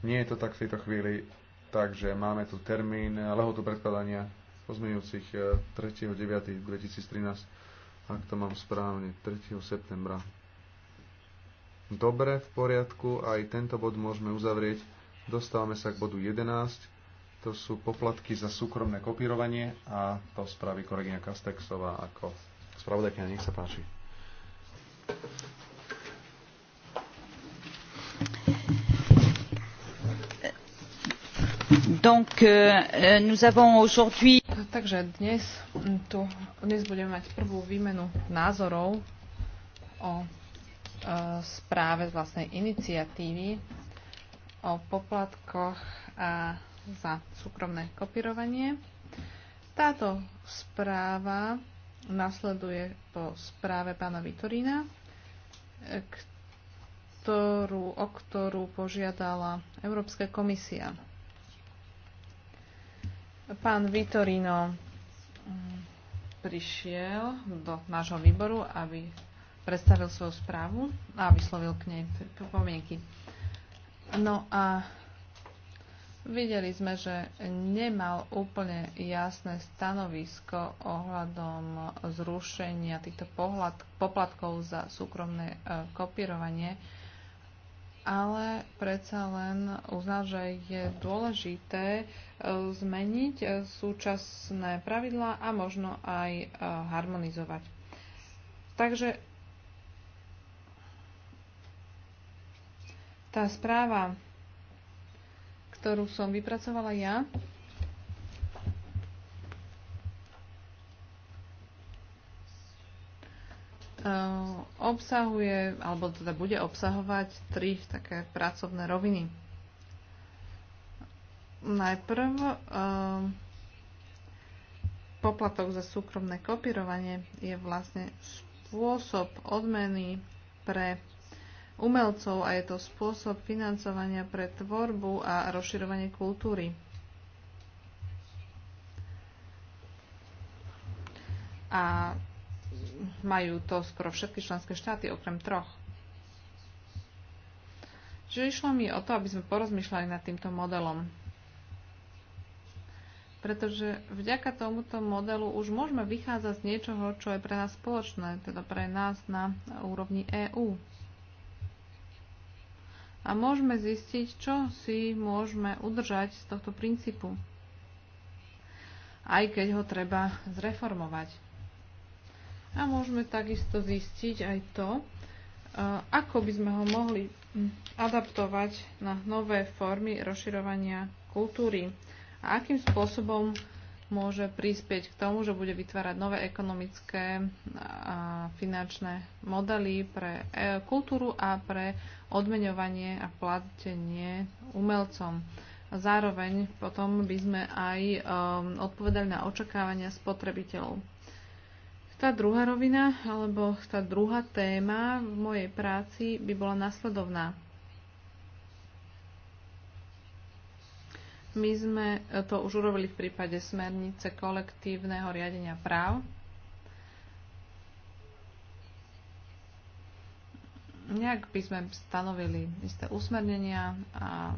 Nie je to tak v tejto chvíli, takže máme tu termín lehotu predkladania pozmeňujúcich 3.9.2013, ak to mám správne, 3. septembra. Dobre, v poriadku, aj tento bod môžeme uzavrieť. Dostávame sa k bodu 11. To sú poplatky za súkromné kopírovanie a to spraví kolegyňa Kastexová ako spravodajkňa. Nech sa páči.
Donc, euh, nous avons aujourd'hui... Takže dnes, tu, dnes budeme mať prvú výmenu názorov o e, správe z vlastnej iniciatívy o poplatkoch a za súkromné kopírovanie. Táto správa nasleduje po správe pána Vitorína, ktorú, o ktorú požiadala Európska komisia. Pán Vitorino mm, prišiel do nášho výboru, aby predstavil svoju správu a vyslovil k nej pripomienky. No a Videli sme, že nemal úplne jasné stanovisko ohľadom zrušenia týchto pohľad, poplatkov za súkromné e, kopírovanie, ale predsa len uznal, že je dôležité e, zmeniť e, súčasné pravidlá a možno aj e, harmonizovať. Takže Tá správa, ktorú som vypracovala ja, eh, obsahuje, alebo teda bude obsahovať tri také pracovné roviny. Najprv eh, poplatok za súkromné kopírovanie je vlastne spôsob odmeny pre umelcov a je to spôsob financovania pre tvorbu a rozširovanie kultúry. A majú to skoro všetky členské štáty, okrem troch. Čiže išlo mi o to, aby sme porozmýšľali nad týmto modelom. Pretože vďaka tomuto modelu už môžeme vychádzať z niečoho, čo je pre nás spoločné, teda pre nás na úrovni EÚ a môžeme zistiť, čo si môžeme udržať z tohto princípu, aj keď ho treba zreformovať. A môžeme takisto zistiť aj to, e, ako by sme ho mohli hm, adaptovať na nové formy rozširovania kultúry a akým spôsobom môže prispieť k tomu, že bude vytvárať nové ekonomické a finančné modely pre e, kultúru a pre odmeňovanie a platenie umelcom. Zároveň potom by sme aj um, odpovedali na očakávania spotrebiteľov. Tá druhá rovina, alebo tá druhá téma v mojej práci by bola nasledovná. My sme to už urobili v prípade smernice kolektívneho riadenia práv, nejak by sme stanovili isté usmernenia a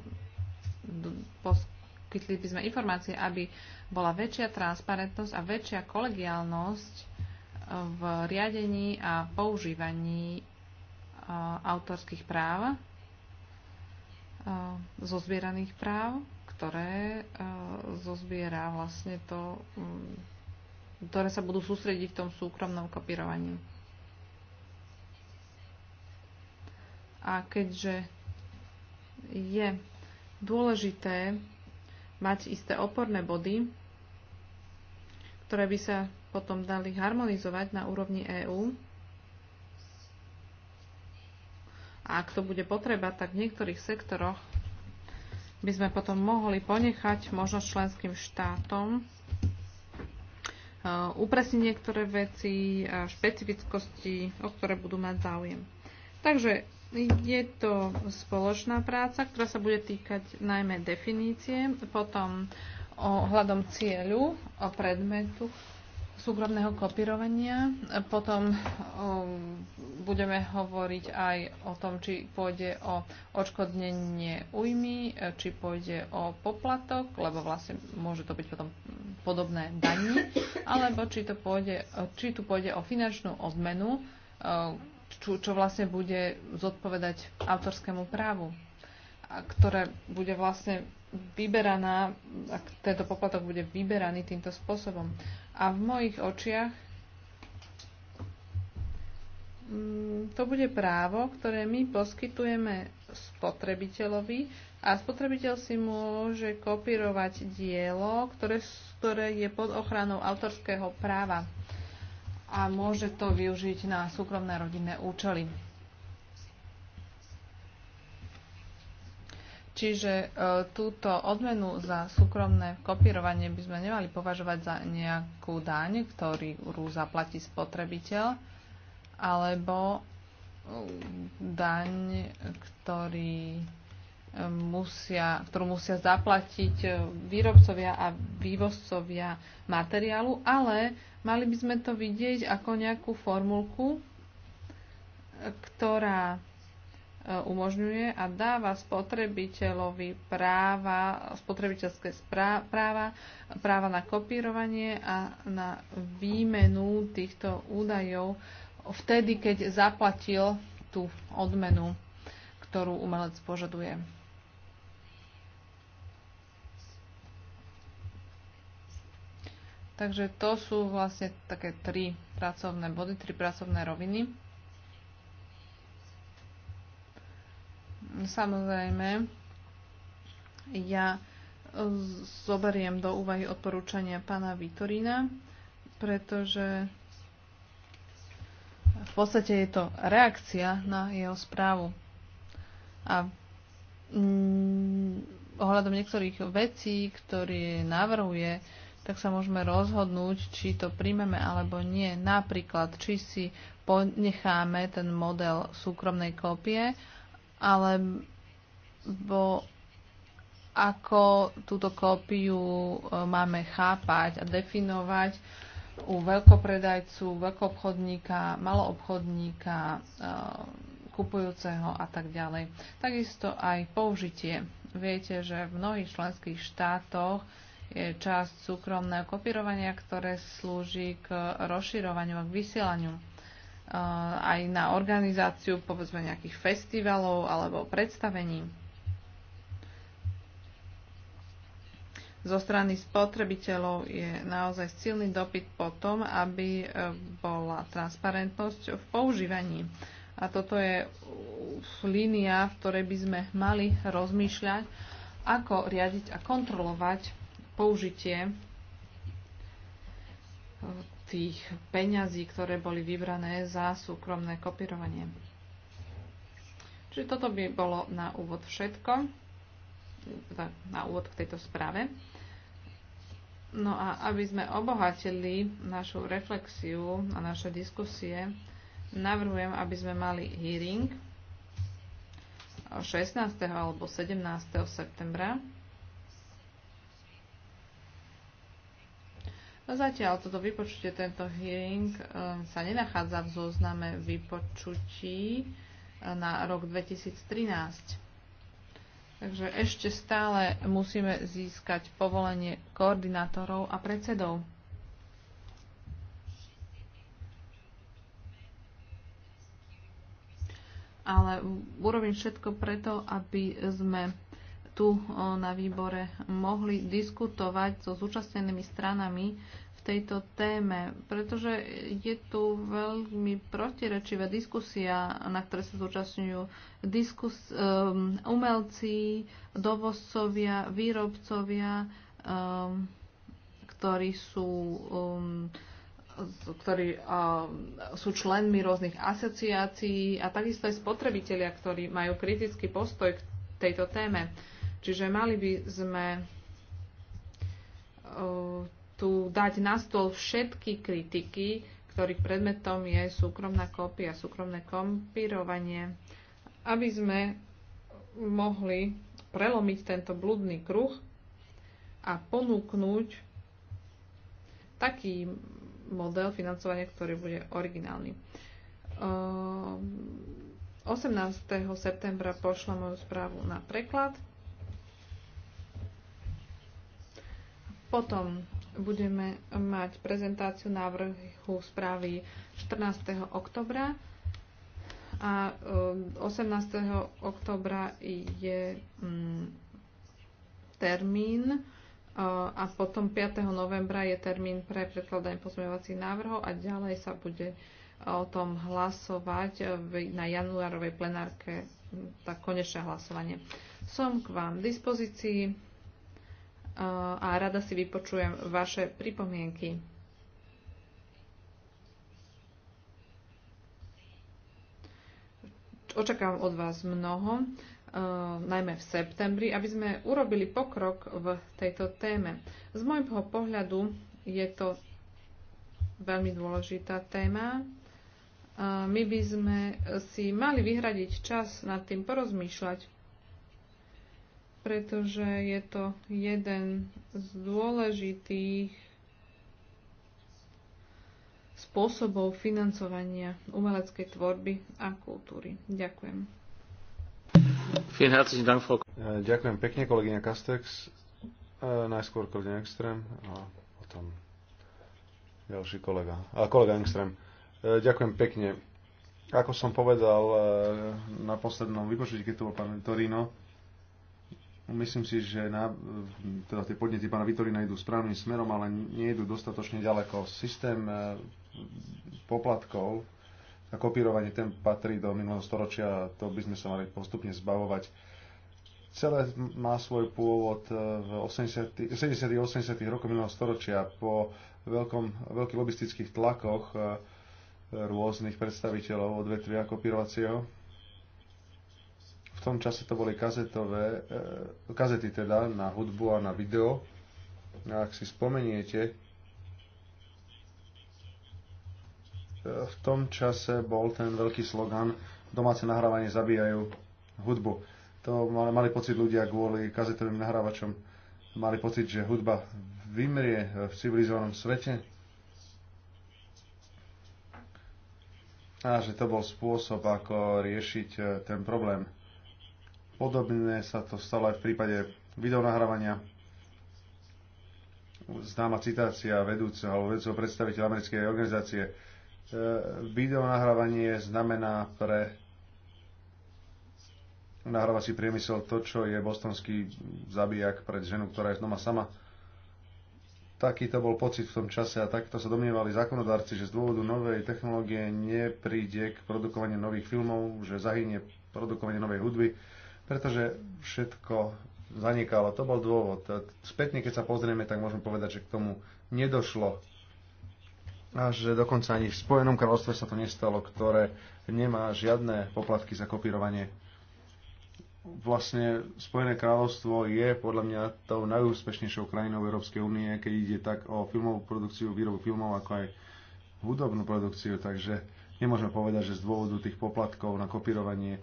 poskytli by sme informácie, aby bola väčšia transparentnosť a väčšia kolegiálnosť v riadení a používaní autorských práv, zozbieraných práv, ktoré zozbiera vlastne to, ktoré sa budú sústrediť v tom súkromnom kopírovaní. A keďže je dôležité mať isté oporné body, ktoré by sa potom dali harmonizovať na úrovni EÚ, a ak to bude potreba, tak v niektorých sektoroch by sme potom mohli ponechať možno členským štátom eh, upresniť niektoré veci, a špecifickosti, o ktoré budú mať záujem. Takže je to spoločná práca, ktorá sa bude týkať najmä definície, potom o hľadom cieľu, o predmetu súkromného kopírovania. Potom budeme hovoriť aj o tom, či pôjde o odškodnenie újmy, či pôjde o poplatok, lebo vlastne môže to byť potom podobné daní, alebo či, to pôjde, či tu pôjde o finančnú odmenu, čo, čo vlastne bude zodpovedať autorskému právu, a ktoré bude vlastne vyberaná, ak tento poplatok bude vyberaný týmto spôsobom. A v mojich očiach mm, to bude právo, ktoré my poskytujeme spotrebiteľovi a spotrebiteľ si môže kopírovať dielo, ktoré, ktoré je pod ochranou autorského práva a môže to využiť na súkromné rodinné účely. Čiže e, túto odmenu za súkromné kopírovanie by sme nemali považovať za nejakú daň, ktorú zaplatí spotrebiteľ, alebo e, daň, ktorý musia, ktorú musia zaplatiť e, výrobcovia a vývozcovia materiálu, ale mali by sme to vidieť ako nejakú formulku, e, ktorá e, umožňuje a dáva spotrebiteľovi práva, spotrebiteľské práva, práva na kopírovanie a na výmenu týchto údajov vtedy, keď zaplatil tú odmenu, ktorú umelec požaduje. Takže to sú vlastne také tri pracovné body, tri pracovné roviny. Samozrejme, ja zoberiem do úvahy odporúčania pána Vitorína, pretože v podstate je to reakcia na jeho správu. A mm, ohľadom niektorých vecí, ktoré navrhuje, tak sa môžeme rozhodnúť, či to príjmeme alebo nie. Napríklad, či si ponecháme ten model súkromnej kópie, alebo ako túto kópiu e, máme chápať a definovať u veľkopredajcu, veľkoobchodníka, maloobchodníka, e, kupujúceho a tak ďalej. Takisto aj použitie. Viete, že v mnohých členských štátoch je časť súkromného kopírovania, ktoré slúži k rozširovaniu a k vysielaniu e, aj na organizáciu povedzme nejakých festivalov alebo predstavení. Zo strany spotrebiteľov je naozaj silný dopyt po tom, aby e, bola transparentnosť v používaní. A toto je línia, v ktorej by sme mali rozmýšľať, ako riadiť a kontrolovať použitie e, tých peňazí, ktoré boli vybrané za súkromné kopírovanie. Čiže toto by bolo na úvod všetko, teda na úvod k tejto správe. No a aby sme obohatili našu reflexiu a naše diskusie, navrhujem, aby sme mali hearing 16. alebo 17. septembra Zatiaľ toto vypočutie, tento hearing e, sa nenachádza v zozname vypočutí e, na rok 2013. Takže ešte stále musíme získať povolenie koordinátorov a predsedov. Ale urobím všetko preto, aby sme tu na výbore mohli diskutovať so zúčastnenými stranami v tejto téme, pretože je tu veľmi protirečivá diskusia, na ktoré sa zúčastňujú diskus, um, umelci, dovozcovia, výrobcovia, um, ktorí sú um, ktorí uh, sú členmi rôznych asociácií a takisto aj spotrebitelia, ktorí majú kritický postoj k tejto téme. Uh, Čiže mali by sme e, tu dať na stôl všetky kritiky, ktorých predmetom je súkromná kópia, súkromné kompírovanie, aby sme mohli prelomiť tento blúdny kruh a ponúknuť taký model financovania, ktorý bude originálny. 18. E, septembra pošla moju správu na preklad Potom budeme mať prezentáciu návrhu správy 14. oktobra a 18. E, oktobra je mm, termín e, a potom 5. novembra je termín pre predkladanie pozmeňovacích návrhov a ďalej sa bude e, o tom hlasovať na januárovej plenárke, tak konečné hlasovanie. Som k vám v dispozícii a rada si vypočujem vaše pripomienky. Očakávam od vás mnoho, e, najmä v septembri, aby sme urobili pokrok v tejto téme. Z môjho pohľadu je to veľmi dôležitá téma. My by sme si mali vyhradiť čas nad tým porozmýšľať, pretože je to jeden z dôležitých spôsobov financovania umeleckej tvorby a kultúry. Ďakujem.
E, ďakujem pekne, kolegyňa Kastex. E, najskôr kolegyňa Ekstrém a potom ďalší kolega. A kolega Engström. E, ďakujem pekne. Ako som povedal na poslednom vypočutí, keď tu bol pán Torino, Myslím si, že na, teda tie podnety pána Vitorina idú správnym smerom, ale nie idú dostatočne ďaleko. Systém e, poplatkov a kopírovanie ten patrí do minulého storočia, to by sme sa mali postupne zbavovať. Celé má svoj pôvod e, v 80, 70. a 80. rokoch minulého storočia po veľkom, veľkých lobistických tlakoch e, rôznych predstaviteľov odvetvia kopírovacieho tom čase to boli kazetové, e, kazety teda na hudbu a na video. A ak si spomeniete, e, v tom čase bol ten veľký slogan domáce nahrávanie zabíjajú hudbu. To mali pocit ľudia kvôli kazetovým nahrávačom. Mali pocit, že hudba vymrie v civilizovanom svete. A že to bol spôsob, ako riešiť e, ten problém. Podobné sa to stalo aj v prípade videonahrávania. Známa citácia vedúceho alebo vedúceho predstaviteľa americkej organizácie. E, videonahrávanie znamená pre nahrávací priemysel to, čo je bostonský zabijak pre ženu, ktorá je doma sama. Taký to bol pocit v tom čase a takto sa domnievali zákonodárci, že z dôvodu novej technológie nepríde k produkovaniu nových filmov, že zahynie produkovanie novej hudby pretože všetko zanikalo. To bol dôvod. Spätne, keď sa pozrieme, tak môžeme povedať, že k tomu nedošlo. A že dokonca ani v Spojenom kráľovstve sa to nestalo, ktoré nemá žiadne poplatky za kopírovanie. Vlastne Spojené kráľovstvo je podľa mňa tou najúspešnejšou krajinou Európskej únie, keď ide tak o filmovú produkciu, výrobu filmov, ako aj hudobnú produkciu. Takže nemôžeme povedať, že z dôvodu tých poplatkov na kopírovanie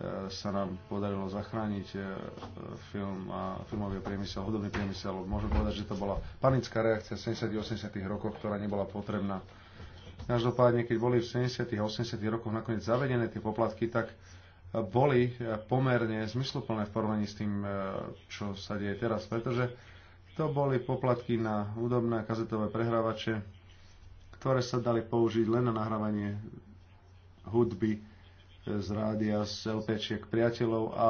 E, sa nám podarilo zachrániť e, film a filmový priemysel, hudobný priemysel. Môžem povedať, že to bola panická reakcia v 70. 80. rokoch, ktorá nebola potrebná. Každopádne, keď boli v 70. a 80. rokoch nakoniec zavedené tie poplatky, tak boli pomerne zmysluplné v porovnaní s tým, e, čo sa deje teraz, pretože to boli poplatky na hudobné kazetové prehrávače, ktoré sa dali použiť len na nahrávanie hudby z rádia, z LPčiek priateľov a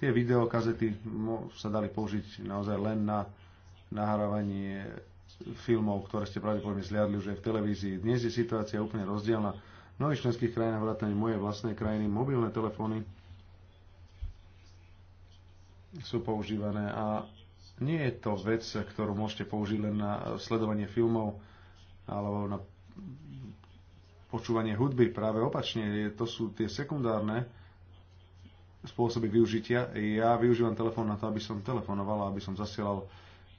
tie videokazety sa dali použiť naozaj len na nahrávanie filmov, ktoré ste pravdepodobne zliadli už aj v televízii. Dnes je situácia úplne rozdielna. V mnohých členských krajinách, vrátane mojej vlastnej krajiny, mobilné telefóny sú používané a nie je to vec, ktorú môžete použiť len na sledovanie filmov alebo na počúvanie hudby. Práve opačne, to sú tie sekundárne spôsoby využitia. Ja využívam telefón na to, aby som telefonoval, aby som zasielal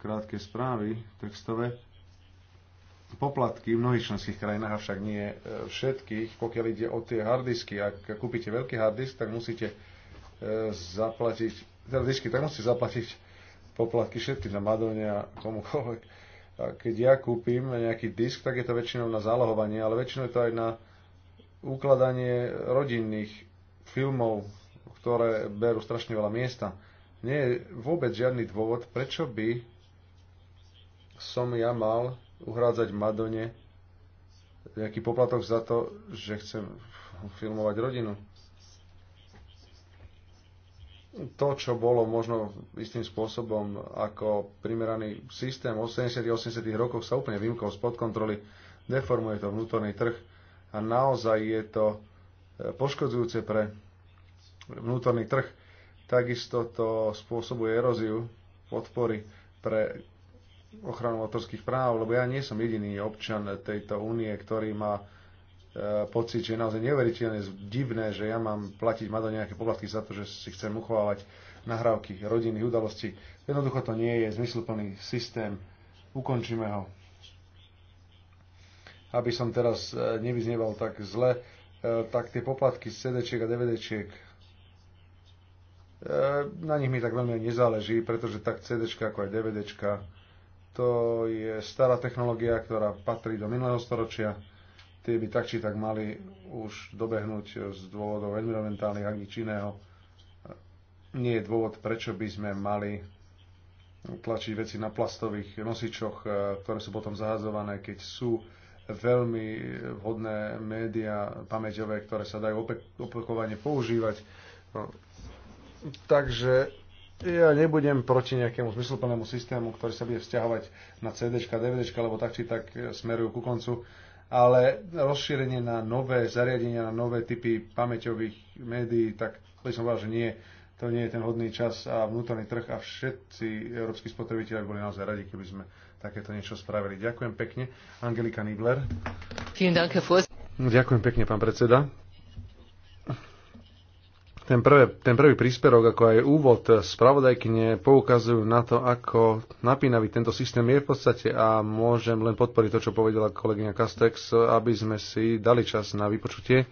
krátke správy textové. Poplatky v mnohých členských krajinách, avšak nie e, všetkých. Pokiaľ ide o tie hardisky, ak kúpite veľký hardisk, tak musíte e, zaplatiť, teda disky, tak musíte zaplatiť poplatky všetky na Madone a komukoľvek keď ja kúpim nejaký disk, tak je to väčšinou na zálohovanie, ale väčšinou je to aj na ukladanie rodinných filmov, ktoré berú strašne veľa miesta. Nie je vôbec žiadny dôvod, prečo by som ja mal uhrádzať Madone nejaký poplatok za to, že chcem filmovať rodinu to, čo bolo možno istým spôsobom ako primeraný systém v 80. 80. rokoch sa úplne vymkol spod kontroly, deformuje to vnútorný trh a naozaj je to e, poškodzujúce pre vnútorný trh. Takisto to spôsobuje eróziu podpory pre ochranu autorských práv, lebo ja nie som jediný občan tejto únie, ktorý má E, pocit, že je naozaj neuveriteľne divné, že ja mám platiť, mať nejaké poplatky za to, že si chcem uchovávať nahrávky rodinných udalostí. Jednoducho to nie je zmysluplný systém. Ukončíme ho. Aby som teraz e, nevyzneval tak zle, e, tak tie poplatky z cd a dvd na nich mi tak veľmi nezáleží, pretože tak cd ako aj dvd to je stará technológia, ktorá patrí do minulého storočia tie by tak či tak mali už dobehnúť z dôvodov environmentálnych a nič iného. Nie je dôvod, prečo by sme mali tlačiť veci na plastových nosičoch, eh, ktoré sú potom zahazované, keď sú veľmi vhodné médiá pamäťové, ktoré sa dajú opakovane používať. No, takže ja nebudem proti nejakému zmysluplnému systému, ktorý sa bude vzťahovať na CD, DVD, lebo tak či tak eh, smerujú ku koncu ale rozšírenie na nové zariadenia, na nové typy pamäťových médií, tak by som povedal, že nie, to nie je ten hodný čas a vnútorný trh a všetci európsky spotrebitelia by boli naozaj radi, keby sme takéto niečo spravili. Ďakujem pekne. Angelika Nibler. Ďakujem pekne, pán predseda. Ten, prvé, ten prvý príspevok, ako aj úvod spravodajkyne, poukazujú na to, ako napínavý tento systém je v podstate a môžem len podporiť to, čo povedala kolegyňa Castex, aby sme si dali čas na vypočutie, e,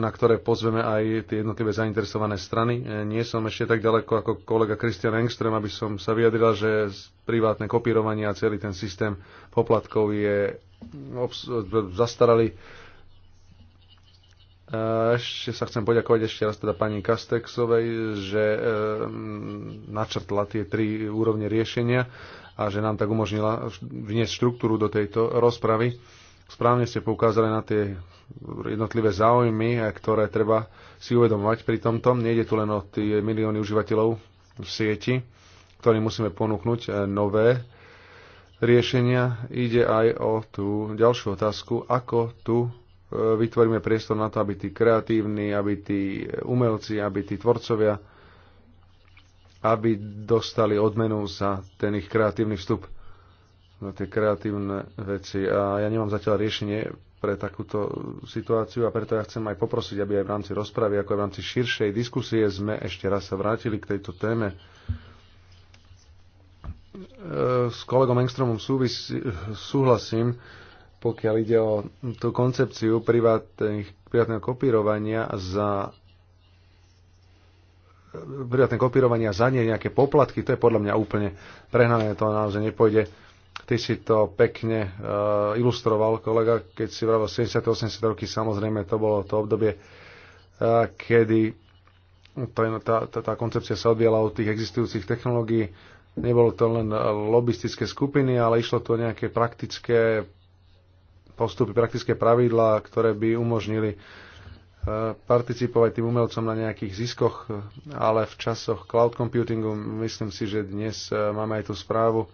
na ktoré pozveme aj tie jednotlivé zainteresované strany. E, nie som ešte tak ďaleko ako kolega Christian Engström, aby som sa vyjadrila, že privátne kopírovanie a celý ten systém poplatkov je zastaralý ešte sa chcem poďakovať ešte raz teda pani Kastexovej, že e, načrtla tie tri úrovne riešenia a že nám tak umožnila vniesť štruktúru do tejto rozpravy. Správne ste poukázali na tie jednotlivé záujmy, ktoré treba si uvedomovať pri tomto. Nejde tu len o tie milióny užívateľov v sieti, ktorým musíme ponúknuť e, nové riešenia. Ide aj o tú ďalšiu otázku, ako tu vytvoríme priestor na to, aby tí kreatívni, aby tí umelci, aby tí tvorcovia, aby dostali odmenu za ten ich kreatívny vstup na tie kreatívne veci. A ja nemám zatiaľ riešenie pre takúto situáciu a preto ja chcem aj poprosiť, aby aj v rámci rozpravy, ako aj v rámci širšej diskusie sme ešte raz sa vrátili k tejto téme. E, s kolegom Engstromom súvis, súhlasím, pokiaľ ide o tú koncepciu privátneho kopírovania za privátne kopírovania za nie nejaké poplatky, to je podľa mňa úplne prehnané, to naozaj nepôjde. Ty si to pekne uh, ilustroval, kolega, keď si vravil 70. 80. roky, samozrejme to bolo to obdobie, uh, kedy tá, tá, tá koncepcia sa odviela od tých existujúcich technológií. Nebolo to len lobistické skupiny, ale išlo to o nejaké praktické postupy, praktické pravidlá, ktoré by umožnili e, participovať tým umelcom na nejakých ziskoch, ale v časoch cloud computingu myslím si, že dnes e, máme aj tú správu. E,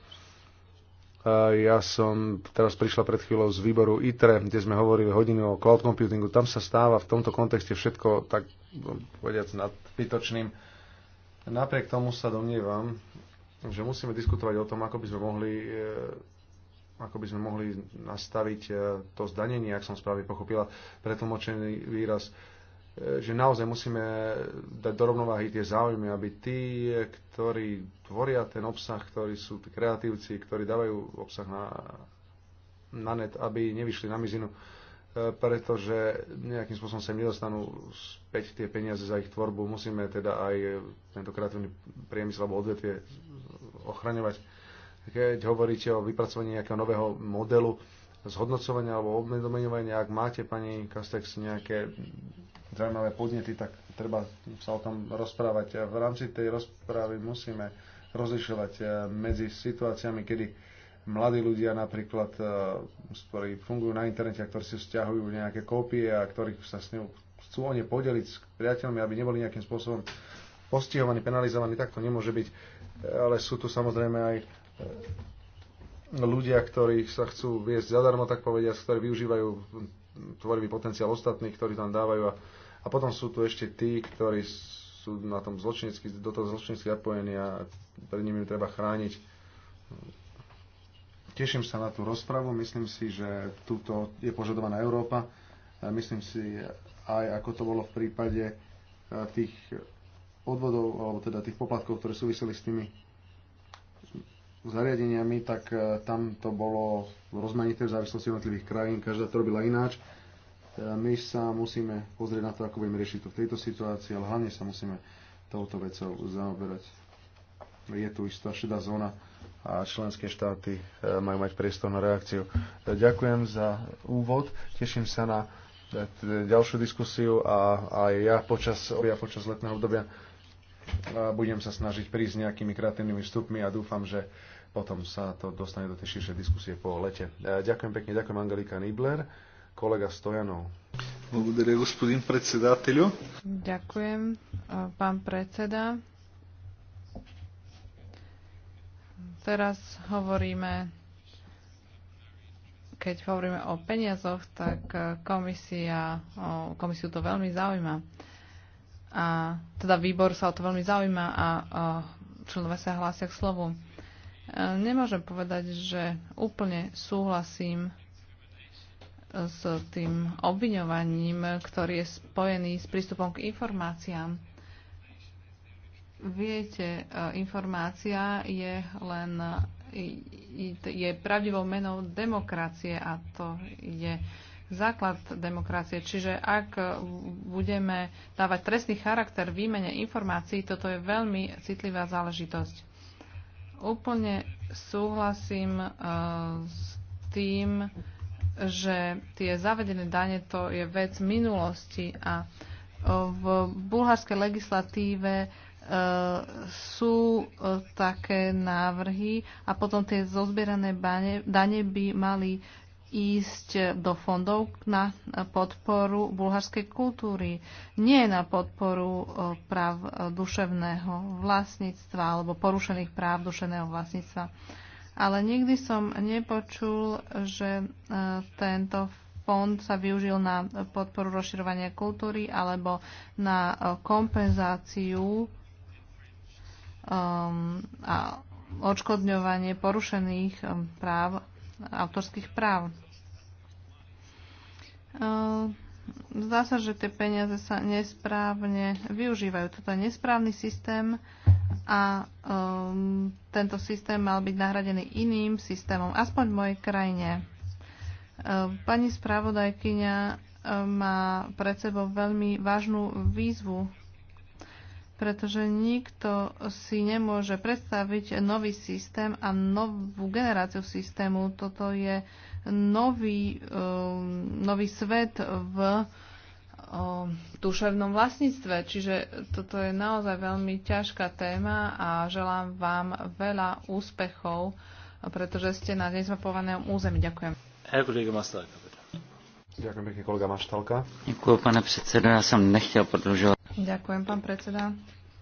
ja som teraz prišla pred chvíľou z výboru ITRE, kde sme hovorili hodinu o cloud computingu. Tam sa stáva v tomto kontexte všetko tak povediac nadbytočným. Napriek tomu sa domnievam, že musíme diskutovať o tom, ako by sme mohli ako by sme mohli nastaviť e, to zdanenie, ak som správne pochopila, pretlmočený výraz, e, že naozaj musíme dať do rovnováhy tie záujmy, aby tí, ktorí tvoria ten obsah, ktorí sú kreatívci, ktorí dávajú obsah na, na net, aby nevyšli na mizinu, e, pretože nejakým spôsobom sa im nedostanú späť tie peniaze za ich tvorbu. Musíme teda aj tento kreatívny priemysel alebo odvetvie ochraňovať keď hovoríte o vypracovaní nejakého nového modelu zhodnocovania alebo obmedomenovania, ak máte, pani Kastex, nejaké zaujímavé podnety, tak treba sa o tom rozprávať. A V rámci tej rozprávy musíme rozlišovať e, medzi situáciami, kedy mladí ľudia napríklad, e, ktorí fungujú na internete a ktorí si stiahujú nejaké kópie a ktorých sa s ňou chcú o ne podeliť s priateľmi, aby neboli nejakým spôsobom postihovaní, penalizovaní, tak to nemôže byť. E, ale sú tu samozrejme aj E, ľudia, ktorí sa chcú viesť zadarmo, tak povediať, ktorí využívajú tvorivý potenciál ostatných, ktorí tam dávajú. A, a potom sú tu ešte tí, ktorí sú na tom zločinecky, do toho zločinecky zapojení a pred nimi treba chrániť. Teším sa na tú rozpravu, myslím si, že túto je požadovaná Európa. Myslím si aj, ako to bolo v prípade e, tých odvodov, alebo teda tých poplatkov, ktoré súviseli s tými zariadeniami, tak e, tam to bolo rozmanité v závislosti jednotlivých krajín, každá to robila ináč. E, my sa musíme pozrieť na to, ako budeme riešiť to v tejto situácii, ale hlavne sa musíme touto vecou zaoberať. Je tu istá šedá zóna a členské štáty e, majú mať priestor na reakciu. Ďakujem za úvod, teším sa na ďalšiu diskusiu a aj ja počas, ja počas letného obdobia budem sa snažiť prísť nejakými kreatívnymi vstupmi a dúfam, že potom sa to dostane do tej širšej diskusie po lete. E, ďakujem pekne, ďakujem Angelika Nibler, kolega Stojanov. Благодаря, господин председателю.
Ďakujem, pán predseda. Teraz hovoríme, keď hovoríme o peniazoch, tak komisia, komisiu to veľmi zaujíma. A teda výbor sa o to veľmi zaujíma a, a členové sa hlásia k slovu Nemôžem povedať, že úplne súhlasím s tým obviňovaním, ktorý je spojený s prístupom k informáciám. Viete, eh, informácia je len je pravdivou menou demokracie a to je základ demokracie. Čiže ak budeme dávať trestný charakter výmene informácií, toto je veľmi citlivá záležitosť. Úplne súhlasím eh, s tým, že tie zavedené dane to je vec minulosti a eh, v bulharskej legislatíve eh, sú také návrhy a potom tie zozbierané dane by mali ísť do fondov na podporu bulharskej kultúry, nie na podporu práv duševného vlastníctva alebo porušených práv duševného vlastníctva. Ale nikdy som nepočul, že e, tento fond sa využil na podporu rozširovania kultúry alebo na kompenzáciu um, a odškodňovanie porušených um, práv autorských práv. E, zdá sa, že tie peniaze sa nesprávne využívajú. Toto je nesprávny systém a um, tento systém mal byť nahradený iným systémom, aspoň v mojej krajine. E, pani spravodajkyňa e, má pred sebou veľmi vážnu výzvu, pretože nikto si nemôže predstaviť nový systém a novú generáciu systému. Toto je nový, um, nový svet v um, duševnom vlastníctve. Čiže toto je naozaj veľmi ťažká téma a želám vám veľa úspechov, pretože ste na nezmapovaném území. Ďakujem.
Ďakujem. Ďakujem pekne, kolega Maštalka.
Ďakujem, pane predseda, ja som nechcel predlžovať. Ďakujem, pán predseda.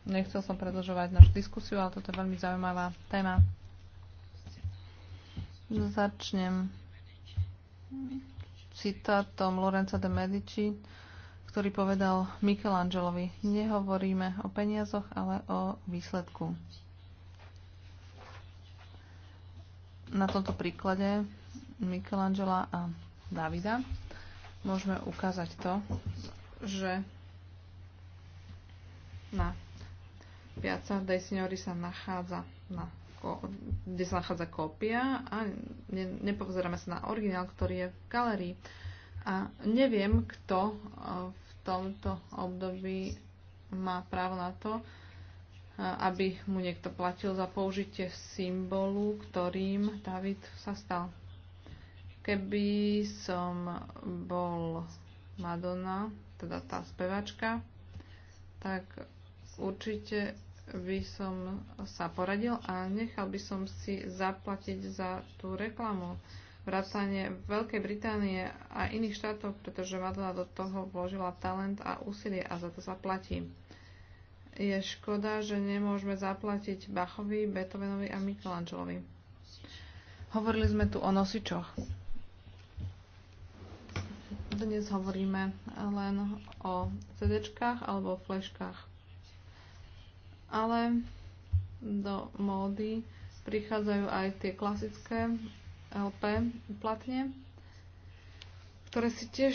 Nechcel som predlžovať našu diskusiu, ale toto je veľmi zaujímavá téma. Začnem citátom Lorenza de Medici, ktorý povedal Michelangelovi, nehovoríme o peniazoch, ale o výsledku. Na tomto príklade Michelangela a Davida môžeme ukázať to, že na piaca de Signori sa nachádza na kde sa nachádza kópia a ne, nepozeráme sa na originál, ktorý je v galerii. A neviem, kto e, v tomto období má právo na to, e, aby mu niekto platil za použitie symbolu, ktorým David sa stal. Keby som bol Madonna, teda tá spevačka, tak určite by som sa poradil a nechal by som si zaplatiť za tú reklamu vrátanie Veľkej Británie a iných štátov, pretože Madonna do toho vložila talent a úsilie a za to zaplatí. Je škoda, že nemôžeme zaplatiť Bachovi, Beethovenovi a Michelangelovi. Hovorili sme tu o nosičoch dnes hovoríme len o cd alebo o fleškách. Ale do módy prichádzajú aj tie klasické LP platne, ktoré si tiež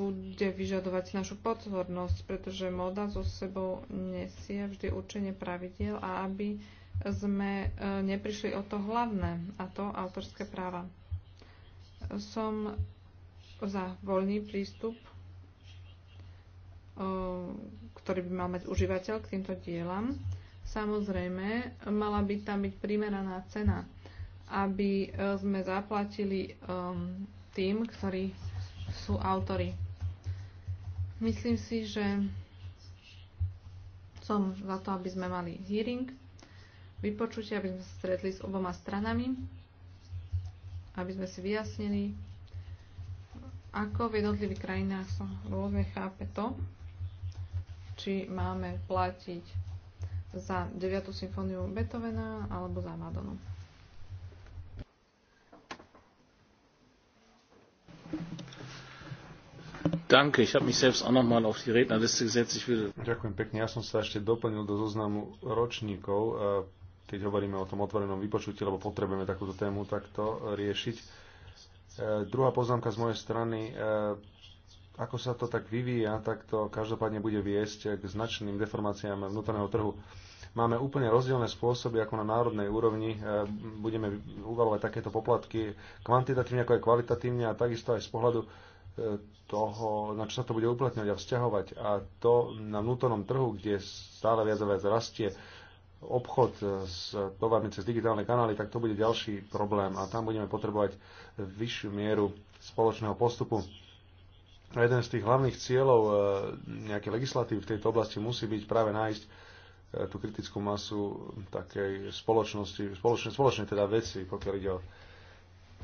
bude vyžadovať našu pozornosť, pretože móda so sebou nesie vždy určenie pravidiel a aby sme e, neprišli o to hlavné, a to autorské práva. Som za voľný prístup, ktorý by mal mať užívateľ k týmto dielam. Samozrejme, mala by tam byť primeraná cena, aby e, sme zaplatili e, tým, ktorí sú autory. Myslím si, že som za to, aby sme mali hearing, vypočutie, aby sme sa stretli s oboma stranami, aby sme si vyjasnili, ako v jednotlivých krajinách sa rôzne chápe to, či máme platiť za 9. symfóniu Beethovena alebo za Madonu.
Danke, ich habe mich selbst auch nochmal auf die Rednerliste gesetzt. Ich will... Ďakujem pekne, ja som sa ešte doplnil do zoznamu ročníkov, keď hovoríme o tom otvorenom vypočutí, lebo potrebujeme takúto tému takto riešiť E, druhá poznámka z mojej strany. E, ako sa to tak vyvíja, tak to každopádne bude viesť k značným deformáciám vnútorného trhu. Máme úplne rozdielne spôsoby, ako na národnej úrovni e, budeme uvalovať takéto poplatky kvantitatívne ako aj kvalitatívne a takisto aj z pohľadu toho, na čo sa to bude uplatňovať a vzťahovať. A to na vnútornom trhu, kde stále viac a viac rastie obchod s tovarmi cez digitálne kanály, tak to bude ďalší problém a tam budeme potrebovať vyššiu mieru spoločného postupu. A jeden z tých hlavných cieľov e, nejaké legislatívy v tejto oblasti musí byť práve nájsť e, tú kritickú masu takej spoločnosti, spoločnej, spoločnej teda veci, pokiaľ ide o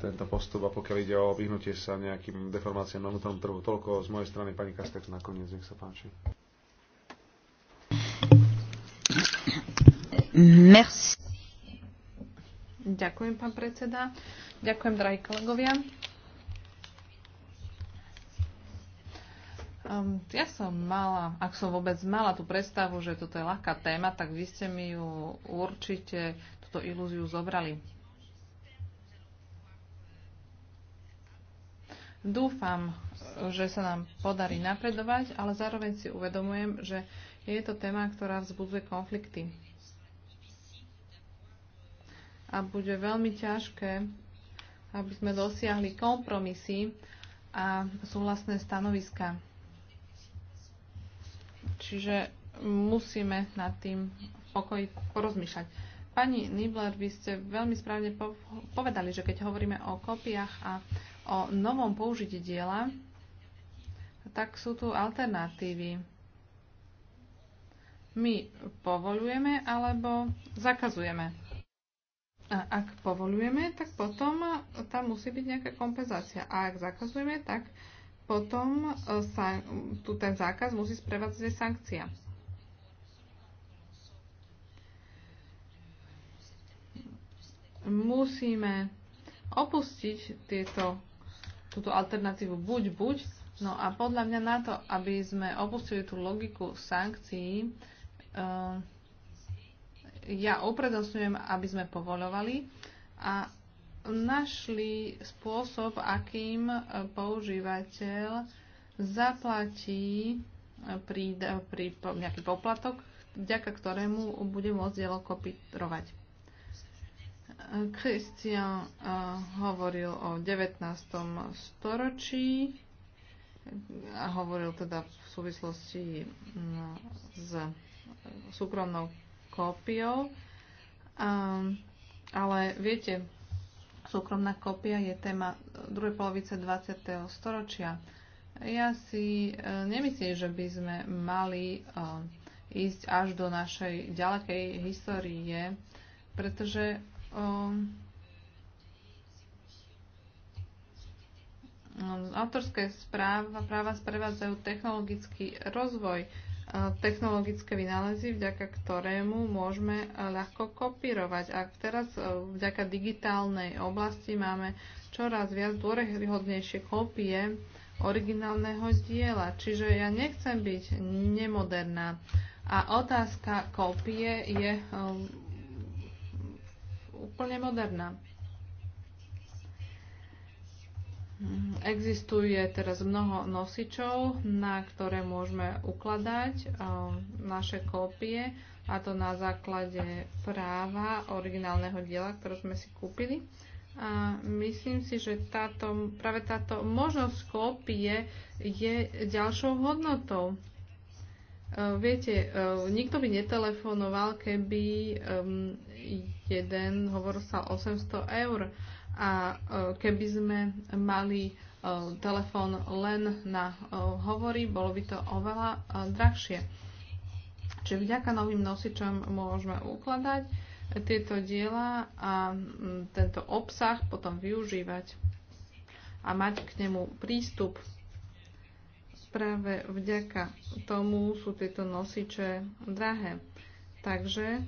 tento postup a pokiaľ ide o vyhnutie sa nejakým deformáciám na vnútornom trhu. Toľko z mojej strany, pani Kastex, nakoniec, nech sa páči.
Merci.
Ďakujem, pán predseda. Ďakujem, drahí kolegovia. Um, ja som mala, ak som vôbec mala tú predstavu, že toto je ľahká téma, tak vy ste mi ju určite, túto ilúziu zobrali. Dúfam, že sa nám podarí napredovať, ale zároveň si uvedomujem, že je to téma, ktorá vzbudzuje konflikty a bude veľmi ťažké, aby sme dosiahli kompromisy a súhlasné stanoviska. Čiže musíme nad tým v pokoji porozmýšľať. Pani Nibler, vy ste veľmi správne povedali, že keď hovoríme o kopiách a o novom použití diela, tak sú tu alternatívy. My povolujeme alebo zakazujeme a ak povolujeme, tak potom tam musí byť nejaká kompenzácia. A ak zakazujeme, tak potom e, sa, tu ten zákaz musí sprevádzať aj sankcia. Musíme opustiť tieto, túto alternatívu buď, buď. No a podľa mňa na to, aby sme opustili tú logiku sankcií, uh, ja oprednostňujem, aby sme povolovali a našli spôsob, akým e, používateľ zaplatí e, pri, pri nejaký poplatok, vďaka ktorému bude môcť dielo kopírovať. Christian e, hovoril o 19. storočí a hovoril teda v súvislosti s súkromnou kópiou. Um, ale viete, súkromná kópia je téma druhej polovice 20. storočia. Ja si uh, nemyslím, že by sme mali uh, ísť až do našej ďalekej histórie, pretože um, autorské správa, práva sprevádzajú technologický rozvoj technologické vynálezy, vďaka ktorému môžeme ľahko kopírovať. A teraz vďaka digitálnej oblasti máme čoraz viac dôrehodnejšie kópie originálneho diela. Čiže ja nechcem byť nemoderná. A otázka kópie je úplne moderná. Existuje teraz mnoho nosičov, na ktoré môžeme ukladať naše kópie, a to na základe práva originálneho diela, ktoré sme si kúpili. A myslím si, že táto, práve táto možnosť kópie je ďalšou hodnotou. E, viete, e, nikto by netelefonoval, keby jeden hovor sa 800 eur a e, keby sme mali e, telefón len na e, hovory, bolo by to oveľa drahšie. Čiže vďaka novým nosičom môžeme ukladať tieto diela a tento obsah potom využívať a mať k nemu prístup. Práve vďaka tomu sú tieto nosiče drahé. Takže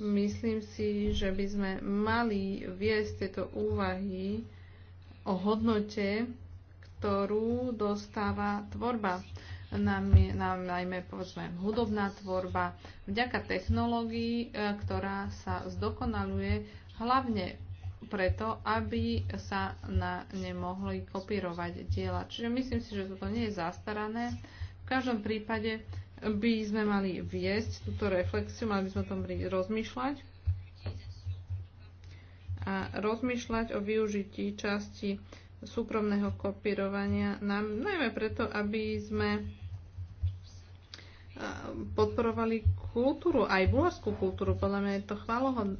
Myslím si, že by sme mali viesť tieto úvahy o hodnote, ktorú dostáva tvorba. Nám najmä povedzme hudobná tvorba, vďaka technológii, e, ktorá sa zdokonaluje hlavne preto, aby sa na ne mohli kopírovať diela. Čiže myslím si, že toto nie je zastarané. V každom prípade by sme mali viesť túto reflexiu, mali by sme o tom rozmýšľať a rozmýšľať o využití časti súkromného kopírovania, nám, najmä preto, aby sme podporovali kultúru, aj bulharskú kultúru. Podľa mňa je to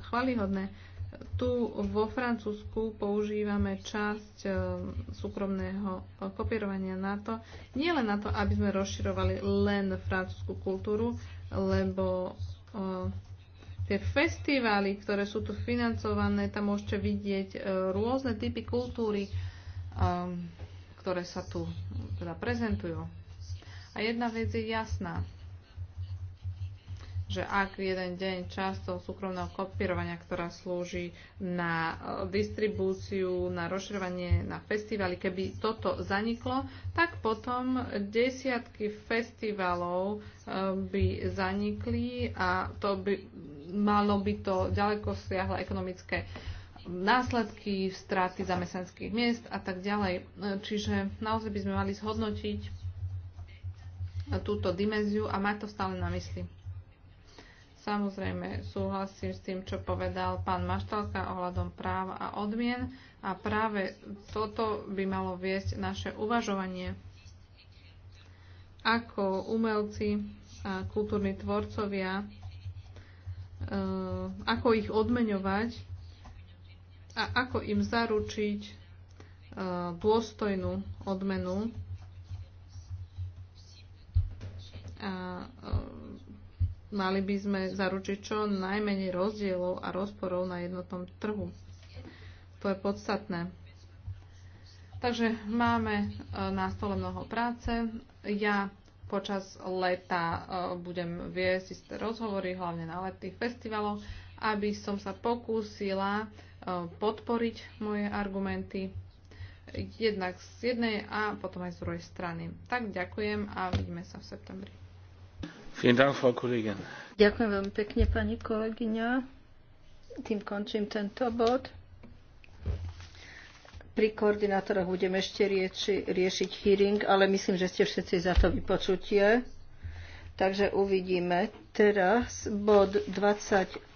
chválihodné. Tu vo Francúzsku používame časť eh, súkromného kopírovania na to, nie len na to, aby sme rozširovali len francúzsku kultúru, lebo eh, tie festivály, ktoré sú tu financované, tam môžete vidieť eh, rôzne typy kultúry, ktoré sa tu teda prezentujú. A jedna vec je jasná že ak jeden deň toho súkromného kopírovania, ktorá slúži na e, distribúciu, na rozširovanie, na festivaly, keby toto zaniklo, tak potom desiatky festivalov e, by zanikli a to by, malo by to ďaleko siahle ekonomické následky, straty zamestnanských miest a tak ďalej. E, čiže naozaj by sme mali zhodnotiť túto dimenziu a mať to stále na mysli. Samozrejme, súhlasím s tým, čo povedal pán Maštalka ohľadom práv a odmien a práve toto by malo viesť naše uvažovanie. Ako umelci a kultúrni tvorcovia, e, ako ich odmeňovať a ako im zaručiť e, dôstojnú odmenu a e, Mali by sme zaručiť čo najmenej rozdielov a rozporov na jednotnom trhu. To je podstatné. Takže máme e, na stole mnoho práce. Ja počas leta e, budem viesť isté rozhovory, hlavne na letných festivaloch, aby som sa pokúsila e, podporiť moje argumenty jednak z jednej a potom aj z druhej strany. Tak ďakujem a vidíme sa v septembri. Ďakujem veľmi pekne, pani
kolegyňa. Tým končím tento bod. Pri koordinátoroch budeme ešte rieči, riešiť hearing, ale myslím, že ste všetci za to vypočutie. Takže uvidíme. Teraz bod 28,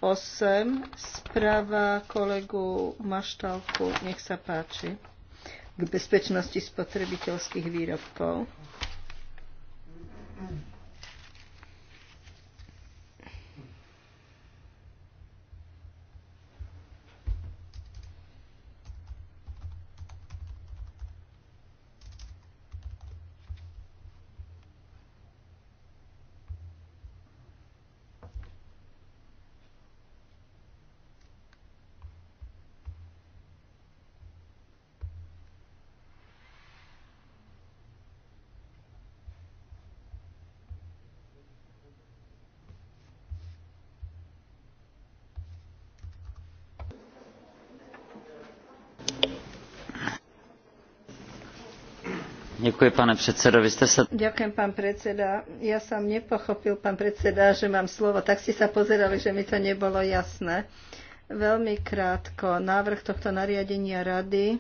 správa kolegu Maštalku, nech sa páči, k bezpečnosti spotrebiteľských výrobkov.
Ďakujem,
pán predseda. Ja som nepochopil, pán predseda, že mám slovo. Tak ste sa pozerali, že mi to nebolo jasné. Veľmi krátko. Návrh tohto nariadenia rady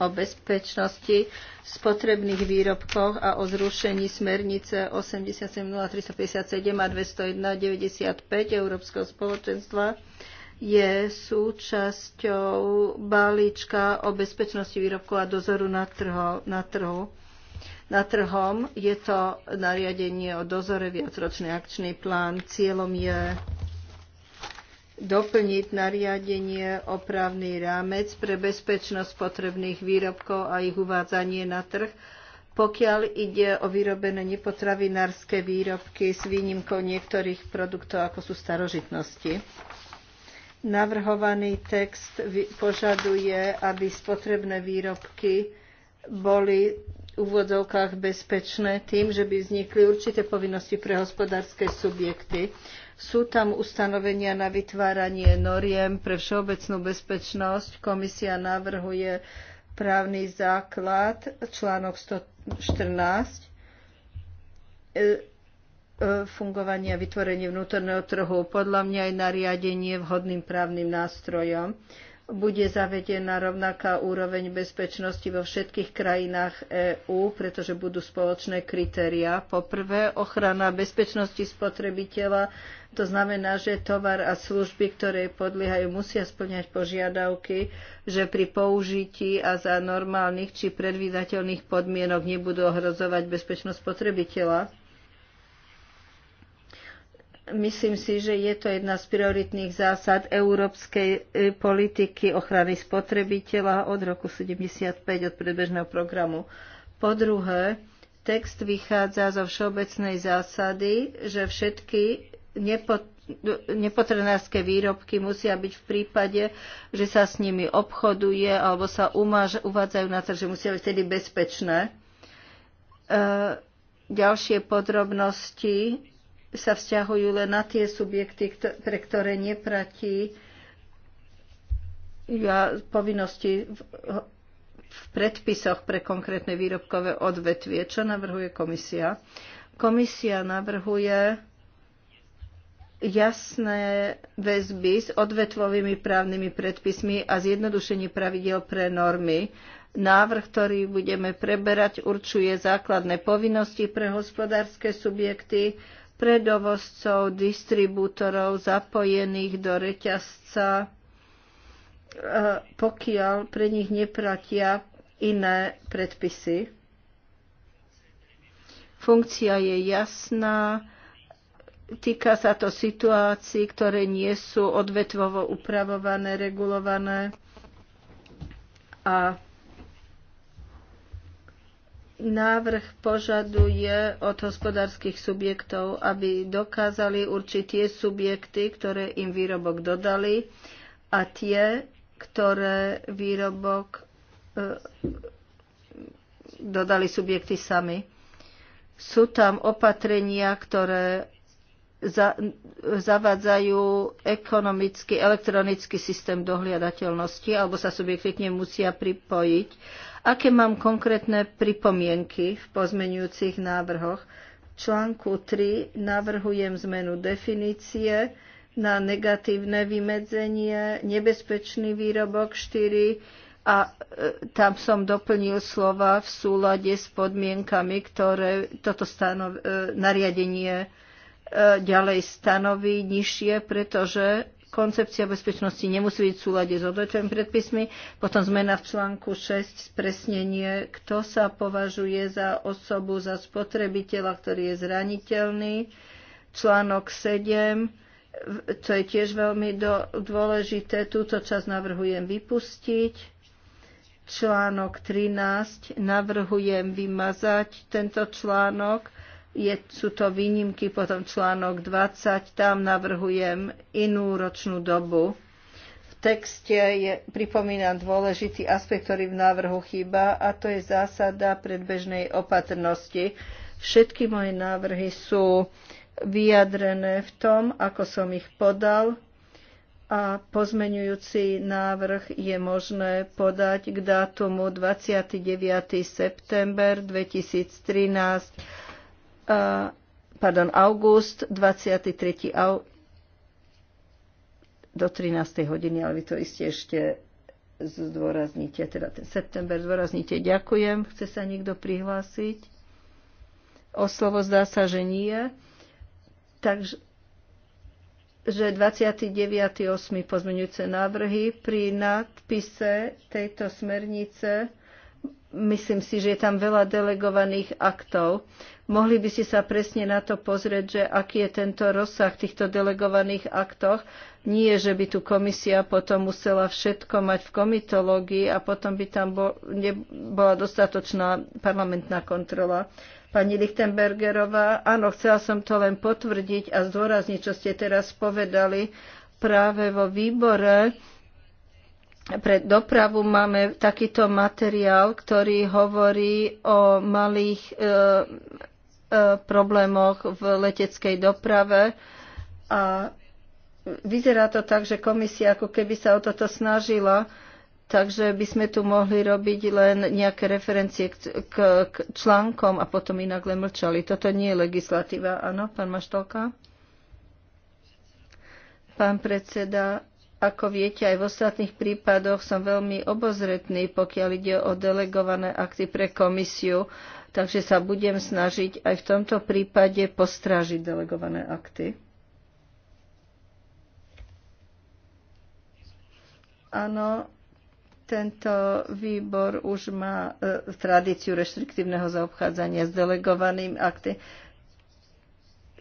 o bezpečnosti spotrebných výrobkoch a o zrušení smernice 87.0357 a 201.95 Európskeho spoločenstva je súčasťou balíčka o bezpečnosti výrobkov a dozoru na, trho, na trhu. Na trhom je to nariadenie o dozore viacročný akčný plán. Cieľom je doplniť nariadenie o právny rámec pre bezpečnosť potrebných výrobkov a ich uvádzanie na trh, pokiaľ ide o vyrobené nepotravinárske výrobky s výnimkou niektorých produktov, ako sú starožitnosti. Navrhovaný text požaduje, aby spotrebné výrobky boli v úvodzovkách bezpečné tým, že by vznikli určité povinnosti pre hospodárske subjekty. Sú tam ustanovenia na vytváranie noriem pre všeobecnú bezpečnosť. Komisia navrhuje právny základ, článok 114 E, fungovanie a vytvorenie vnútorného trhu. Podľa mňa aj nariadenie vhodným právnym nástrojom. Bude zavedená rovnaká úroveň bezpečnosti vo všetkých krajinách EÚ, pretože budú spoločné kritéria. Po prvé, ochrana bezpečnosti spotrebiteľa. To znamená, že tovar a služby, ktoré podliehajú, musia splňať požiadavky, že pri použití a za normálnych či predvídateľných podmienok nebudú ohrozovať bezpečnosť spotrebiteľa Myslím si, že je to jedna z prioritných zásad európskej e, politiky ochrany spotrebiteľa od roku 75 od predbežného programu. Po druhé, text vychádza zo všeobecnej zásady, že všetky nepod nepotrenárske výrobky musia byť v prípade, že sa s nimi obchoduje alebo sa umáž, uvádzajú na trh, že musia byť vtedy bezpečné. E, ďalšie podrobnosti sa vzťahujú len na tie subjekty, pre ktoré nepratí ja, povinnosti v, v predpisoch pre konkrétne výrobkové odvetvie. Čo navrhuje komisia? Komisia navrhuje jasné väzby s odvetvovými právnymi predpismi a zjednodušenie pravidel pre normy. Návrh, ktorý budeme preberať, určuje základné povinnosti pre hospodárske subjekty, pre dovozcov, distribútorov zapojených do reťazca, e, pokiaľ pre nich neplatia iné predpisy. Funkcia je jasná, týka sa to situácií, ktoré nie sú odvetvovo upravované, regulované a Návrh požaduje od hospodárskych subjektov, aby dokázali určiť tie subjekty, ktoré im výrobok dodali a tie, ktoré výrobok e, dodali subjekty sami. Sú tam opatrenia, ktoré za, zavádzajú ekonomický, elektronický systém dohliadateľnosti, alebo sa subjekty k nemu musia pripojiť Aké mám konkrétne pripomienky v pozmenujúcich návrhoch? V článku 3 navrhujem zmenu definície na negatívne vymedzenie, nebezpečný výrobok 4 a e, tam som doplnil slova v súlade s podmienkami, ktoré toto stanov, e, nariadenie e, ďalej stanoví nižšie, pretože koncepcia bezpečnosti nemusí byť v súlade s odvečovými predpismi. Potom zmena v článku 6, spresnenie, kto sa považuje za osobu, za spotrebiteľa, ktorý je zraniteľný. Článok 7, to je tiež veľmi do, dôležité, túto časť navrhujem vypustiť. Článok 13 navrhujem vymazať tento článok je, sú to výnimky, potom článok 20, tam navrhujem inú ročnú dobu. V texte je, pripomínam dôležitý aspekt, ktorý v návrhu chýba, a to je zásada predbežnej opatrnosti. Všetky moje návrhy sú vyjadrené v tom, ako som ich podal a pozmeňujúci návrh je možné podať k dátumu 29. september 2013 Eh, pardon, august, 23. Au, do 13. hodiny, ale vy to iste ešte zdôraznite, teda ten september zdôraznite. Ďakujem. Chce sa niekto prihlásiť? O slovo zdá sa, že nie. Takže že 29.8. pozmeňujúce návrhy pri nadpise tejto smernice myslím si, že je tam veľa delegovaných aktov. Mohli by ste sa presne na to pozrieť, že aký je tento rozsah týchto delegovaných aktoch. Nie, že by tu komisia potom musela všetko mať v komitológii a potom by tam bol, nebola dostatočná parlamentná kontrola. Pani Lichtenbergerová, áno, chcela som to len potvrdiť a zdôrazniť, čo ste teraz povedali. Práve vo výbore pre dopravu máme takýto materiál, ktorý hovorí o malých e, problémoch v leteckej doprave a vyzerá to tak, že komisia ako keby sa o toto snažila, takže by sme tu mohli robiť len nejaké referencie k, k, k článkom a potom inak len mlčali. Toto nie je legislatíva, áno, pán Maštolka? Pán predseda, ako viete, aj v ostatných prípadoch som veľmi obozretný, pokiaľ ide o delegované akty pre komisiu takže sa budem snažiť aj v tomto prípade postrážiť delegované akty. Áno, tento výbor už má e, tradíciu reštriktívneho zaobchádzania s delegovaným akty.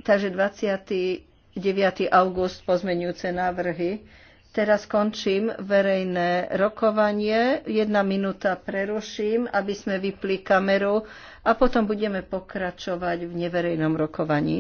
Takže 29. august pozmenujúce návrhy. Teraz končím verejné rokovanie. Jedna minúta preruším, aby sme vypli kameru a potom budeme pokračovať v neverejnom rokovaní.